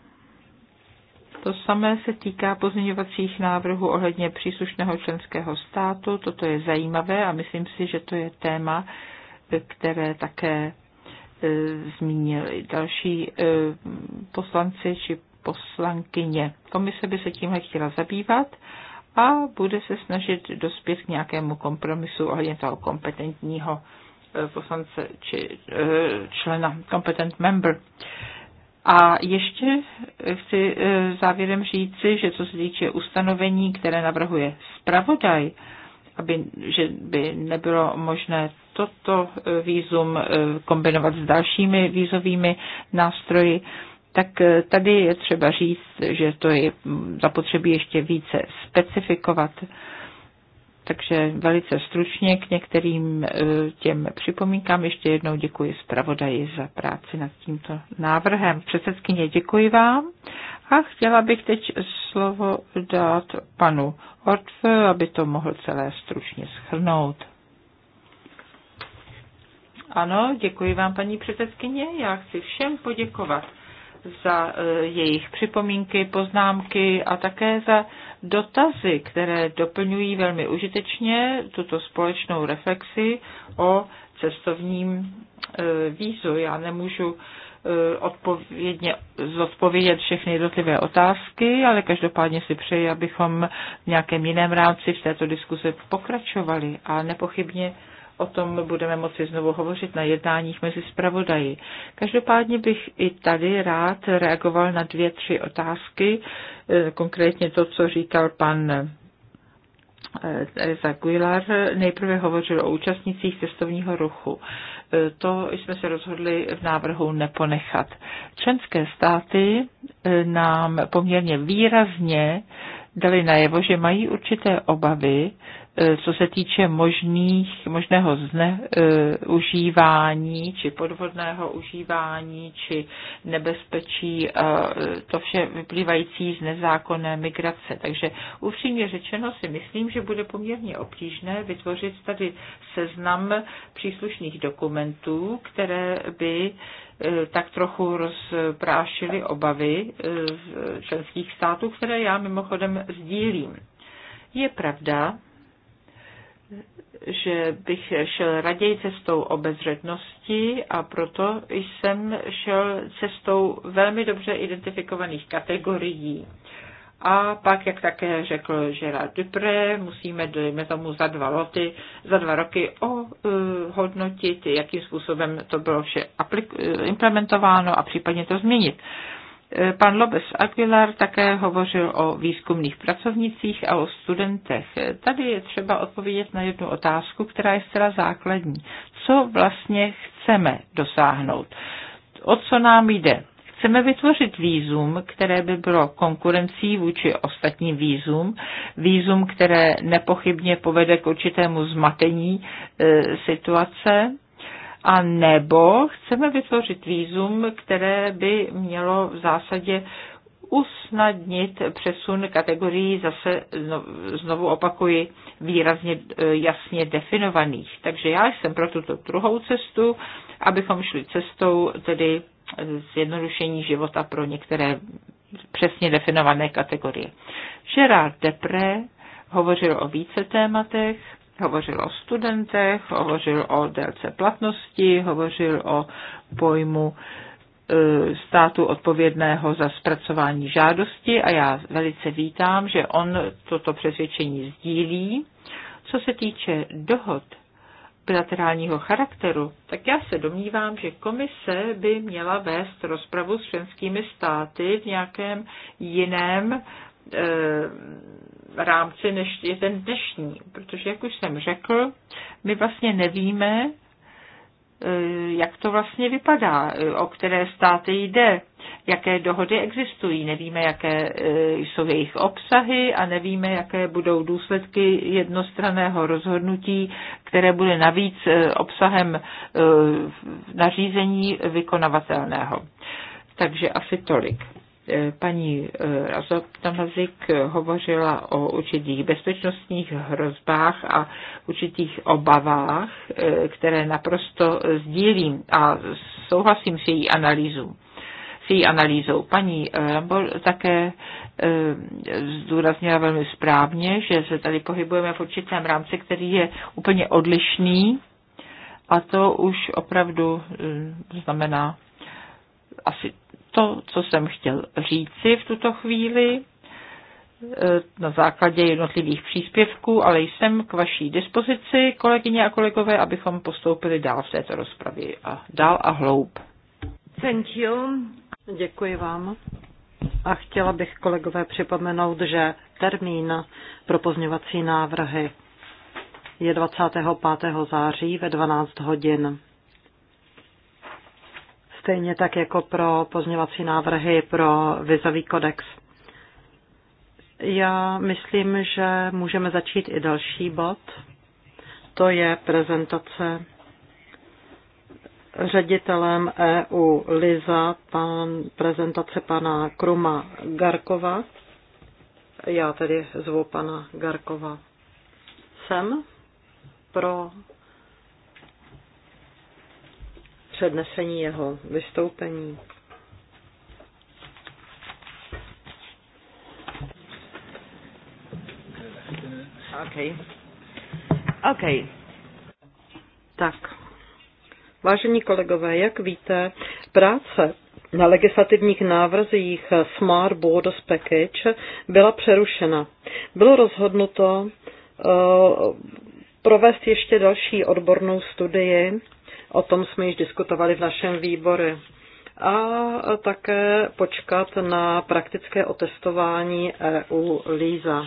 to samé se týká pozměňovacích návrhů ohledně příslušného členského státu. Toto je zajímavé a myslím si, že to je téma, které také e, zmínili další e, poslanci či poslankyně. Komise by se tímhle chtěla zabývat a bude se snažit dospět k nějakému kompromisu ohledně toho kompetentního e, poslance či člena, kompetent member. A ještě chci eh, závěrem říci, že co se týče ustanovení, které navrhuje zpravodaj, aby, že by nebylo možné toto eh, výzum eh, kombinovat s dalšími výzovými nástroji, tak tady je třeba říct, že to je mm, zapotřebí ještě více specifikovat. Takže velice stručně k některým eh, těm připomínkám. Ještě jednou děkuji zpravodaji za práci nad tímto návrhem. Předsedkyně, děkuji vám. A chtěla bych teď slovo dát panu Ortfe, aby to mohl celé stručně schrnout. Ano, děkuji vám, paní předsedkyně. Já chci všem poděkovat za eh, jejich připomínky, poznámky a také za dotazy, které doplňují velmi užitečně tuto společnou reflexi o cestovním e, vízu. Já nemůžu e, odpovědně zodpovědět všechny jednotlivé otázky, ale každopádně si přeji, abychom v nějakém jiném rámci v této diskuse pokračovali a nepochybně o tom budeme moci znovu hovořit na jednáních mezi zpravodaji. Každopádně bych i tady rád reagoval na dvě, tři otázky, eh, konkrétně to, co říkal pan eh, Teresa Guilar nejprve hovořil o účastnicích cestovního ruchu. Eh, to jsme se rozhodli v návrhu neponechat. Členské státy nám poměrně výrazně dali najevo, že mají určité obavy E, co se týče možných, možného zneužívání e, či podvodného užívání či nebezpečí, e, to vše vyplývající z nezákonné migrace. Takže upřímně řečeno si myslím, že bude poměrně obtížné vytvořit tady seznam příslušných dokumentů, které by tak trochu rozprášily obavy členských států, které já mimochodem sdílím. Je pravda, že bych šel raději cestou obezřetnosti a proto jsem šel cestou velmi dobře identifikovaných kategorií. A pak, jak také řekl Gerard Dupré, musíme, dejme tomu, za dva, loty, za dva roky ohodnotit, jakým způsobem to bylo vše implementováno a případně to změnit. Pan Lobes Aguilar také hovořil o výzkumných pracovnicích a o studentech. Tady je třeba odpovědět na jednu otázku, která je zcela základní. Co vlastně chceme dosáhnout? O co nám jde? Chceme vytvořit výzum, které by bylo konkurencí vůči ostatním výzum, výzum, které nepochybně povede k určitému zmatení e, situace, a nebo chceme vytvořit výzum, které by mělo v zásadě usnadnit přesun kategorií zase, znovu opakuji, výrazně e, jasně definovaných. Takže já jsem pro tuto druhou cestu, abychom šli cestou tedy zjednodušení života pro některé přesně definované kategorie. Gerard Depré hovořil o více tématech, Hovořil o studentech, hovořil o délce platnosti, hovořil o pojmu e, státu odpovědného za zpracování žádosti a já velice vítám, že on toto přesvědčení sdílí. Co se týče dohod bilaterálního charakteru, tak já se domnívám, že komise by měla vést rozpravu s členskými státy v nějakém jiném e, rámci, než je ten dnešní. Protože, jak už jsem řekl, my vlastně nevíme, e, jak to vlastně vypadá, e, o které státy jde, jaké dohody existují, nevíme, jaké e, jsou jejich obsahy a nevíme, jaké budou důsledky jednostraného rozhodnutí, které bude navíc obsahem nařízení vykonavatelného. Takže asi tolik. Paní Razoptamazik eh, hovořila o určitých bezpečnostních hrozbách a určitých obavách, eh, které naprosto sdílím a souhlasím s její analýzou S její analýzou. Paní eh, Rambol také zdůraznila velmi správně, že se tady pohybujeme v určitém rámci, který je úplně odlišný a to už opravdu znamená asi to, co jsem chtěl říci v tuto chvíli e, na základě jednotlivých příspěvků, ale jsem k vaší dispozici, kolegyně a kolegové, abychom postoupili dál v této rozpravě a dál a hloub. Thank you. Děkuji vám. A chtěla bych kolegové připomenout, že termín pro pozměňovací návrhy je 25. září ve 12 hodin stejně tak jako pro pozněvací návrhy pro vizový kodex. Já myslím, že můžeme začít i další bod. To je prezentace ředitelem EU Liza, pan, prezentace pana Kruma Garkova. Já tedy zvu pana Garkova sem pro přednesení jeho vystoupení. OK. OK. Tak. Vážení kolegové, jak víte, práce na legislativních návrzích Smart Borders Package byla přerušena. Bylo rozhodnuto uh, provést ještě další odbornou studii O tom jsme již diskutovali v našem výboru. A také počkat na praktické otestování EU LISA.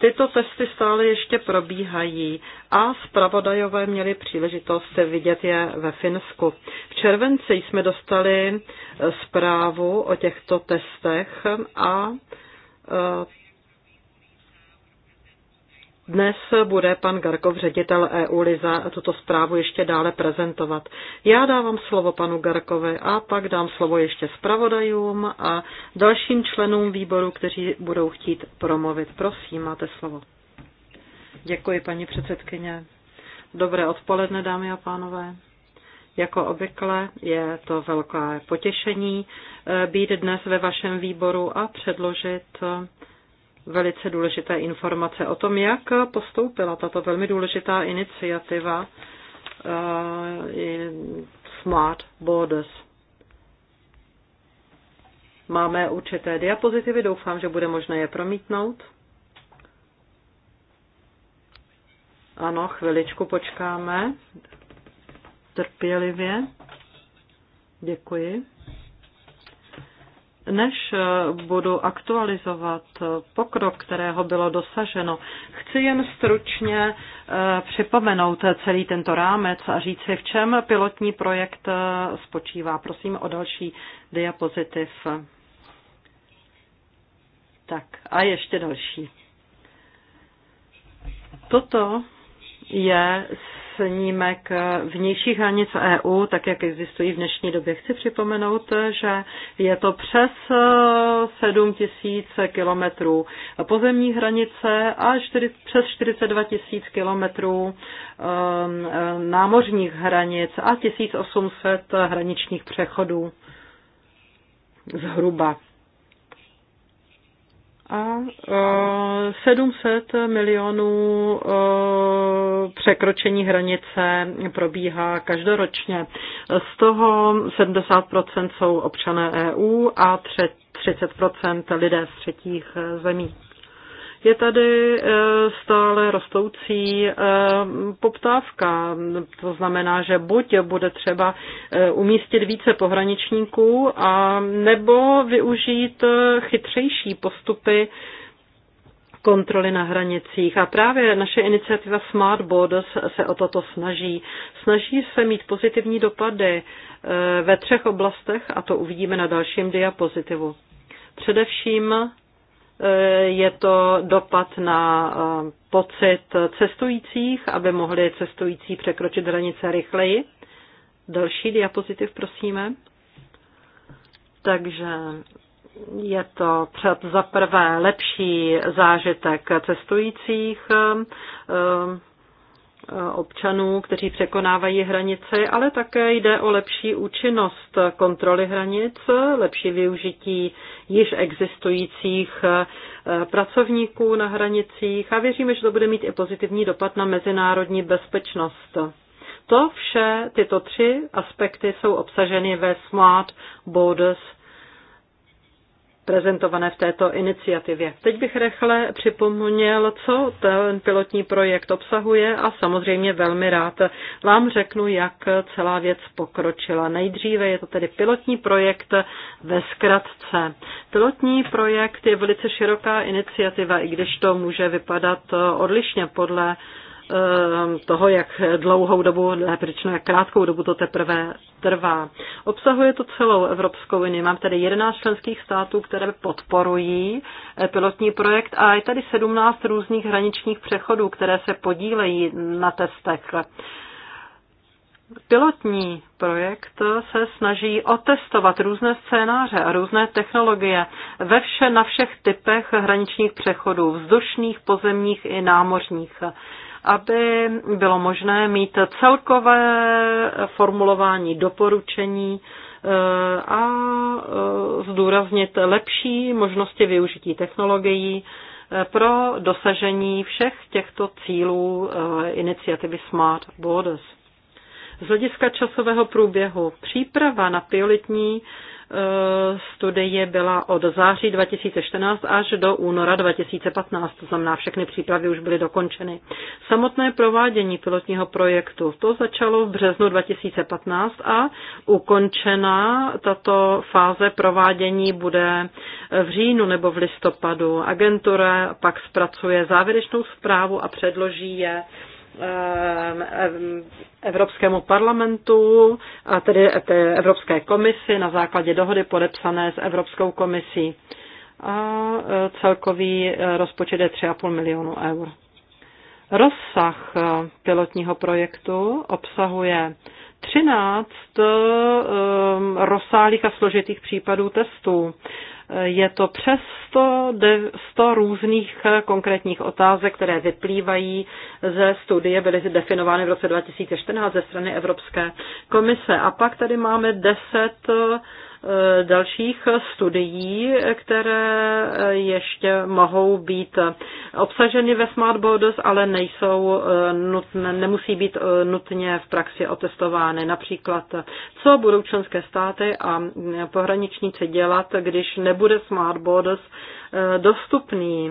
Tyto testy stále ještě probíhají a zpravodajové měli příležitost vidět je ve Finsku. V červenci jsme dostali zprávu o těchto testech a e, dnes bude pan Garkov, ředitel EU Liza, tuto zprávu ještě dále prezentovat. Já dávám slovo panu Garkovi a pak dám slovo ještě zpravodajům a dalším členům výboru, kteří budou chtít promluvit. Prosím, máte slovo. Děkuji, paní předsedkyně. Dobré odpoledne, dámy a pánové. Jako obvykle je to velké potěšení eh, být dnes ve vašem výboru a předložit eh, velice důležité informace o tom, jak postoupila tato velmi důležitá iniciativa eh, Smart Borders. Máme určité diapozitivy, doufám, že bude možné je promítnout. Ano, chviličku počkáme. Trpělivě. Děkuji než eh, budu aktualizovat eh, pokrok, kterého bylo dosaženo, chci jen stručně eh, připomenout celý tento rámec a říci, v čem pilotní projekt spočívá. Prosím o další diapozitiv. Tak a ještě další. Toto je snímek vnějších hranic EU, tak jak existují v dnešní době. Chci připomenout, že je to přes 7 eh, tisíc kilometrů pozemní hranice a 4, přes 42 tisíc kilometrů ehm, eh, námořních hranic a 1800 hraničních přechodů zhruba a 700 eh, milionů eh, překročení hranice probíhá každoročně. Z toho 70% jsou občané EU a 30% lidé z třetích zemí. Je tady eh, stále rostoucí eh, poptávka. To znamená, že buď bude třeba eh, umístit více pohraničníků, a nebo využít chytřejší postupy kontroly na hranicích. A právě naše iniciativa Smart Borders se o toto snaží. Snaží se mít pozitivní dopady ve třech oblastech a to uvidíme na dalším diapozitivu. Především je to dopad na eh, pocit cestujících, aby mohli cestující překročit hranice rychleji. Další diapozitiv, prosíme. Takže je to před za prvé lepší zážitek cestujících, eh, občanů, kteří překonávají hranice, ale také jde o lepší účinnost kontroly hranic, lepší využití již existujících eh, pracovníků na hranicích a věříme, že to bude mít i pozitivní dopad na mezinárodní bezpečnost. To vše, tyto tři aspekty jsou obsaženy ve Smart Borders prezentované v této iniciativě. Teď bych rychle připomněl, co ten pilotní projekt obsahuje a samozřejmě velmi rád vám řeknu, jak celá věc pokročila. Nejdříve je to tedy pilotní projekt ve zkratce. Pilotní projekt je velice široká iniciativa, i když to může vypadat odlišně podle Ehm, toho, jak dlouhou dobu, ne, proč ne, krátkou dobu to teprve trvá. Obsahuje to celou Evropskou unii. Mám tady 11 členských států, které podporují eh, pilotní projekt a je tady 17 různých hraničních přechodů, které se podílejí na testech. Pilotní projekt se snaží otestovat různé scénáře a různé technologie ve vše, na všech typech hraničních přechodů, vzdušných, pozemních i námořních aby bylo možné mít celkové formulování doporučení eh, a eh, zdůraznit lepší možnosti využití technologií eh, pro dosažení všech těchto cílů iniciativy Smart Borders. Z hlediska časového průběhu příprava na pilotní Eh, studie byla od září 2014 až do února 2015, to znamená všechny přípravy už byly dokončeny. Samotné provádění pilotního projektu, to začalo v březnu 2015 a ukončena tato fáze provádění bude v říjnu nebo v listopadu. Agentura pak zpracuje závěrečnou zprávu a předloží je Eh, Evropskému parlamentu a tedy té Evropské komisi na základě dohody podepsané s Evropskou komisí. A eh, celkový eh, rozpočet je 3,5 milionu eur. Rozsah pilotního projektu obsahuje 13 rozsáhlých a složitých případů testů. Je to přes 100, 100 různých konkrétních otázek, které vyplývají ze studie, byly definovány v roce 2014 ze strany Evropské komise. A pak tady máme 10 Eh, dalších studií, které ještě mohou být obsaženy ve Smart Borders, ale nejsou eh, nutné, nemusí být eh, nutně v praxi otestovány. Například, co budou členské státy a pohraničníci dělat, když nebude Smart Borders dostupný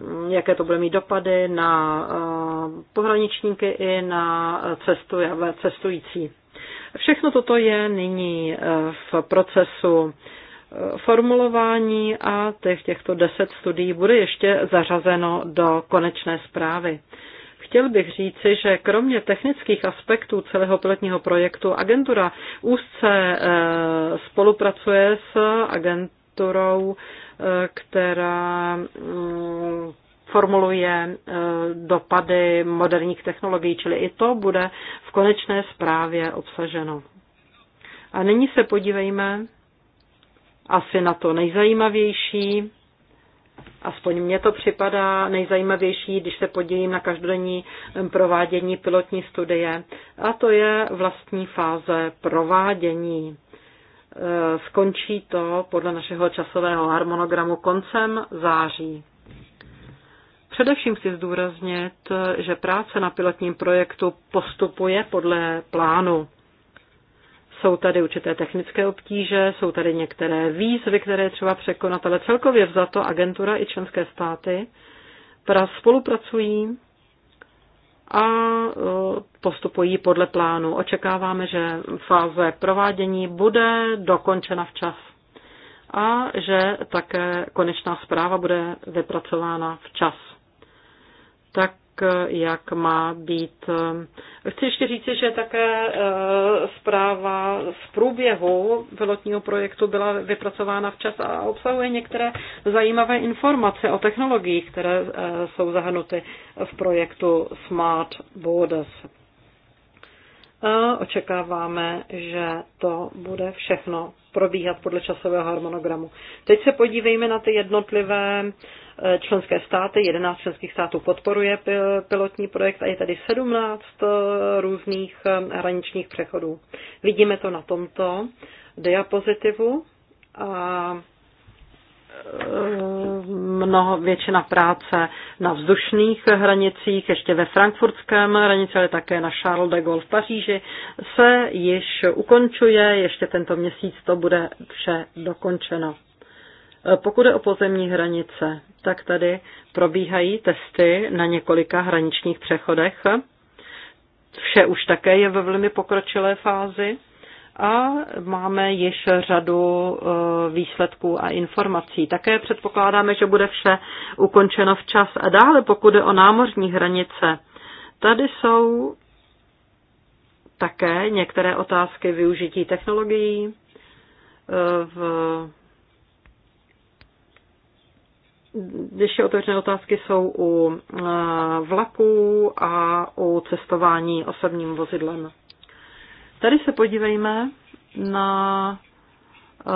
mm, jaké to bude mít dopady na pohraničníky i na cestující. Všechno toto je nyní eh, v procesu eh, formulování a těch, těchto deset studií bude ještě zařazeno do konečné zprávy. Chtěl bych říci, že kromě technických aspektů celého pilotního projektu agentura úzce eh, spolupracuje s agenturou, která mm, formuluje eh, dopady moderních technologií, čili i to bude v konečné zprávě obsaženo. A nyní se podívejme asi na to nejzajímavější, aspoň mně to připadá nejzajímavější, když se podívím na každodenní provádění pilotní studie, a to je vlastní fáze provádění. Eh, skončí to podle našeho časového harmonogramu koncem září. Především chci zdůraznit, že práce na pilotním projektu postupuje podle plánu. Jsou tady určité technické obtíže, jsou tady některé výzvy, které třeba překonat, ale celkově vzato agentura i členské státy spolupracují a e, postupují podle plánu. Očekáváme, že fáze provádění bude dokončena včas a že také konečná zpráva bude vypracována včas tak eh, jak má být. Chci ještě říci, že také eh, zpráva z průběhu pilotního projektu byla vypracována včas a obsahuje některé zajímavé informace o technologiích, které eh, jsou zahrnuty v projektu Smart Borders a očekáváme, že to bude všechno probíhat podle časového harmonogramu. Teď se podívejme na ty jednotlivé eh, členské státy. 11 členských států podporuje pilotní projekt a je tady 17 eh, různých eh, hraničních přechodů. Vidíme to na tomto diapozitivu a Eh, mnoho, většina práce na vzdušných hranicích, ještě ve frankfurtském hranici, ale také na Charles de Gaulle v Paříži, se již ukončuje, ještě tento měsíc to bude vše dokončeno. Eh, pokud je o pozemní hranice, tak tady probíhají testy na několika hraničních přechodech. Vše už také je ve velmi pokročilé fázi a máme již řadu e, výsledků a informací. Také předpokládáme, že bude vše ukončeno včas. A dále, pokud je o námořní hranice, tady jsou také některé otázky využití technologií e, v ještě otevřené otázky jsou u e, vlaků a u cestování osobním vozidlem. Tady se podívejme na eh,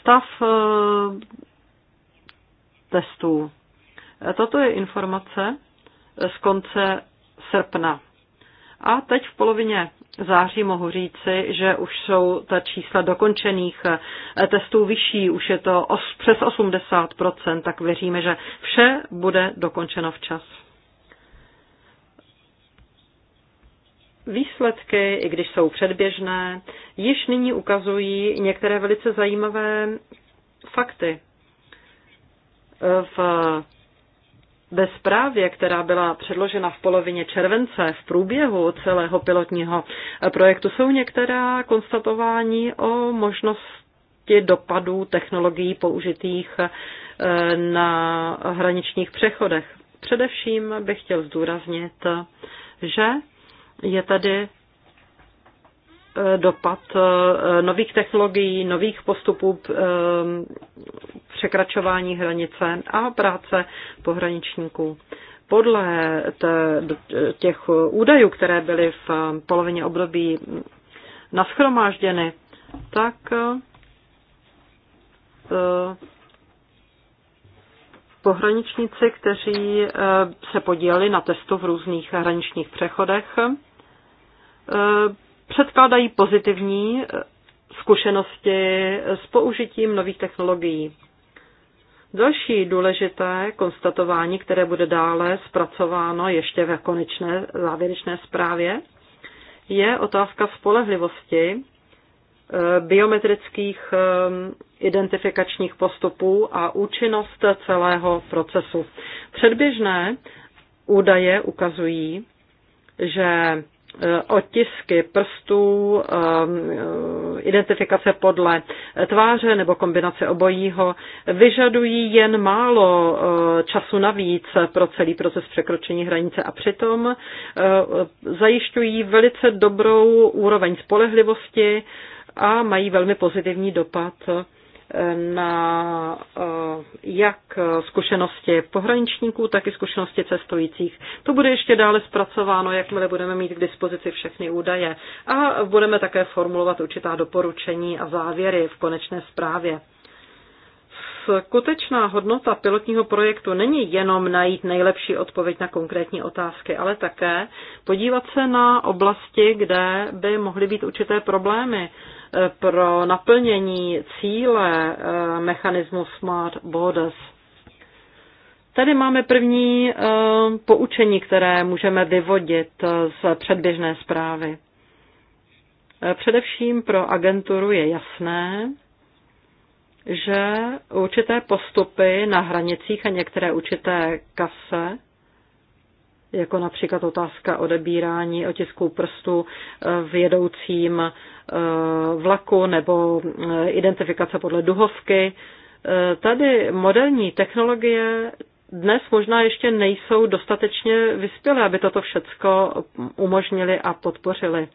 stav eh, testů. Toto je informace z konce srpna. A teď v polovině září mohu říci, že už jsou ta čísla dokončených eh, testů vyšší, už je to os, přes 80%, tak věříme, že vše bude dokončeno včas. Výsledky, i když jsou předběžné, již nyní ukazují některé velice zajímavé fakty. V zprávě, která byla předložena v polovině července v průběhu celého pilotního projektu, jsou některá konstatování o možnosti dopadů technologií použitých eh, na hraničních přechodech. Především bych chtěl zdůraznit, že je tady eh, dopad eh, nových technologií, nových postupů eh, překračování hranice a práce pohraničníků. Podle těch údajů, které byly v polovině období naschromážděny, tak pohraničníci, kteří se podíleli na testu v různých hraničních přechodech, Eh, předkládají pozitivní eh, zkušenosti s použitím nových technologií. Další důležité konstatování, které bude dále zpracováno ještě ve konečné závěrečné zprávě, je otázka spolehlivosti eh, biometrických identifikačních postupů a účinnost celého procesu. Předběžné údaje ukazují, že Eh, otisky prstů, eh, identifikace podle tváře nebo kombinace obojího vyžadují jen málo eh, času navíc pro celý proces překročení hranice a přitom zajišťují velice dobrou úroveň spolehlivosti a mají velmi pozitivní dopad na eh, jak zkušenosti pohraničníků, tak i zkušenosti cestujících. To bude ještě dále zpracováno, jakmile budeme mít k dispozici všechny údaje a budeme také formulovat určitá doporučení a závěry v konečné zprávě. Skutečná hodnota pilotního projektu není jenom najít nejlepší odpověď na konkrétní otázky, ale také podívat se na oblasti, kde by mohly být určité problémy pro naplnění cíle eh, mechanismu Smart Borders. Tady máme první eh, poučení, které můžeme vyvodit eh, z předběžné zprávy. Především pro agenturu je jasné, že určité postupy na hranicích a některé určité kase, jako například otázka odebírání otisků prstů v jedoucím Eh, vlaku nebo eh, identifikace podle duhovky. Eh, tady moderní technologie dnes možná ještě nejsou dostatečně vyspělé, aby toto všecko umožnili a podpořili.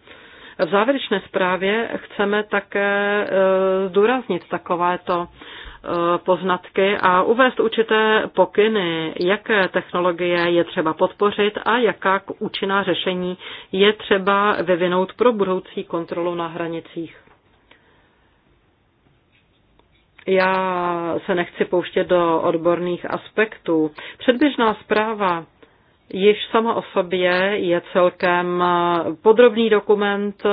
V závěrečné zprávě chceme také zdůraznit takovéto Eh, poznatky a uvést určité pokyny, jaké technologie je třeba podpořit a jaká účinná řešení je třeba vyvinout pro budoucí kontrolu na hranicích. Já se nechci pouštět do odborných aspektů. Předběžná zpráva již sama o sobě je celkem podrobný dokument.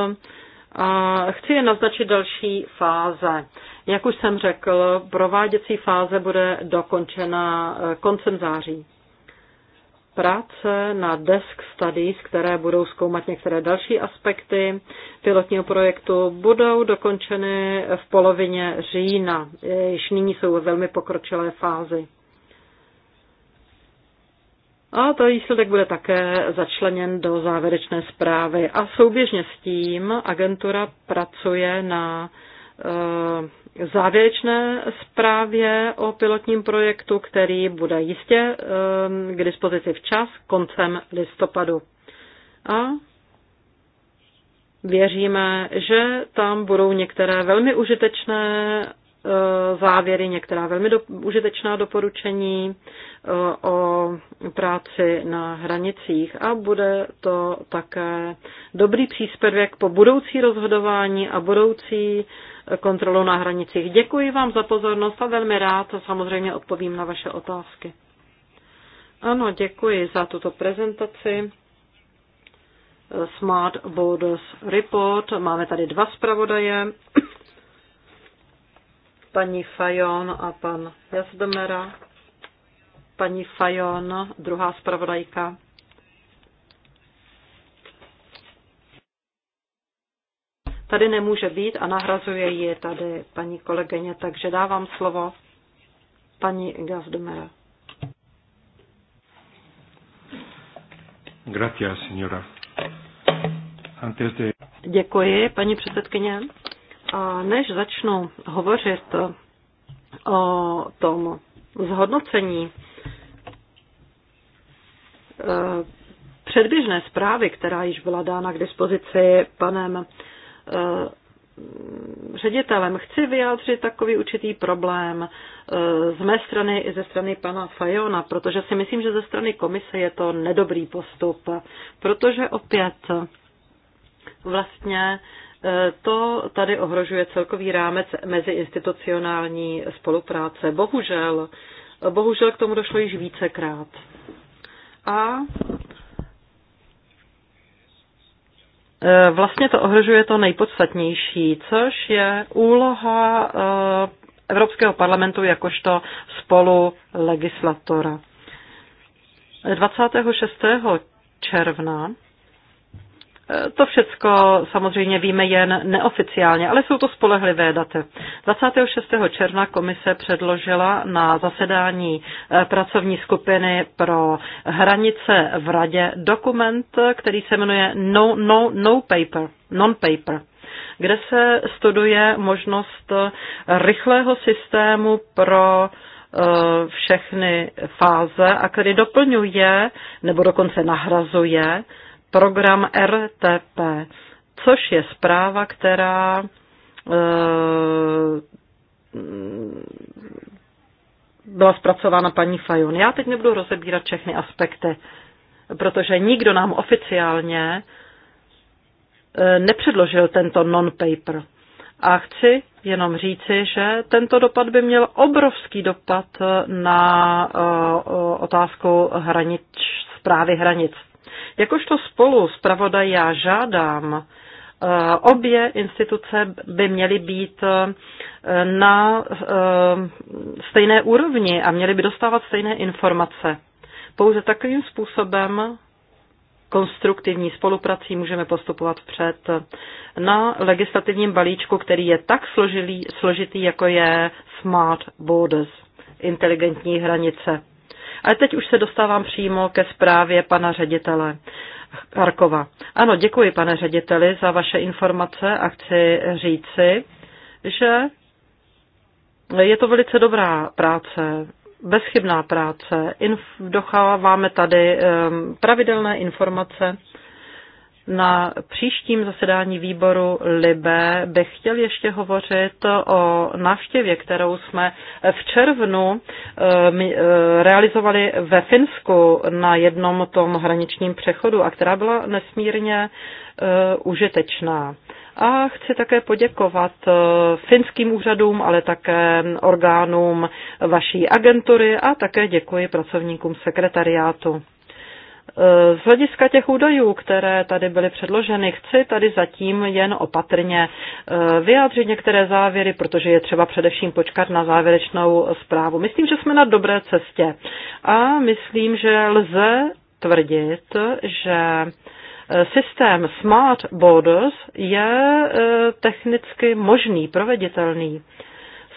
A chci je naznačit další fáze. Jak už jsem řekl, prováděcí fáze bude dokončena eh, koncem září. Práce na desk studies, které budou zkoumat některé další aspekty pilotního projektu, budou dokončeny v polovině října. Eh, Již nyní jsou ve velmi pokročilé fázi. A to výsledek bude také začleněn do závěrečné zprávy. A souběžně s tím agentura pracuje na Eh, závěrečné zprávě o pilotním projektu, který bude jistě eh, k dispozici včas koncem listopadu. A věříme, že tam budou některé velmi užitečné eh, závěry, některá velmi do, užitečná doporučení o práci na hranicích a bude to také dobrý příspěvek po budoucí rozhodování a budoucí kontrolu na hranicích. Děkuji vám za pozornost a velmi rád samozřejmě odpovím na vaše otázky. Ano, děkuji za tuto prezentaci. Smart Borders Report. Máme tady dva zpravodaje, paní Fajon a pan Jazdemera. Paní Fajon, druhá zpravodajka. tady nemůže být a nahrazuje ji tady paní kolegyně, takže dávám slovo paní Gazdomera. Gracias, Antes de... Děkuji, paní předsedkyně. A než začnu hovořit o tom zhodnocení eh, předběžné zprávy, která již byla dána k dispozici panem Eh, ředitelem, chci vyjádřit takový určitý problém eh, z mé strany i ze strany pana Fajona, protože si myslím, že ze strany komise je to nedobrý postup, protože opět vlastně eh, to tady ohrožuje celkový rámec meziinstitucionální spolupráce. Bohužel, bohužel k tomu došlo již vícekrát. A E, vlastně to ohrožuje to nejpodstatnější, což je úloha e, Evropského parlamentu jakožto spolu legislatora. 26. E, června to všecko samozřejmě víme jen neoficiálně, ale jsou to spolehlivé data. 26. června komise předložila na zasedání eh, pracovní skupiny pro hranice v radě dokument, který se jmenuje No, no, no Paper, Non-Paper kde se studuje možnost eh, rychlého systému pro eh, všechny fáze a který doplňuje nebo dokonce nahrazuje program RTP, což je zpráva, která eh, byla zpracována paní Fajon. Já teď nebudu rozebírat všechny aspekty, protože nikdo nám oficiálně eh, nepředložil tento non-paper. A chci jenom říci, že tento dopad by měl obrovský dopad eh, na otázku hranic, zprávy hranic. Jakožto spolu s já žádám, eh, obě instituce by měly být eh, na eh, stejné úrovni a měly by dostávat stejné informace. Pouze takovým způsobem konstruktivní spoluprací můžeme postupovat před na legislativním balíčku, který je tak složilý, složitý, jako je Smart Borders, inteligentní hranice. A teď už se dostávám přímo ke zprávě pana ředitele. Harkova. Ano, děkuji, pane řediteli, za vaše informace a chci říci, že je to velice dobrá práce, bezchybná práce. Inf- docháváme tady um, pravidelné informace na příštím zasedání výboru Libe bych chtěl ještě hovořit o návštěvě, kterou jsme v červnu eh, eh, realizovali ve Finsku na jednom tom hraničním přechodu a která byla nesmírně eh, užitečná. A chci také poděkovat finským úřadům, ale také orgánům vaší agentury a také děkuji pracovníkům sekretariátu. Eh, z hlediska těch údajů, které tady byly předloženy, chci tady zatím jen opatrně eh, vyjádřit některé závěry, protože je třeba především počkat na závěrečnou zprávu. Myslím, že jsme na dobré cestě a myslím, že lze tvrdit, že eh, systém Smart Borders je technicky možný, proveditelný.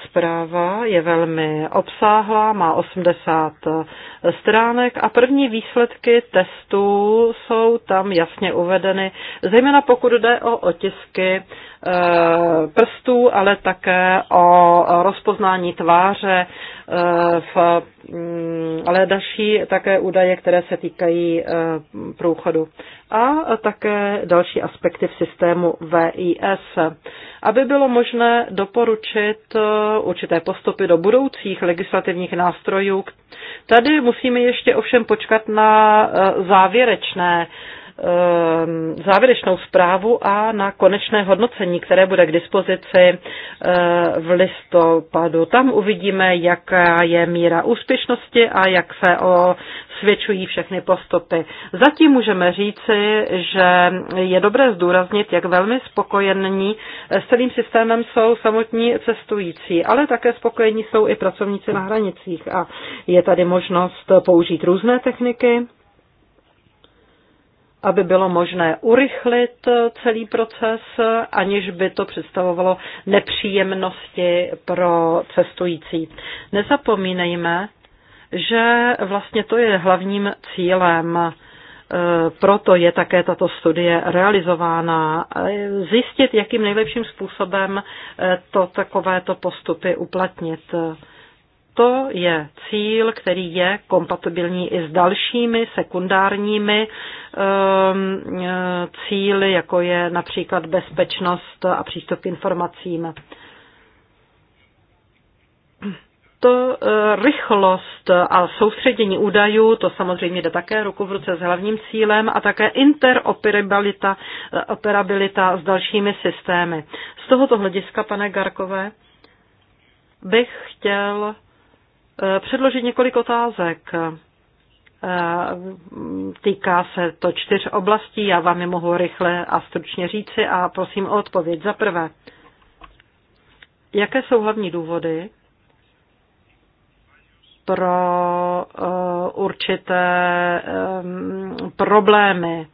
Zpráva je velmi obsáhlá, má 80 stránek a první výsledky testů jsou tam jasně uvedeny, zejména pokud jde o otisky Eh, prstů, ale také o rozpoznání tváře, eh, v, mm, ale další také údaje, které se týkají eh, průchodu. A také další aspekty v systému VIS. Aby bylo možné doporučit určité postupy do budoucích legislativních nástrojů, tady musíme ještě ovšem počkat na závěrečné Ehm, závěrečnou zprávu a na konečné hodnocení, které bude k dispozici eh, v listopadu. Tam uvidíme, jaká je míra úspěšnosti a jak se svědčují všechny postupy. Zatím můžeme říci, že je dobré zdůraznit, jak velmi spokojení s celým systémem jsou samotní cestující, ale také spokojení jsou i pracovníci na hranicích a je tady možnost použít různé techniky aby bylo možné urychlit eh, celý proces, aniž by to představovalo nepříjemnosti pro cestující. Nezapomínejme, že vlastně to je hlavním cílem eh, proto je také tato studie realizována. Eh, zjistit, jakým nejlepším způsobem to takovéto postupy uplatnit to je cíl, který je kompatibilní i s dalšími sekundárními ehm, eh, cíly, jako je například bezpečnost a přístup k informacím. To eh, rychlost a soustředění údajů, to samozřejmě jde také ruku v ruce s hlavním cílem a také interoperabilita eh, operabilita s dalšími systémy. Z tohoto hlediska, pane Garkové, bych chtěl předložit několik otázek. Eh, týká se to čtyř oblastí, já vám je mohu rychle a stručně říci a prosím o odpověď. Za prvé, jaké jsou hlavní důvody pro eh, určité eh, problémy?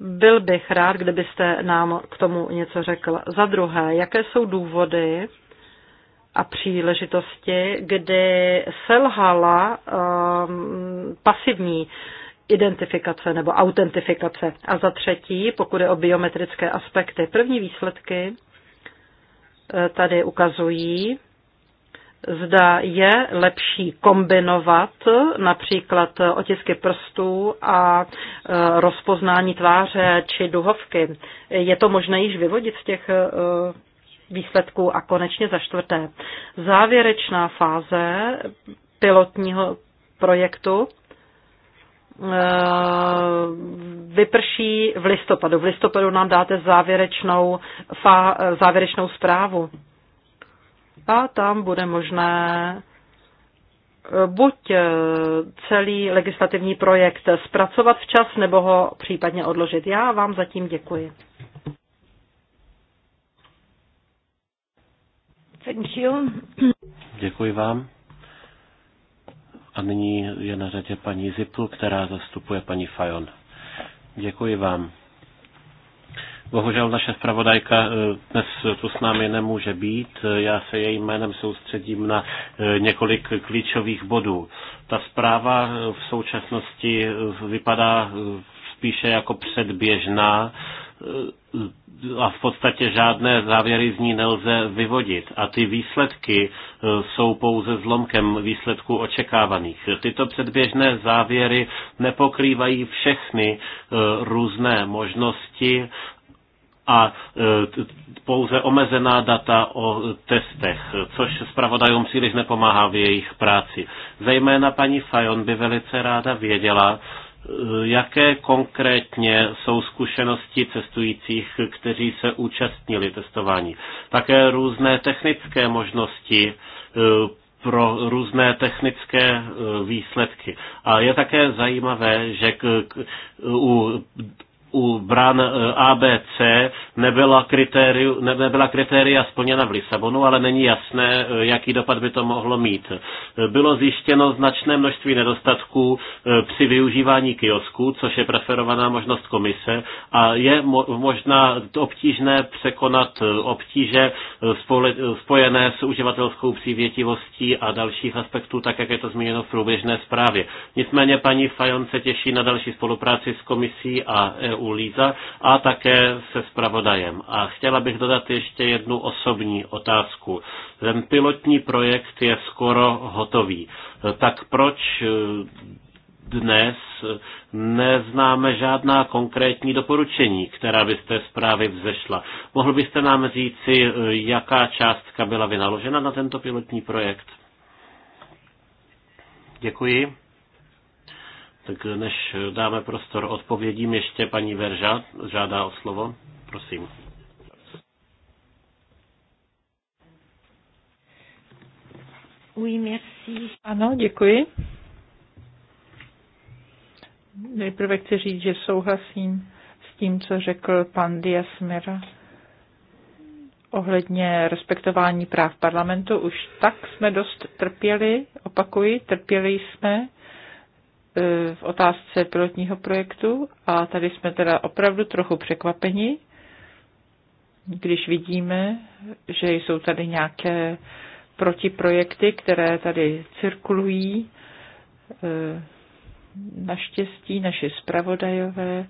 Byl bych rád, kdybyste nám k tomu něco řekl. Za druhé, jaké jsou důvody a příležitosti, kdy selhala um, pasivní identifikace nebo autentifikace. A za třetí, pokud je o biometrické aspekty, první výsledky eh, tady ukazují, zda je lepší kombinovat například otisky prstů a eh, rozpoznání tváře či duhovky. Je to možné již vyvodit z těch eh, výsledků a konečně za čtvrté závěrečná fáze pilotního projektu e, vyprší v listopadu. V listopadu nám dáte závěrečnou, fa, závěrečnou zprávu. A tam bude možné e, buď e, celý legislativní projekt zpracovat včas, nebo ho případně odložit. Já vám zatím děkuji. Thank you. Děkuji vám. A nyní je na řadě paní Zipl, která zastupuje paní Fajon. Děkuji vám. Bohužel naše zpravodajka eh, dnes tu s námi nemůže být. Já se jejím jménem soustředím na eh, několik klíčových bodů. Ta zpráva eh, v současnosti vypadá spíše jako předběžná Eh, a v podstatě žádné závěry z ní nelze vyvodit. A ty výsledky eh, jsou pouze zlomkem výsledků očekávaných. Tyto předběžné závěry nepokrývají všechny eh, různé možnosti a pouze omezená data o testech, což zpravodajům příliš nepomáhá v jejich práci. Zejména paní Fajon by velice ráda věděla, Jaké konkrétně jsou zkušenosti cestujících, kteří se účastnili testování? Také různé technické možnosti eh, pro různé technické eh, výsledky. A je také zajímavé, že k, k, u u bran eh, ABC nebyla, kritériu, nebyla kritéria splněna v Lisabonu, ale není jasné, eh, jaký dopad by to mohlo mít. Eh, bylo zjištěno značné množství nedostatků při využívání kiosků, což je preferovaná možnost komise a je možná obtížné překonat obtíže spojené s uživatelskou přívětivostí a dalších aspektů, tak jak je to zmíněno v průběžné zprávě. Nicméně paní Fajon se těší na další spolupráci s komisí a u Líza a také se spravodajem. A chtěla bych dodat ještě jednu osobní otázku. Ten pilotní projekt je skoro hotový. Tak proč eh, dnes neznáme žádná konkrétní doporučení, která by z té zprávy vzešla. Mohl byste nám říci, eh, jaká částka byla vynaložena na tento pilotní projekt? Děkuji. Tak než dáme prostor odpovědím, ještě paní Verža žádá o slovo. Prosím. Oui, merci. Ano, děkuji. Nejprve chci říct, že souhlasím s tím, co řekl pan Dias ohledně respektování práv parlamentu. Už tak jsme dost trpěli, opakuji, trpěli jsme E, v otázce pilotního projektu a tady jsme teda opravdu trochu překvapeni, když vidíme, že jsou tady nějaké protiprojekty, které tady cirkulují. E, naštěstí naši zpravodajové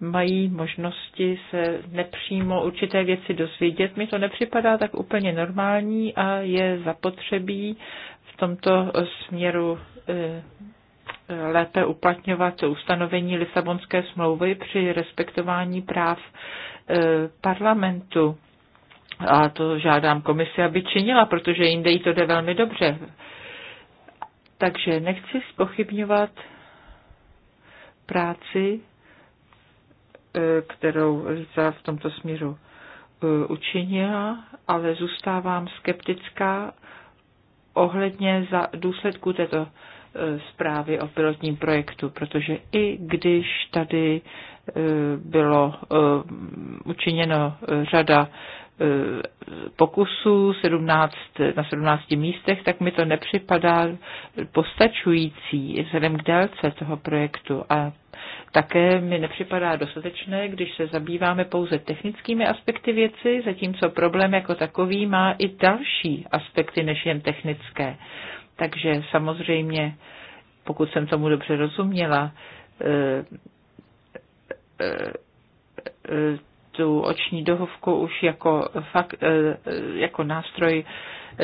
mají možnosti se nepřímo určité věci dozvědět. Mi to nepřipadá tak úplně normální a je zapotřebí v tomto směru e, lépe uplatňovat ustanovení Lisabonské smlouvy při respektování práv eh, parlamentu. A to žádám komisi, aby činila, protože jinde jí to jde velmi dobře. Takže nechci spochybňovat práci, eh, kterou Liza v tomto směru eh, učinila, ale zůstávám skeptická ohledně za důsledku této zprávy o pilotním projektu, protože i když tady e, bylo e, učiněno e, řada pokusů 17, na 17 místech, tak mi to nepřipadá postačující vzhledem k délce toho projektu a také mi nepřipadá dostatečné, když se zabýváme pouze technickými aspekty věci, zatímco problém jako takový má i další aspekty než jen technické. Takže samozřejmě, pokud jsem tomu dobře rozuměla, eh, eh, eh, tu oční dohovku už jako, fakt, jako nástroj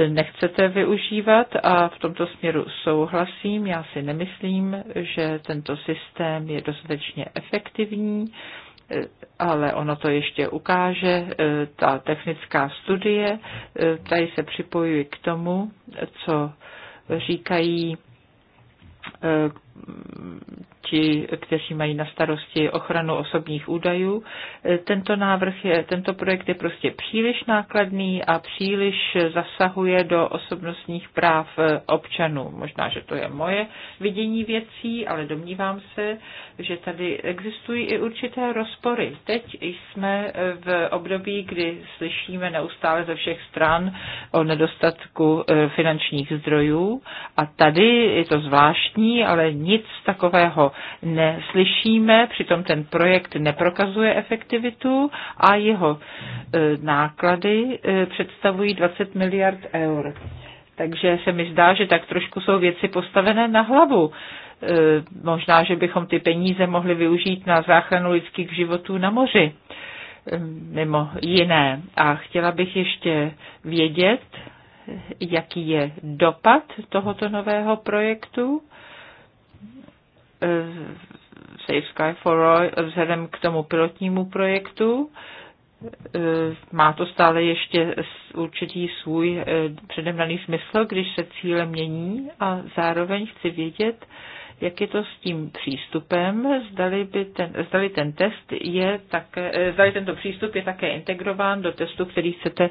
nechcete využívat a v tomto směru souhlasím. Já si nemyslím, že tento systém je dostatečně efektivní, ale ono to ještě ukáže, ta technická studie. Tady se připojuji k tomu, co říkají eh, ti, kteří mají na starosti ochranu osobních údajů. Tento návrh je, tento projekt je prostě příliš nákladný a příliš zasahuje do osobnostních práv eh, občanů. Možná, že to je moje vidění věcí, ale domnívám se, že tady existují i určité rozpory. Teď jsme eh, v období, kdy slyšíme neustále ze všech stran o nedostatku eh, finančních zdrojů a tady je to zvláštní, ale nic takového neslyšíme, přitom ten projekt neprokazuje efektivitu a jeho e, náklady e, představují 20 miliard eur. Takže se mi zdá, že tak trošku jsou věci postavené na hlavu. E, možná, že bychom ty peníze mohli využít na záchranu lidských životů na moři, mimo jiné. A chtěla bych ještě vědět, jaký je dopad tohoto nového projektu Eh, Safe Sky for Roy vzhledem k tomu pilotnímu projektu. Eh, má to stále ještě určitý svůj eh, předem daný smysl, když se cíle mění a zároveň chci vědět, jak je to s tím přístupem, zdali, by ten, zdali ten test je také, zdali tento přístup je také integrován do testu, který chcete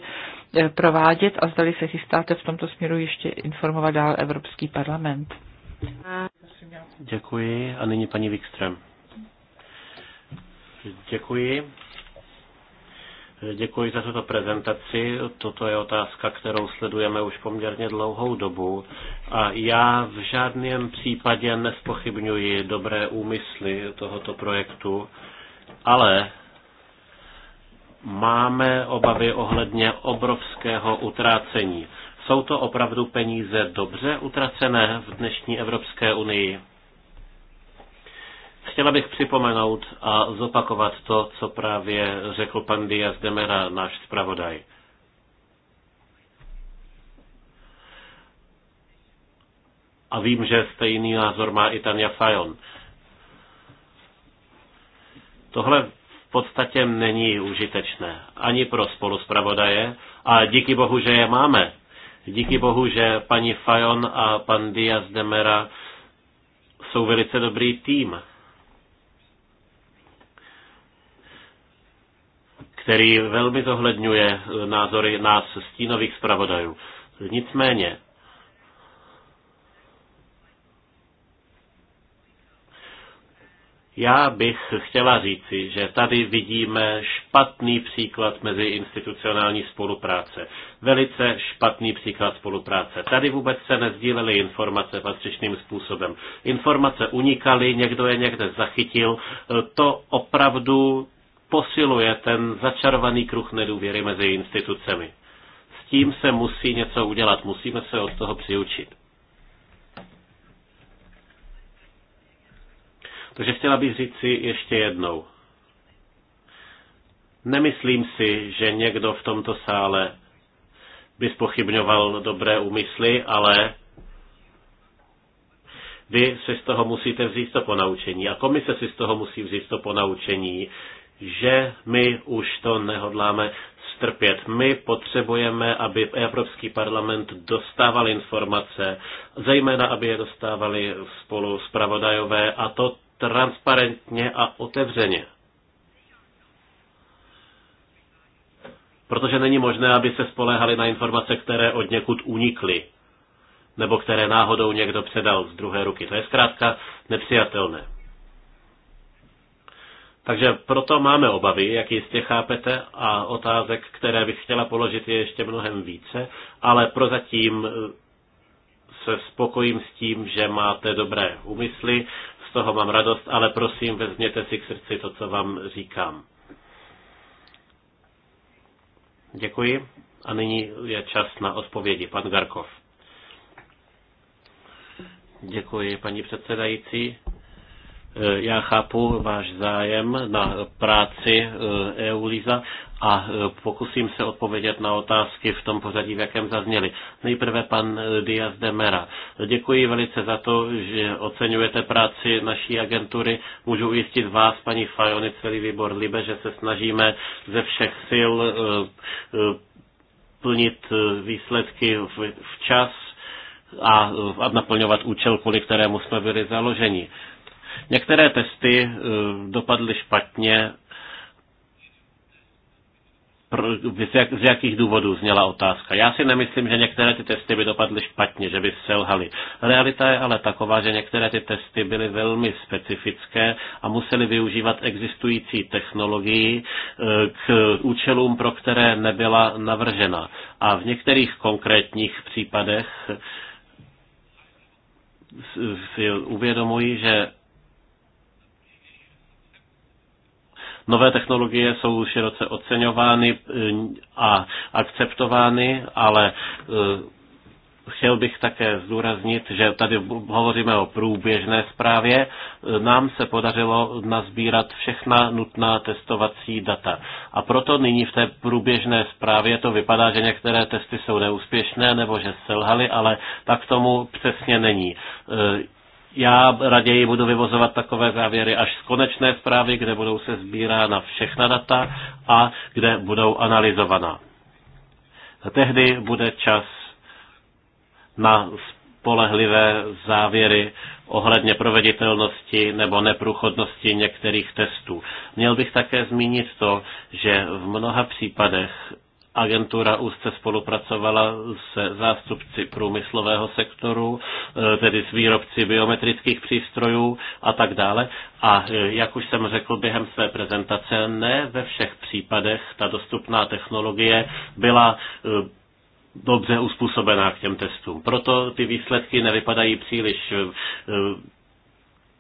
provádět a zdali se chystáte v tomto směru ještě informovat dál Evropský parlament. Děkuji a nyní paní Wikström. Děkuji. Děkuji za tuto prezentaci. Toto je otázka, kterou sledujeme už poměrně dlouhou dobu. A já v žádném případě nespochybňuji dobré úmysly tohoto projektu, ale máme obavy ohledně obrovského utrácení. Jsou to opravdu peníze dobře utracené v dnešní Evropské unii? Chtěla bych připomenout a zopakovat to, co právě řekl pan Diaz Demera, náš zpravodaj. A vím, že stejný názor má i Tanja Fajon. Tohle v podstatě není užitečné ani pro spoluspravodaje a díky bohu, že je máme, Díky bohu, že paní Fajon a pan Diaz Demera jsou velice dobrý tým, který velmi zohledňuje názory nás stínových zpravodajů. Nicméně, Já bych chtěla říci, že tady vidíme špatný příklad mezi institucionální spolupráce. Velice špatný příklad spolupráce. Tady vůbec se nezdílely informace patřičným způsobem. Informace unikaly, někdo je někde zachytil. To opravdu posiluje ten začarovaný kruh nedůvěry mezi institucemi. S tím se musí něco udělat, musíme se od toho přiučit. Takže chtěla bych říci ještě jednou. Nemyslím si, že někdo v tomto sále by spochybňoval dobré úmysly, ale vy si z toho musíte vzít to ponaučení a komise si z toho musí vzít to ponaučení, že my už to nehodláme strpět. My potřebujeme, aby Evropský parlament dostával informace, zejména aby je dostávali spolu zpravodajové a to transparentně a otevřeně. Protože není možné, aby se spoléhali na informace, které od někud unikly, nebo které náhodou někdo předal z druhé ruky. To je zkrátka nepřijatelné. Takže proto máme obavy, jak jistě chápete, a otázek, které bych chtěla položit, je ještě mnohem více, ale prozatím se spokojím s tím, že máte dobré úmysly toho mám radost, ale prosím, vezměte si k srdci to, co vám říkám. Děkuji. A nyní je čas na odpovědi. Pan Garkov. Děkuji, paní předsedající. Eh, já chápu váš zájem na práci EULISA eh, e a eh, pokusím se odpovědět na otázky v tom pořadí, v jakém zazněly. Nejprve pan Diaz de Mera. Děkuji velice za to, že oceňujete práci naší agentury. Můžu ujistit vás, paní Fajony, celý výbor Libe, že se snažíme ze všech sil plnit výsledky včas a naplňovat účel, kvůli kterému jsme byli založeni. Některé testy eh, dopadly špatně. Z, z jakých důvodů zněla otázka? Já si nemyslím, že některé ty testy by dopadly špatně, že by selhaly. Realita je ale taková, že některé ty testy byly velmi specifické a museli využívat existující technologii eh, k účelům, pro které nebyla navržena. A v některých konkrétních případech si uvědomuji, že Nové technologie jsou široce oceňovány eh, a akceptovány, ale eh, Chtěl bych také zdůraznit, že tady hovoříme o průběžné zprávě. Eh, nám se podařilo nazbírat všechna nutná testovací data. A proto nyní v té průběžné zprávě to vypadá, že některé testy jsou neúspěšné nebo že selhaly, ale tak tomu přesně není. Já raději budu vyvozovat takové závěry až z konečné zprávy, kde budou se sbírána všechna data a kde budou analyzovaná. A tehdy bude čas na spolehlivé závěry ohledně proveditelnosti nebo neprůchodnosti některých testů. Měl bych také zmínit to, že v mnoha případech Agentura úzce spolupracovala se zástupci průmyslového sektoru, e, tedy s výrobci biometrických přístrojů a tak dále. A e, jak už jsem řekl během své prezentace, ne ve všech případech ta dostupná technologie byla e, dobře uspůsobená k těm testům. Proto ty výsledky nevypadají příliš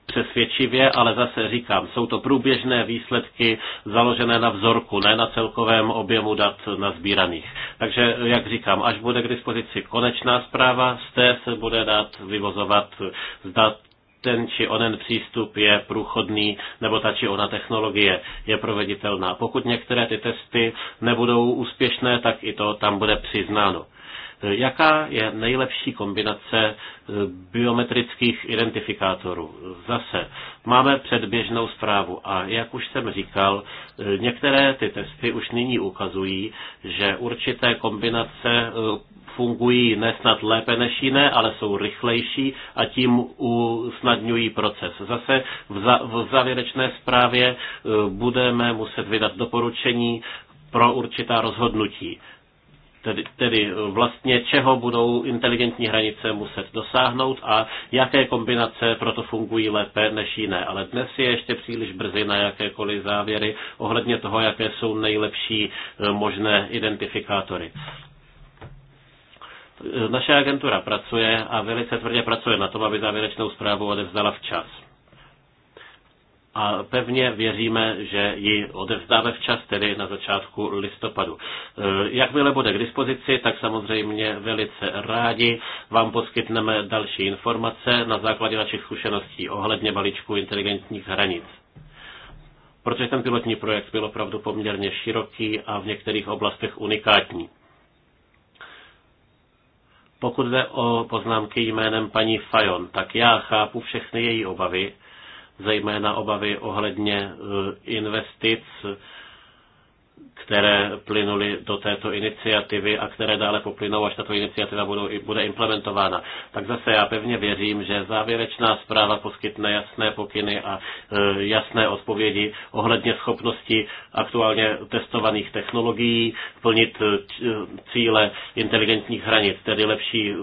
přesvědčivě, ale zase říkám, jsou to průběžné výsledky založené na vzorku, ne na celkovém objemu dat nazbíraných. Takže, jak říkám, až bude k dispozici konečná zpráva, z té se bude dát vyvozovat zda ten či onen přístup je průchodný, nebo ta či ona technologie je proveditelná. Pokud některé ty testy nebudou úspěšné, tak i to tam bude přiznáno. Jaká je nejlepší kombinace eh, biometrických identifikátorů? Zase máme předběžnou zprávu a jak už jsem říkal, eh, některé ty testy už nyní ukazují, že určité kombinace eh, fungují nesnad lépe než jiné, ale jsou rychlejší a tím usnadňují proces. Zase v, za, v závěrečné zprávě budeme muset vydat doporučení pro určitá rozhodnutí tedy, tedy eh, vlastně čeho budou inteligentní hranice muset dosáhnout a jaké kombinace proto fungují lépe než jiné. Ale dnes je ještě příliš brzy na jakékoliv závěry ohledně toho, jaké jsou nejlepší eh, možné identifikátory. Eh, naše agentura pracuje a velice tvrdě pracuje na tom, aby závěrečnou zprávu odevzdala včas a pevně věříme, že ji odevzdáme včas, tedy na začátku listopadu. E, jakmile bude k dispozici, tak samozřejmě velice rádi vám poskytneme další informace na základě našich zkušeností ohledně balíčku inteligentních hranic. Protože ten pilotní projekt byl opravdu poměrně široký a v některých oblastech unikátní. Pokud jde o poznámky jménem paní Fajon, tak já chápu všechny její obavy, zejména obavy ohledně eh, investic které plynuly do této iniciativy a které dále poplynou, až tato iniciativa budou, bude implementována. Tak zase já pevně věřím, že závěrečná zpráva poskytne jasné pokyny a e, jasné odpovědi ohledně schopnosti aktuálně testovaných technologií plnit e, e, cíle inteligentních hranic, tedy lepší,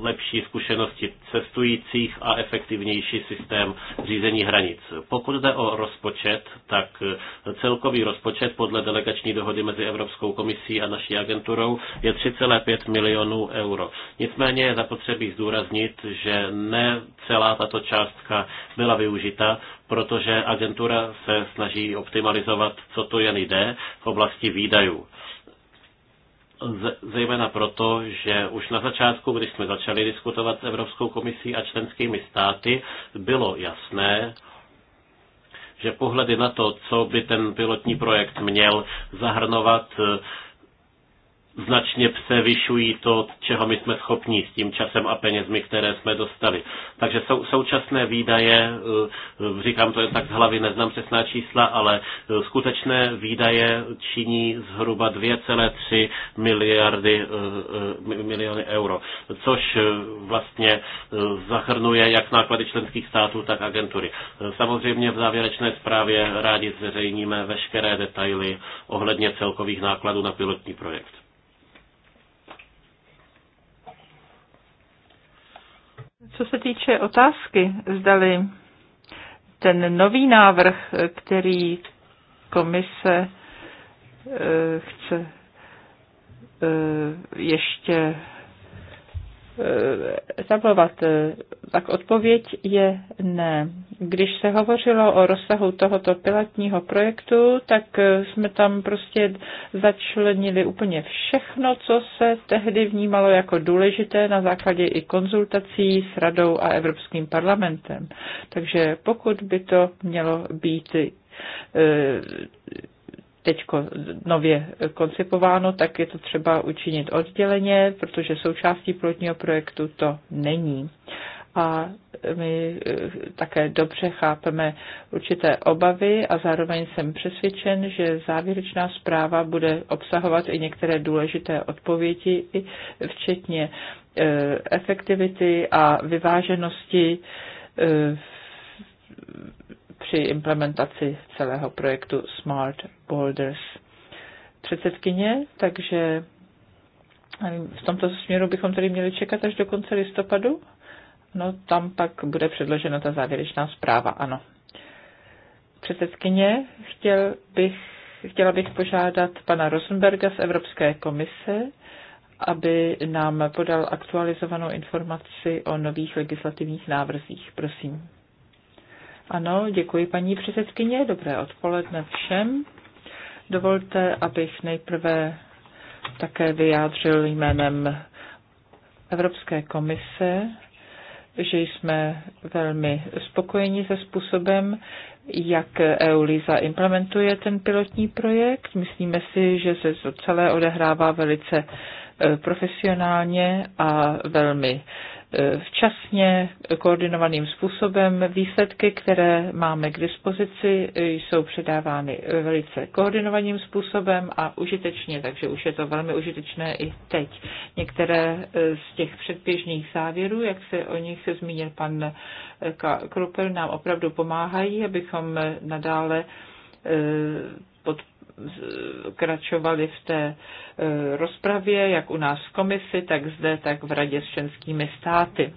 lepší zkušenosti cestujících a efektivnější systém řízení hranic. Pokud jde o rozpočet, tak celkový rozpočet podle delegační dohody mezi Evropskou komisí a naší agenturou je 3,5 milionů euro. Nicméně je zapotřebí zdůraznit, že ne celá tato částka byla využita, protože agentura se snaží optimalizovat, co to jen jde v oblasti výdajů zejména proto, že už na začátku, když jsme začali diskutovat s Evropskou komisí a členskými státy, bylo jasné, že pohledy na to, co by ten pilotní projekt měl zahrnovat, značně převyšují to, čeho my jsme schopni s tím časem a penězmi, které jsme dostali. Takže sou, současné výdaje, eh, eh, říkám to jen tak z hlavy, neznám přesná čísla, ale eh, skutečné výdaje činí zhruba 2,3 miliardy miliony euro, což vlastně zahrnuje jak náklady členských států, tak agentury. Samozřejmě v závěrečné zprávě rádi zveřejníme veškeré detaily ohledně celkových nákladů na pilotní projekt. Co se týče otázky, zdali ten nový návrh, který komise eh, chce eh, ještě zablovat. Eh, tak odpověď je ne. Když se hovořilo o rozsahu tohoto pilotního projektu, tak eh, jsme tam prostě začlenili úplně všechno, co se tehdy vnímalo jako důležité na základě i konzultací s Radou a Evropským parlamentem. Takže pokud by to mělo být eh, teď nově koncipováno, tak je to třeba učinit odděleně, protože součástí pilotního projektu to není. A my eh, také dobře chápeme určité obavy a zároveň jsem přesvědčen, že závěrečná zpráva bude obsahovat i některé důležité odpovědi, včetně eh, efektivity a vyváženosti eh, při implementaci celého projektu Smart Borders předsedkyně, takže eh, v tomto směru bychom tedy měli čekat až do konce listopadu. No tam pak bude předložena ta závěrečná zpráva, ano. Předsedkyně, chtěl bych, chtěla bych požádat pana Rosenberga z Evropské komise, aby nám podal aktualizovanou informaci o nových legislativních návrzích. Prosím. Ano, děkuji paní předsedkyně, dobré odpoledne všem. Dovolte, abych nejprve také vyjádřil jménem Evropské komise, že jsme velmi spokojeni se způsobem, jak EULISA implementuje ten pilotní projekt. Myslíme si, že se to celé odehrává velice eh, profesionálně a velmi včasně koordinovaným způsobem. Výsledky, které máme k dispozici, jsou předávány velice koordinovaným způsobem a užitečně, takže už je to velmi užitečné i teď. Některé eh, z těch předběžných závěrů, jak se o nich se zmínil pan eh, Krupel, nám opravdu pomáhají, abychom eh, nadále pod kračovali v té e, rozpravě, jak u nás v komisi, tak zde, tak v radě s členskými státy.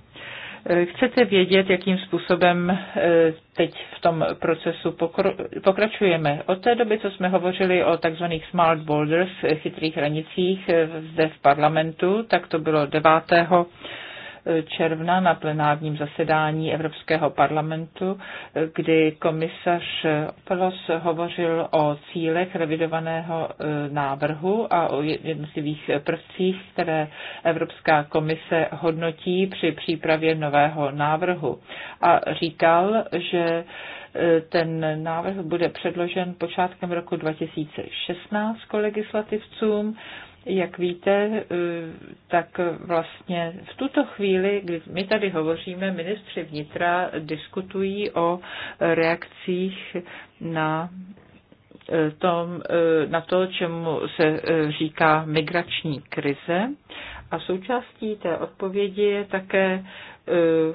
E, chcete vědět, jakým způsobem e, teď v tom procesu pokračujeme. Od té doby, co jsme hovořili o tzv. smart borders, chytrých hranicích zde v parlamentu, tak to bylo 9 června na plenárním zasedání Evropského parlamentu, kdy komisař Pelos hovořil o cílech revidovaného e, návrhu a o jednotlivých prvcích, které Evropská komise hodnotí při přípravě nového návrhu. A říkal, že e, ten návrh bude předložen počátkem roku 2016 kolegislativcům jak víte, eh, tak vlastně v tuto chvíli, kdy my tady hovoříme, ministři vnitra diskutují o reakcích na eh, tom, eh, na to, čemu se říká migrační krize. A součástí té odpovědi je také Eh,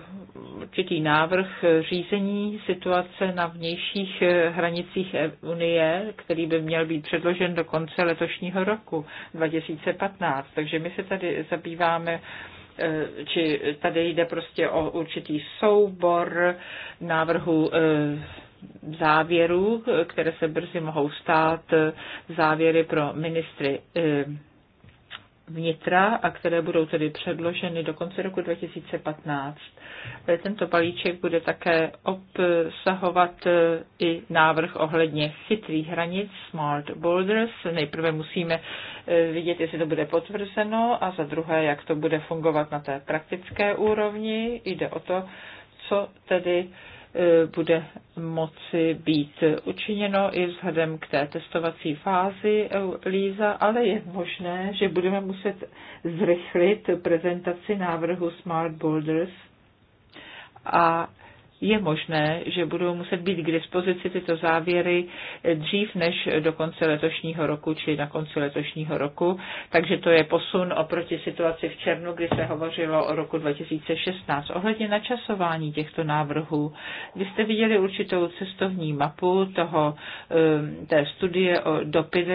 určitý návrh řízení situace na vnějších eh, hranicích Unie, který by měl být předložen do konce letošního roku 2015. Takže my se tady zabýváme eh, či tady jde prostě o určitý soubor návrhu závěrů, které se brzy mohou stát závěry pro ministry vnitra a které budou tedy předloženy do konce roku 2015. Eh, tento balíček bude také obsahovat eh, i návrh ohledně chytrých hranic, smart borders. Nejprve musíme eh, vidět, jestli to bude potvrzeno a za druhé, jak to bude fungovat na té praktické úrovni. Jde o to, co tedy E, bude moci být učiněno i vzhledem k té testovací fázi e, Líza, ale je možné, že budeme muset zrychlit prezentaci návrhu Smart Borders a je možné, že budou muset být k dispozici tyto závěry dřív než do konce letošního roku, či na konci letošního roku. Takže to je posun oproti situaci v červnu, kdy se hovořilo o roku 2016. Ohledně načasování těchto návrhů, vy jste viděli určitou cestovní mapu toho, eh, té studie o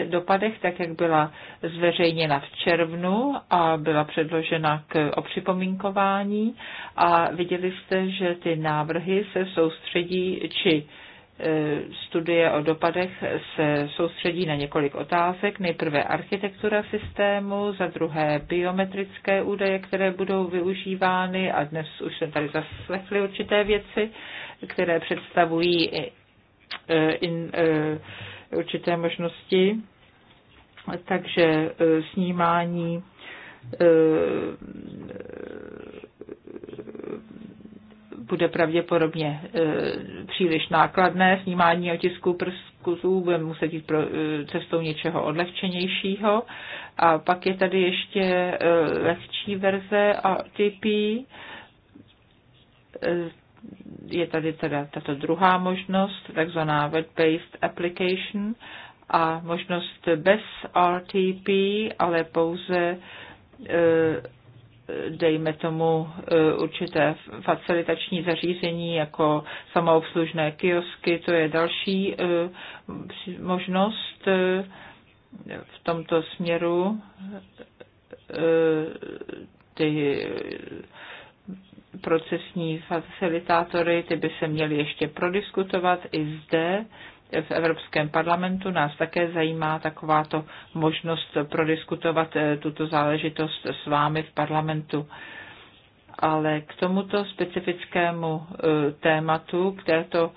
dopadech, tak jak byla zveřejněna v červnu a byla předložena k opřipomínkování a viděli jste, že ty návrhy se soustředí, či e, studie o dopadech se soustředí na několik otázek. Nejprve architektura systému, za druhé biometrické údaje, které budou využívány a dnes už jsem tady zaslechli určité věci, které představují e, e, in, in, určité možnosti. Takže snímání bude pravděpodobně e, příliš nákladné. Snímání otisků prsků bude muset jít pro, e, cestou něčeho odlehčenějšího. A pak je tady ještě e, lehčí verze a E, Je tady teda tato druhá možnost, takzvaná web-based application a možnost bez RTP, ale pouze dejme tomu, eh, určité facilitační zařízení jako samoobslužné kiosky, to je další eh, možnost eh, v tomto směru. Ty procesní facilitátory, ty by se měly ještě prodiskutovat i zde v Evropském parlamentu nás také zajímá takováto možnost prodiskutovat eh, tuto záležitost s vámi v parlamentu. Ale k tomuto specifickému eh, tématu, k této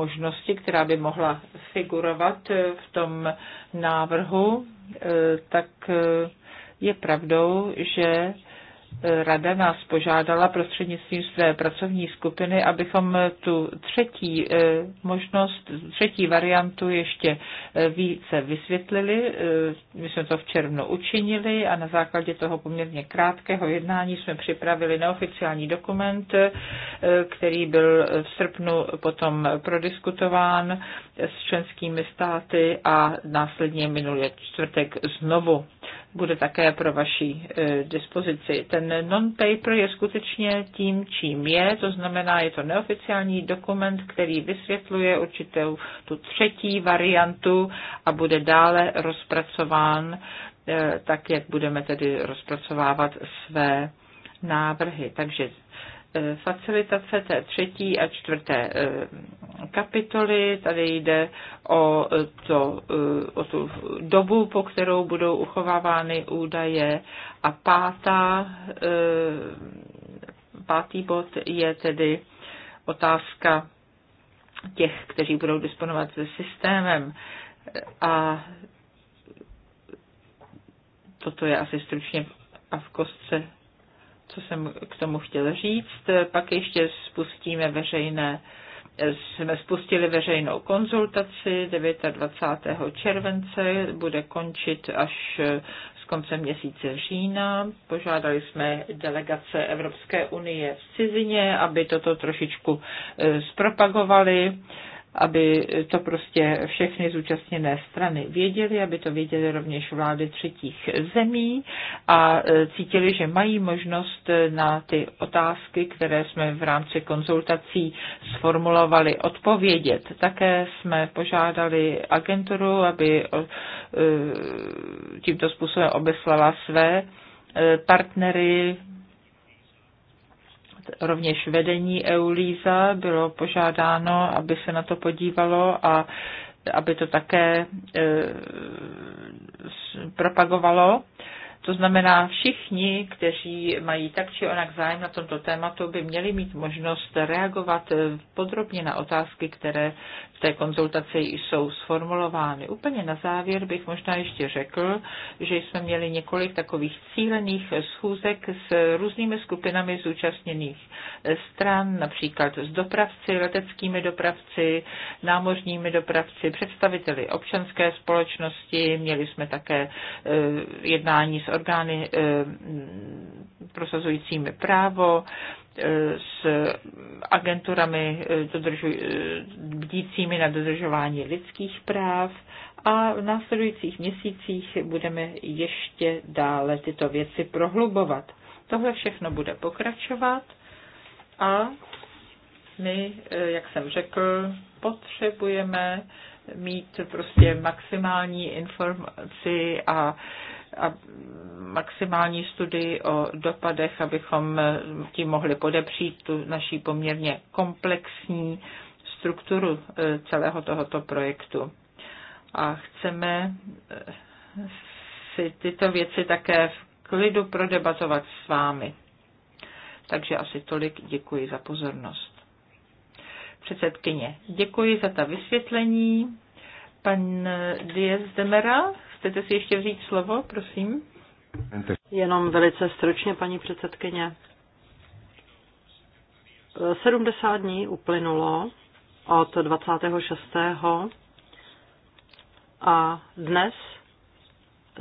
možnosti, která by mohla figurovat eh, v tom návrhu, tak je pravdou, že E, Rada nás požádala prostřednictvím své pracovní skupiny, abychom tu třetí e, možnost, třetí variantu ještě e, více vysvětlili. My jsme to v červnu učinili a na základě toho poměrně krátkého jednání jsme připravili neoficiální dokument, který byl v srpnu potom prodiskutován s členskými státy a následně minulý čtvrtek znovu bude také pro vaší e, dispozici. Ten non-paper je skutečně tím, čím je, to znamená, je to neoficiální dokument, který vysvětluje určitou tu třetí variantu a bude dále rozpracován e, tak, jak budeme tedy rozpracovávat své návrhy. Takže Eh, facilitace té třetí a čtvrté eh, kapitoly. Tady jde o, eh, to, o tu dobu, po kterou budou uchovávány údaje. A pátá, pátý bod je tedy otázka těch, kteří budou disponovat se systémem. A toto je asi stručně a v kostce co jsem k tomu chtěl říct. Pak ještě spustíme veřejné jsme spustili veřejnou konzultaci 29. července, bude končit až s koncem měsíce října. Požádali jsme delegace Evropské unie v cizině, aby toto trošičku eh, zpropagovali aby to prostě všechny zúčastněné strany věděly, aby to věděly rovněž vlády třetích zemí a e, cítili, že mají možnost e, na ty otázky, které jsme v rámci konzultací sformulovali, odpovědět. Také jsme požádali agenturu, aby e, tímto způsobem obeslala své partnery, Rovněž vedení EULISA bylo požádáno, aby se na to podívalo a aby to také eh, propagovalo. To znamená, všichni, kteří mají tak či onak zájem na tomto tématu, by měli mít možnost reagovat podrobně na otázky, které v té konzultaci jsou sformulovány. Úplně na závěr bych možná ještě řekl, že jsme měli několik takových cílených schůzek s různými skupinami zúčastněných stran, například s dopravci, leteckými dopravci, námořními dopravci, představiteli občanské společnosti, měli jsme také eh, jednání s s orgány eh, prosazujícími právo, eh, s agenturami eh, bdícími na dodržování lidských práv a v následujících měsících budeme ještě dále tyto věci prohlubovat. Tohle všechno bude pokračovat a my, jak jsem řekl, potřebujeme mít prostě maximální informaci a a maximální studii o dopadech, abychom tím mohli podepřít tu naší poměrně komplexní strukturu e, celého tohoto projektu. A chceme e, si tyto věci také v klidu prodebatovat s vámi. Takže asi tolik děkuji za pozornost. Předsedkyně, děkuji za ta vysvětlení. Pan Diez Demeral. Chcete si ještě vzít slovo, prosím? Jenom velice stručně, paní předsedkyně. 70 dní uplynulo od 26. a dnes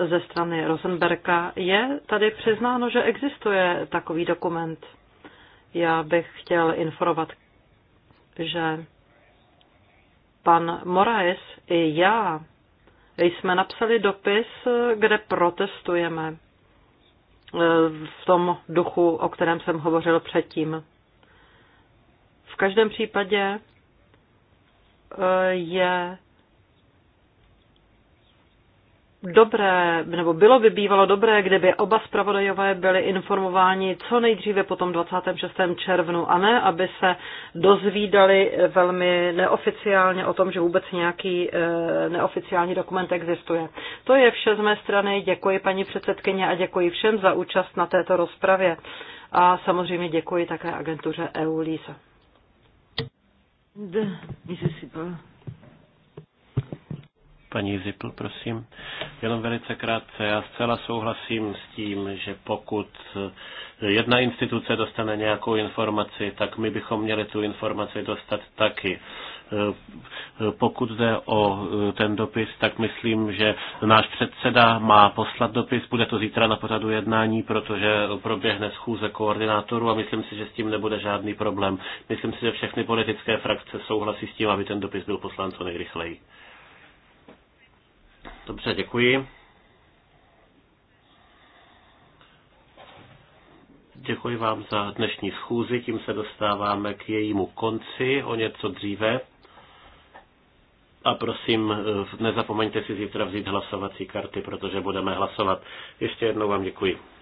ze strany Rosenberka je tady přiznáno, že existuje takový dokument. Já bych chtěl informovat, že pan Moraes i já jsme napsali dopis, kde protestujeme e, v tom duchu, o kterém jsem hovořil předtím. V každém případě e, je dobré, nebo bylo by bývalo dobré, kdyby oba zpravodajové byli informováni co nejdříve po tom 26. červnu a ne, aby se dozvídali velmi neoficiálně o tom, že vůbec nějaký eh, neoficiální dokument existuje. To je vše z mé strany. Děkuji paní předsedkyně a děkuji všem za účast na této rozpravě. A samozřejmě děkuji také agentuře EU Lisa. Paní Zipl, prosím. Jenom velice krátce. Já zcela souhlasím s tím, že pokud jedna instituce dostane nějakou informaci, tak my bychom měli tu informaci dostat taky. Pokud jde o ten dopis, tak myslím, že náš předseda má poslat dopis, bude to zítra na pořadu jednání, protože proběhne schůze koordinátorů a myslím si, že s tím nebude žádný problém. Myslím si, že všechny politické frakce souhlasí s tím, aby ten dopis byl poslán co nejrychleji. Dobře, děkuji. Děkuji vám za dnešní schůzi, tím se dostáváme k jejímu konci o něco dříve. A prosím, eh, nezapomeňte si zítra vzít hlasovací karty, protože budeme hlasovat. Ještě jednou vám děkuji.